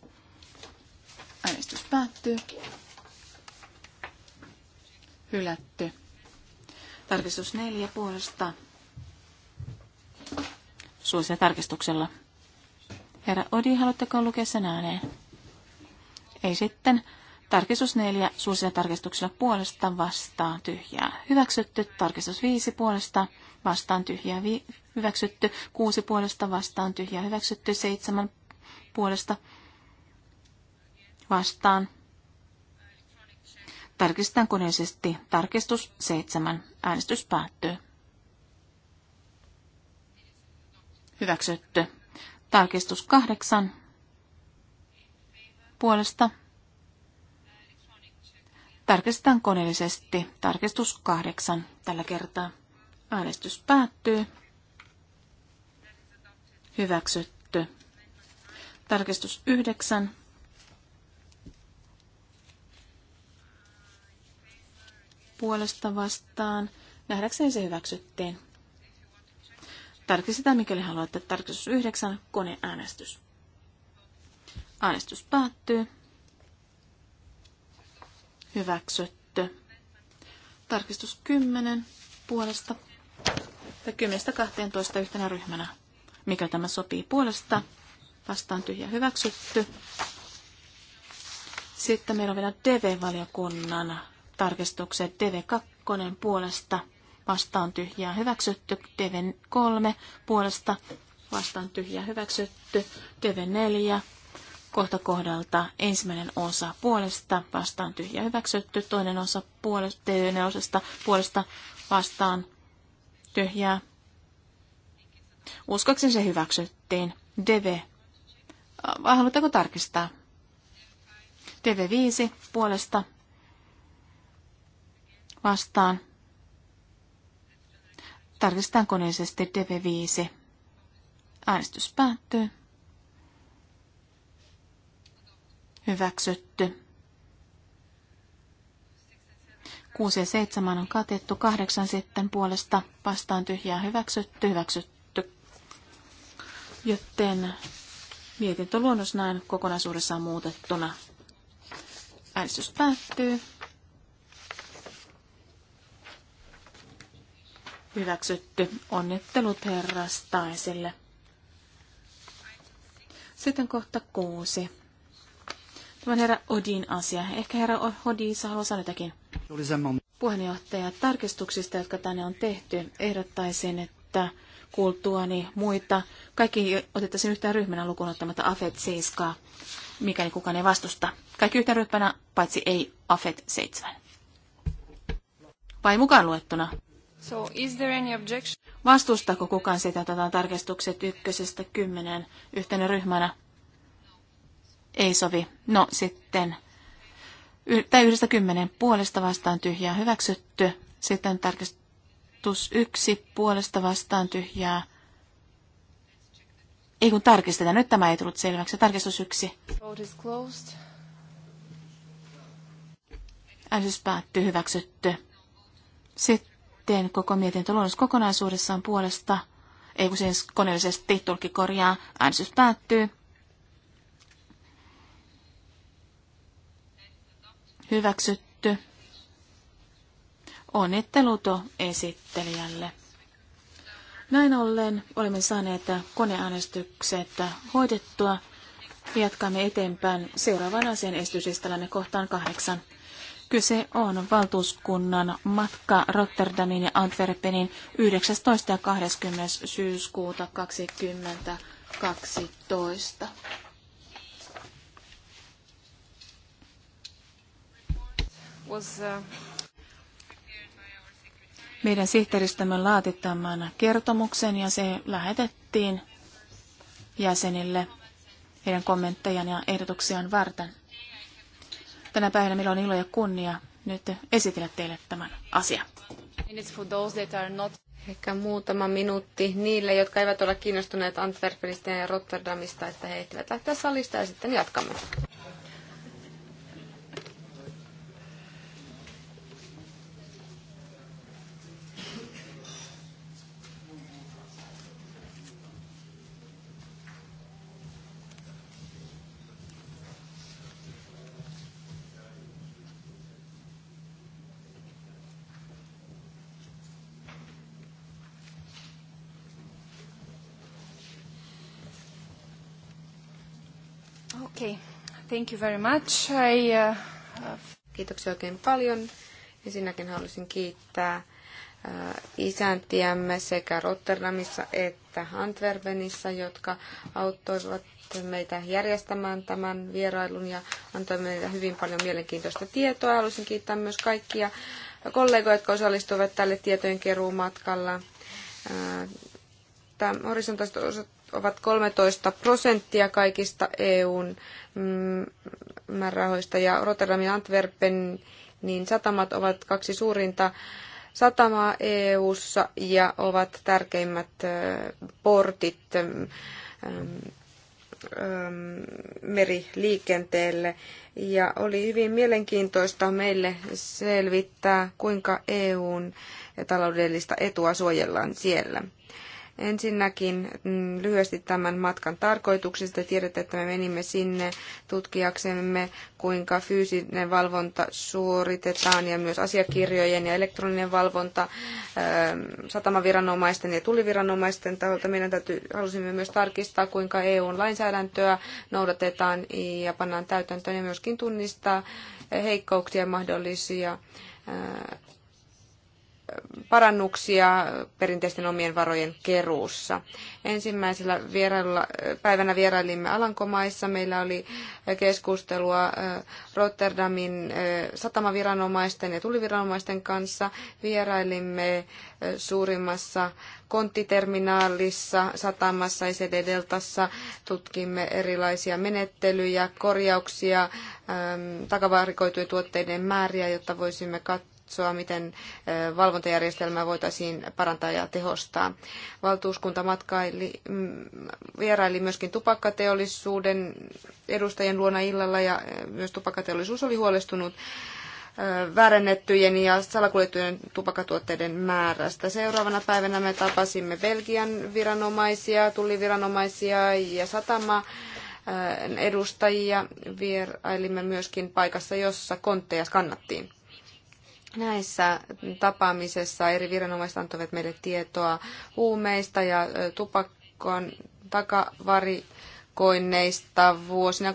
Äänestys päättyy. Hylätty. Tarkistus 4 puolesta. Suosia tarkistuksella Herra Odi, haluatteko lukea sen ääneen? Ei sitten. Tarkistus 4 suosilla tarkistuksella puolesta vastaan tyhjää. Hyväksytty. Tarkistus 5 puolesta vastaan tyhjää. Vi- hyväksytty. 6 puolesta vastaan tyhjää. Hyväksytty. 7 puolesta vastaan. Tarkistetaan koneellisesti. Tarkistus 7. Äänestys päättyy. Hyväksytty. Tarkistus kahdeksan puolesta. Tarkistetaan koneellisesti. Tarkistus kahdeksan tällä kertaa. Äänestys päättyy. Hyväksytty. Tarkistus yhdeksän. Puolesta vastaan. Nähdäkseni se hyväksyttiin. Tarkistetaan, mikäli haluatte. Tarkistus 9, koneäänestys. Äänestys päättyy. Hyväksytty. Tarkistus 10 puolesta. Ja 10-12 yhtenä ryhmänä. Mikä tämä sopii puolesta? Vastaan tyhjä hyväksytty. Sitten meillä on vielä DV-valiokunnan tarkistukset. DV2 puolesta vastaan tyhjää hyväksytty, Deven 3 puolesta vastaan tyhjää hyväksytty, Deven 4 kohta kohdalta ensimmäinen osa puolesta vastaan tyhjää hyväksytty, toinen osa puolesta, toinen osasta puolesta vastaan tyhjää. Uskokseni se hyväksyttiin. DV. Äh, haluatteko tarkistaa? DV5 puolesta vastaan Tarkistetaan koneellisesti DV5. Äänestys päättyy. Hyväksytty. 6 ja 7 on katettu, 8 sitten puolesta vastaan tyhjää hyväksytty, hyväksytty. Joten mietintöluonnos näin kokonaisuudessaan muutettuna. Äänestys päättyy. hyväksytty. Onnittelut herrastaisille. Sitten kohta kuusi. Tämä on herra Odin asia. Ehkä herra saa haluaa sanoa jotakin. Puheenjohtaja, tarkistuksista, jotka tänne on tehty, ehdottaisin, että kulttuani, muita. Kaikki otettaisiin yhtään ryhmänä lukuun ottamatta AFET 7, mikäli kukaan ei vastusta. Kaikki yhtään ryhmänä, paitsi ei AFET 7. Vai mukaan luettuna? So is there any objection? Vastustako kukaan sitä, että otetaan tarkistukset ykkösestä kymmeneen yhtenä ryhmänä? Ei sovi. No sitten, y- tai yhdestä kymmenen puolesta vastaan tyhjää hyväksytty. Sitten tarkistus yksi puolesta vastaan tyhjää. Ei kun tarkistetaan. Nyt tämä ei tullut selväksi. Tarkistus yksi. Vote is closed. Äänestys päättyy hyväksytty. Sitten miten koko mietintöluonnos kokonaisuudessaan puolesta, ei kun siis koneellisesti tulkki korjaa, äänestys päättyy. Hyväksytty. Onnittelut esittelijälle. Näin ollen olemme saaneet koneäänestykset hoidettua. Jatkamme eteenpäin seuraavan asian esityslistallamme kohtaan kahdeksan. Kyse on valtuuskunnan matka Rotterdamin ja Antwerpenin 19. ja 20. syyskuuta 2012. Uh, Meidän sihteeristömme laati tämän kertomuksen ja se lähetettiin jäsenille heidän kommenttejaan ja ehdotuksiaan varten. Tänä päivänä meillä on ilo ja kunnia nyt esitellä teille tämän asian. Ehkä muutama minuutti niille, jotka eivät ole kiinnostuneet Antwerpenistä ja Rotterdamista, että he ehtivät lähteä salista ja sitten jatkamme. Thank you very much. I, uh... Kiitoksia oikein paljon. Ensinnäkin haluaisin kiittää uh, isäntiämme sekä Rotterdamissa että Antwerpenissa, jotka auttoivat meitä järjestämään tämän vierailun ja antoi meille hyvin paljon mielenkiintoista tietoa. Haluaisin kiittää myös kaikkia kollegoja, jotka osallistuivat tälle tietojen keruumatkalla. Uh, Tämä horisontaiset ovat 13 prosenttia kaikista EUn mm, määrärahoista ja Rotterdamin ja Antwerpen niin satamat ovat kaksi suurinta satamaa EU:ssa ja ovat tärkeimmät portit meriliikenteelle. Ja oli hyvin mielenkiintoista meille selvittää, kuinka EUn taloudellista etua suojellaan siellä. Ensinnäkin mm, lyhyesti tämän matkan tarkoituksesta. Tiedätte, että me menimme sinne tutkiaksemme, kuinka fyysinen valvonta suoritetaan ja myös asiakirjojen ja elektroninen valvonta ähm, satamaviranomaisten ja tuliviranomaisten taholta. Meidän täytyy, halusimme myös tarkistaa, kuinka eu lainsäädäntöä noudatetaan ja pannaan täytäntöön ja myöskin tunnistaa heikkouksia mahdollisia äh, parannuksia perinteisten omien varojen keruussa. Ensimmäisellä vierailulla, päivänä vierailimme Alankomaissa. Meillä oli keskustelua Rotterdamin satamaviranomaisten ja tuliviranomaisten kanssa. Vierailimme suurimmassa konttiterminaalissa, satamassa, ICD-deltassa. Tutkimme erilaisia menettelyjä, korjauksia, takavarikoitujen tuotteiden määriä, jotta voisimme katsoa katsoa, miten valvontajärjestelmää voitaisiin parantaa ja tehostaa. Valtuuskunta matkaili, mm, vieraili myöskin tupakkateollisuuden edustajien luona illalla ja myös tupakkateollisuus oli huolestunut väärennettyjen ja salakuljettujen tupakatuotteiden määrästä. Seuraavana päivänä me tapasimme Belgian viranomaisia, tulliviranomaisia ja satama edustajia. Vierailimme myöskin paikassa, jossa kontteja skannattiin. Näissä tapaamisessa eri viranomaiset antoivat meille tietoa huumeista ja tupakon takavarikoinneista vuosina 2010-2012.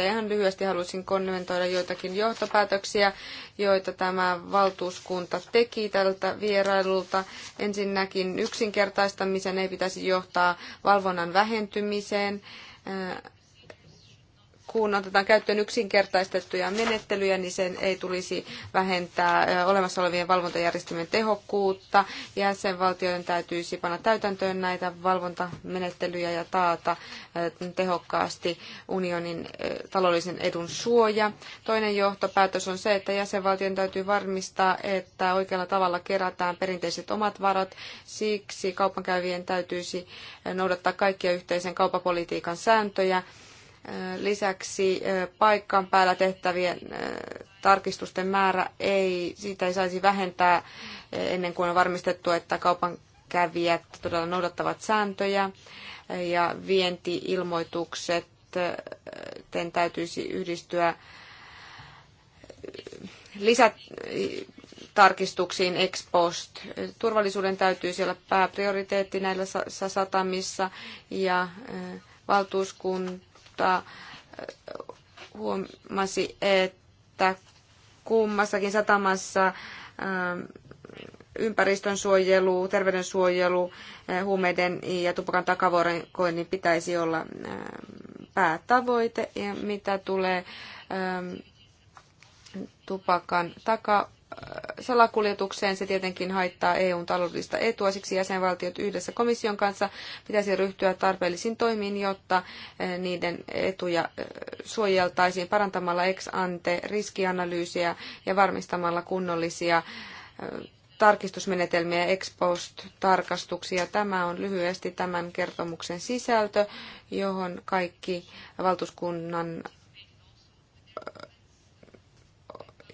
Ja ihan lyhyesti haluaisin kommentoida joitakin johtopäätöksiä, joita tämä valtuuskunta teki tältä vierailulta. Ensinnäkin yksinkertaistamisen ei pitäisi johtaa valvonnan vähentymiseen kun otetaan käyttöön yksinkertaistettuja menettelyjä, niin sen ei tulisi vähentää olemassa olevien valvontajärjestelmien tehokkuutta. Jäsenvaltioiden täytyisi panna täytäntöön näitä valvontamenettelyjä ja taata tehokkaasti unionin taloudellisen edun suoja. Toinen johtopäätös on se, että jäsenvaltion täytyy varmistaa, että oikealla tavalla kerätään perinteiset omat varat. Siksi kaupankäyvien täytyisi noudattaa kaikkia yhteisen kaupapolitiikan sääntöjä Lisäksi paikan päällä tehtävien tarkistusten määrä ei, siitä ei saisi vähentää ennen kuin on varmistettu, että kaupankävijät todella noudattavat sääntöjä ja vientiilmoitukset ten täytyisi yhdistyä lisätarkistuksiin ex post. Turvallisuuden täytyisi olla pääprioriteetti näillä satamissa ja valtuuskunta kohtaa huomasi, että kummassakin satamassa ympäristön suojelu, terveydensuojelu, huumeiden ja tupakan takavuorenkoinnin pitäisi olla päätavoite. Ja mitä tulee tupakan taka salakuljetukseen. Se tietenkin haittaa EUn taloudellista etua, siksi jäsenvaltiot yhdessä komission kanssa pitäisi ryhtyä tarpeellisiin toimiin, jotta eh, niiden etuja eh, suojeltaisiin parantamalla ex ante riskianalyysiä ja varmistamalla kunnollisia eh, tarkistusmenetelmiä ex post tarkastuksia. Tämä on lyhyesti tämän kertomuksen sisältö, johon kaikki valtuuskunnan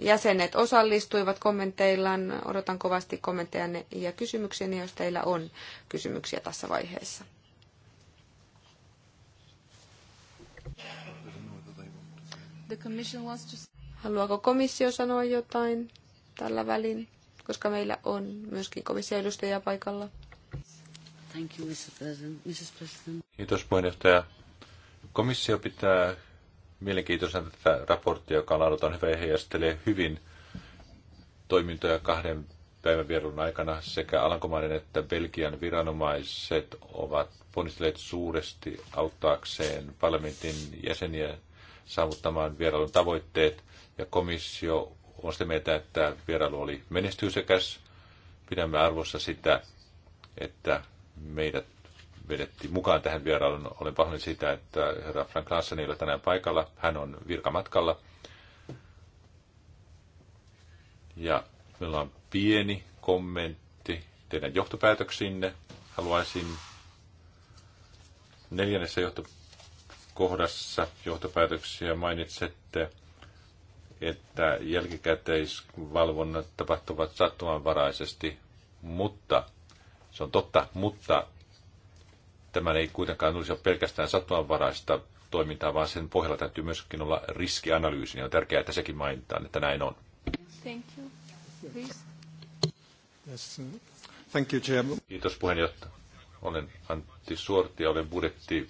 jäsenet osallistuivat kommenteillaan. Odotan kovasti kommentteja ja kysymyksiä, jos teillä on kysymyksiä tässä vaiheessa. Haluaako komissio sanoa jotain tällä välin, koska meillä on myöskin komissioedustajia paikalla? Thank you, Mr. President. Mrs. President. Kiitos puheenjohtaja. Komissio pitää mielenkiintoisena tätä raporttia, joka laadutaan hyvä ja heijastelee hyvin toimintoja kahden päivän vierailun aikana sekä Alankomaiden että Belgian viranomaiset ovat ponnistelleet suuresti auttaakseen parlamentin jäseniä saavuttamaan vierailun tavoitteet ja komissio on sitä mieltä, että vierailu oli menestyksekäs. Pidämme arvossa sitä, että meidät vedettiin mukaan tähän vierailun. Olen pahoin sitä, että herra Frank Lassen ei ole tänään paikalla. Hän on virkamatkalla. Ja meillä on pieni kommentti teidän johtopäätöksinne. Haluaisin neljännessä johtokohdassa johtopäätöksiä mainitsette, että jälkikäteisvalvonnat tapahtuvat sattumanvaraisesti, mutta se on totta, mutta tämän ei kuitenkaan tulisi pelkästään sattumanvaraista toimintaa, vaan sen pohjalla täytyy myöskin olla riskianalyysi. Ja niin on tärkeää, että sekin mainitaan, että näin on. Thank you. Yes. Thank you, Kiitos puheenjohtaja. Olen Antti Suorti ja olen budjetti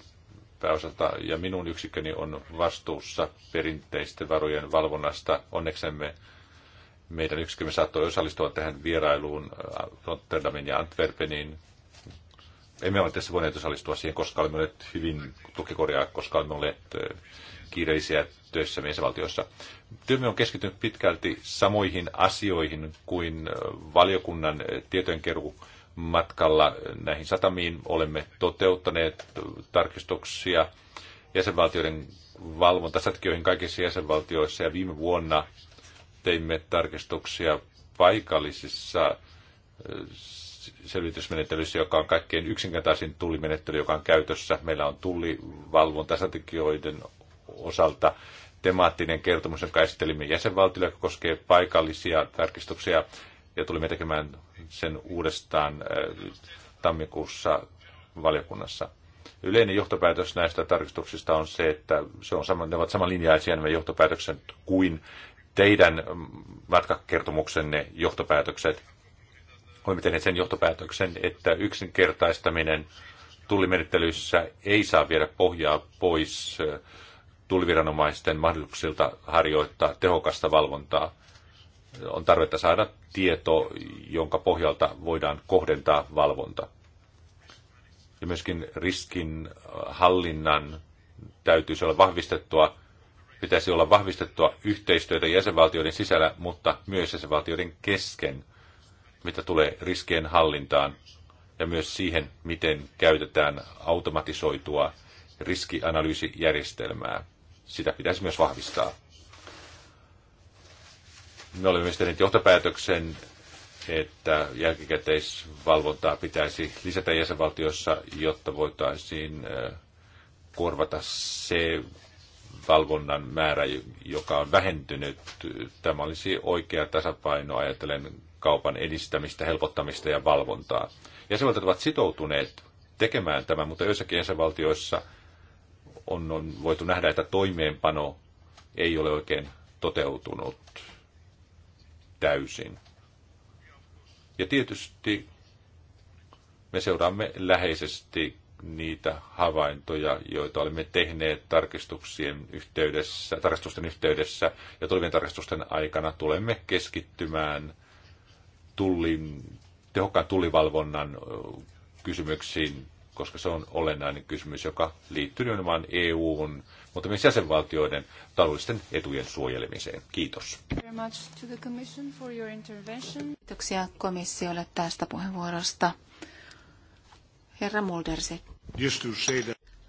pääosalta ja minun yksikköni on vastuussa perinteisten varojen valvonnasta. Onneksemme meidän yksikkömme saattoi osallistua tähän vierailuun äh, Rotterdamin ja Antwerpeniin emme ole tässä voineet osallistua siihen, koska olemme olleet hyvin tukikorjaa, koska olemme olleet kiireisiä töissä valtioissa. Työmme on keskittynyt pitkälti samoihin asioihin kuin valiokunnan tietojenkeru matkalla näihin satamiin. Olemme toteuttaneet tarkistuksia jäsenvaltioiden valvontasatkioihin kaikissa jäsenvaltioissa ja viime vuonna teimme tarkistuksia paikallisissa selvitysmenettelyssä, joka on kaikkein yksinkertaisin tullimenettely, joka on käytössä. Meillä on tullivalvontastrategioiden osalta temaattinen kertomus, jonka esittelimme jäsenvaltiolle, joka koskee paikallisia tarkistuksia, ja tulimme tekemään sen uudestaan äh, tammikuussa valiokunnassa. Yleinen johtopäätös näistä tarkistuksista on se, että se on sama, ne ovat samanlinjaisia nämä johtopäätökset kuin teidän mm, matkakertomuksenne johtopäätökset olemme tehneet sen johtopäätöksen, että yksinkertaistaminen tullimenettelyssä ei saa viedä pohjaa pois tulliviranomaisten mahdollisuuksilta harjoittaa tehokasta valvontaa. On tarvetta saada tieto, jonka pohjalta voidaan kohdentaa valvonta. Ja myöskin riskin hallinnan täytyisi olla vahvistettua, pitäisi olla vahvistettua yhteistyötä jäsenvaltioiden sisällä, mutta myös jäsenvaltioiden kesken – mitä tulee riskien hallintaan ja myös siihen, miten käytetään automatisoitua riskianalyysijärjestelmää. Sitä pitäisi myös vahvistaa. Me olemme myös tehneet johtopäätöksen, että jälkikäteisvalvontaa pitäisi lisätä jäsenvaltiossa, jotta voitaisiin korvata se valvonnan määrä, joka on vähentynyt. Tämä olisi oikea tasapaino ajatellen kaupan edistämistä, helpottamista ja valvontaa. Jäsenvaltiot ovat sitoutuneet tekemään tämän, mutta joissakin jäsenvaltioissa on, on voitu nähdä, että toimeenpano ei ole oikein toteutunut täysin. Ja tietysti me seuraamme läheisesti niitä havaintoja, joita olemme tehneet tarkistuksien yhteydessä, tarkastusten yhteydessä ja tulevien tarkastusten aikana tulemme keskittymään – tullin, tehokkaan tullivalvonnan kysymyksiin, koska se on olennainen kysymys, joka liittyy nimenomaan EUn, mutta myös jäsenvaltioiden taloudellisten etujen suojelemiseen. Kiitos. Kiitoksia komissiolle tästä puheenvuorosta. Herra Mulderse,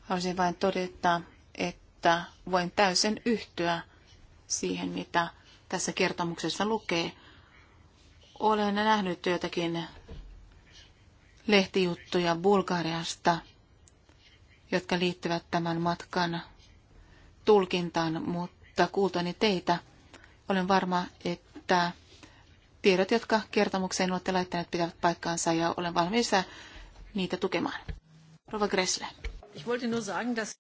Haluaisin vain todeta, että voin täysin yhtyä siihen, mitä tässä kertomuksessa lukee. Olen nähnyt joitakin lehtijuttuja Bulgariasta, jotka liittyvät tämän matkan tulkintaan, mutta kuultani teitä, olen varma, että tiedot, jotka kertomukseen olette laittaneet, pitävät paikkaansa ja olen valmis niitä tukemaan. Rova Gressle.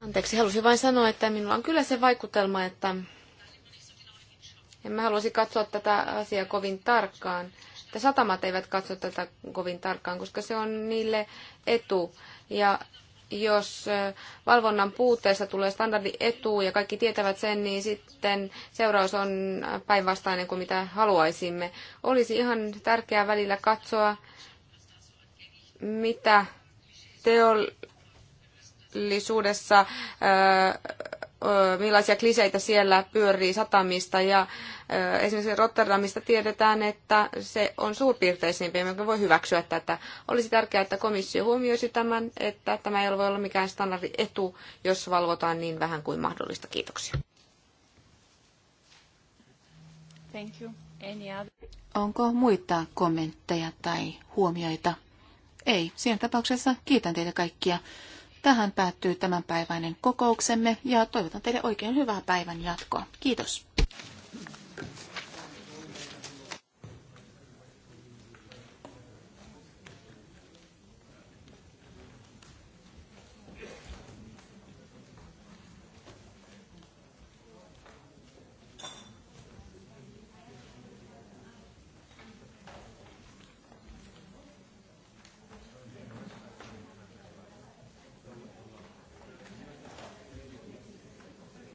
Anteeksi, halusin vain sanoa, että minulla on kyllä se vaikutelma, että en mä haluaisi katsoa tätä asiaa kovin tarkkaan että satamat eivät katso tätä kovin tarkkaan, koska se on niille etu. Ja jos valvonnan puutteessa tulee etu ja kaikki tietävät sen, niin sitten seuraus on päinvastainen kuin mitä haluaisimme. Olisi ihan tärkeää välillä katsoa, mitä teollisuudessa millaisia kliseitä siellä pyörii satamista. Ja esimerkiksi Rotterdamista tiedetään, että se on suurpiirteisempi, emmekä voi hyväksyä tätä. Olisi tärkeää, että komissio huomioisi tämän, että tämä ei voi olla mikään standardi etu, jos valvotaan niin vähän kuin mahdollista. Kiitoksia. Thank you. Any other? Onko muita kommentteja tai huomioita? Ei, siinä tapauksessa kiitän teitä kaikkia Tähän päättyy tämänpäiväinen kokouksemme ja toivotan teille oikein hyvää päivän jatkoa. Kiitos.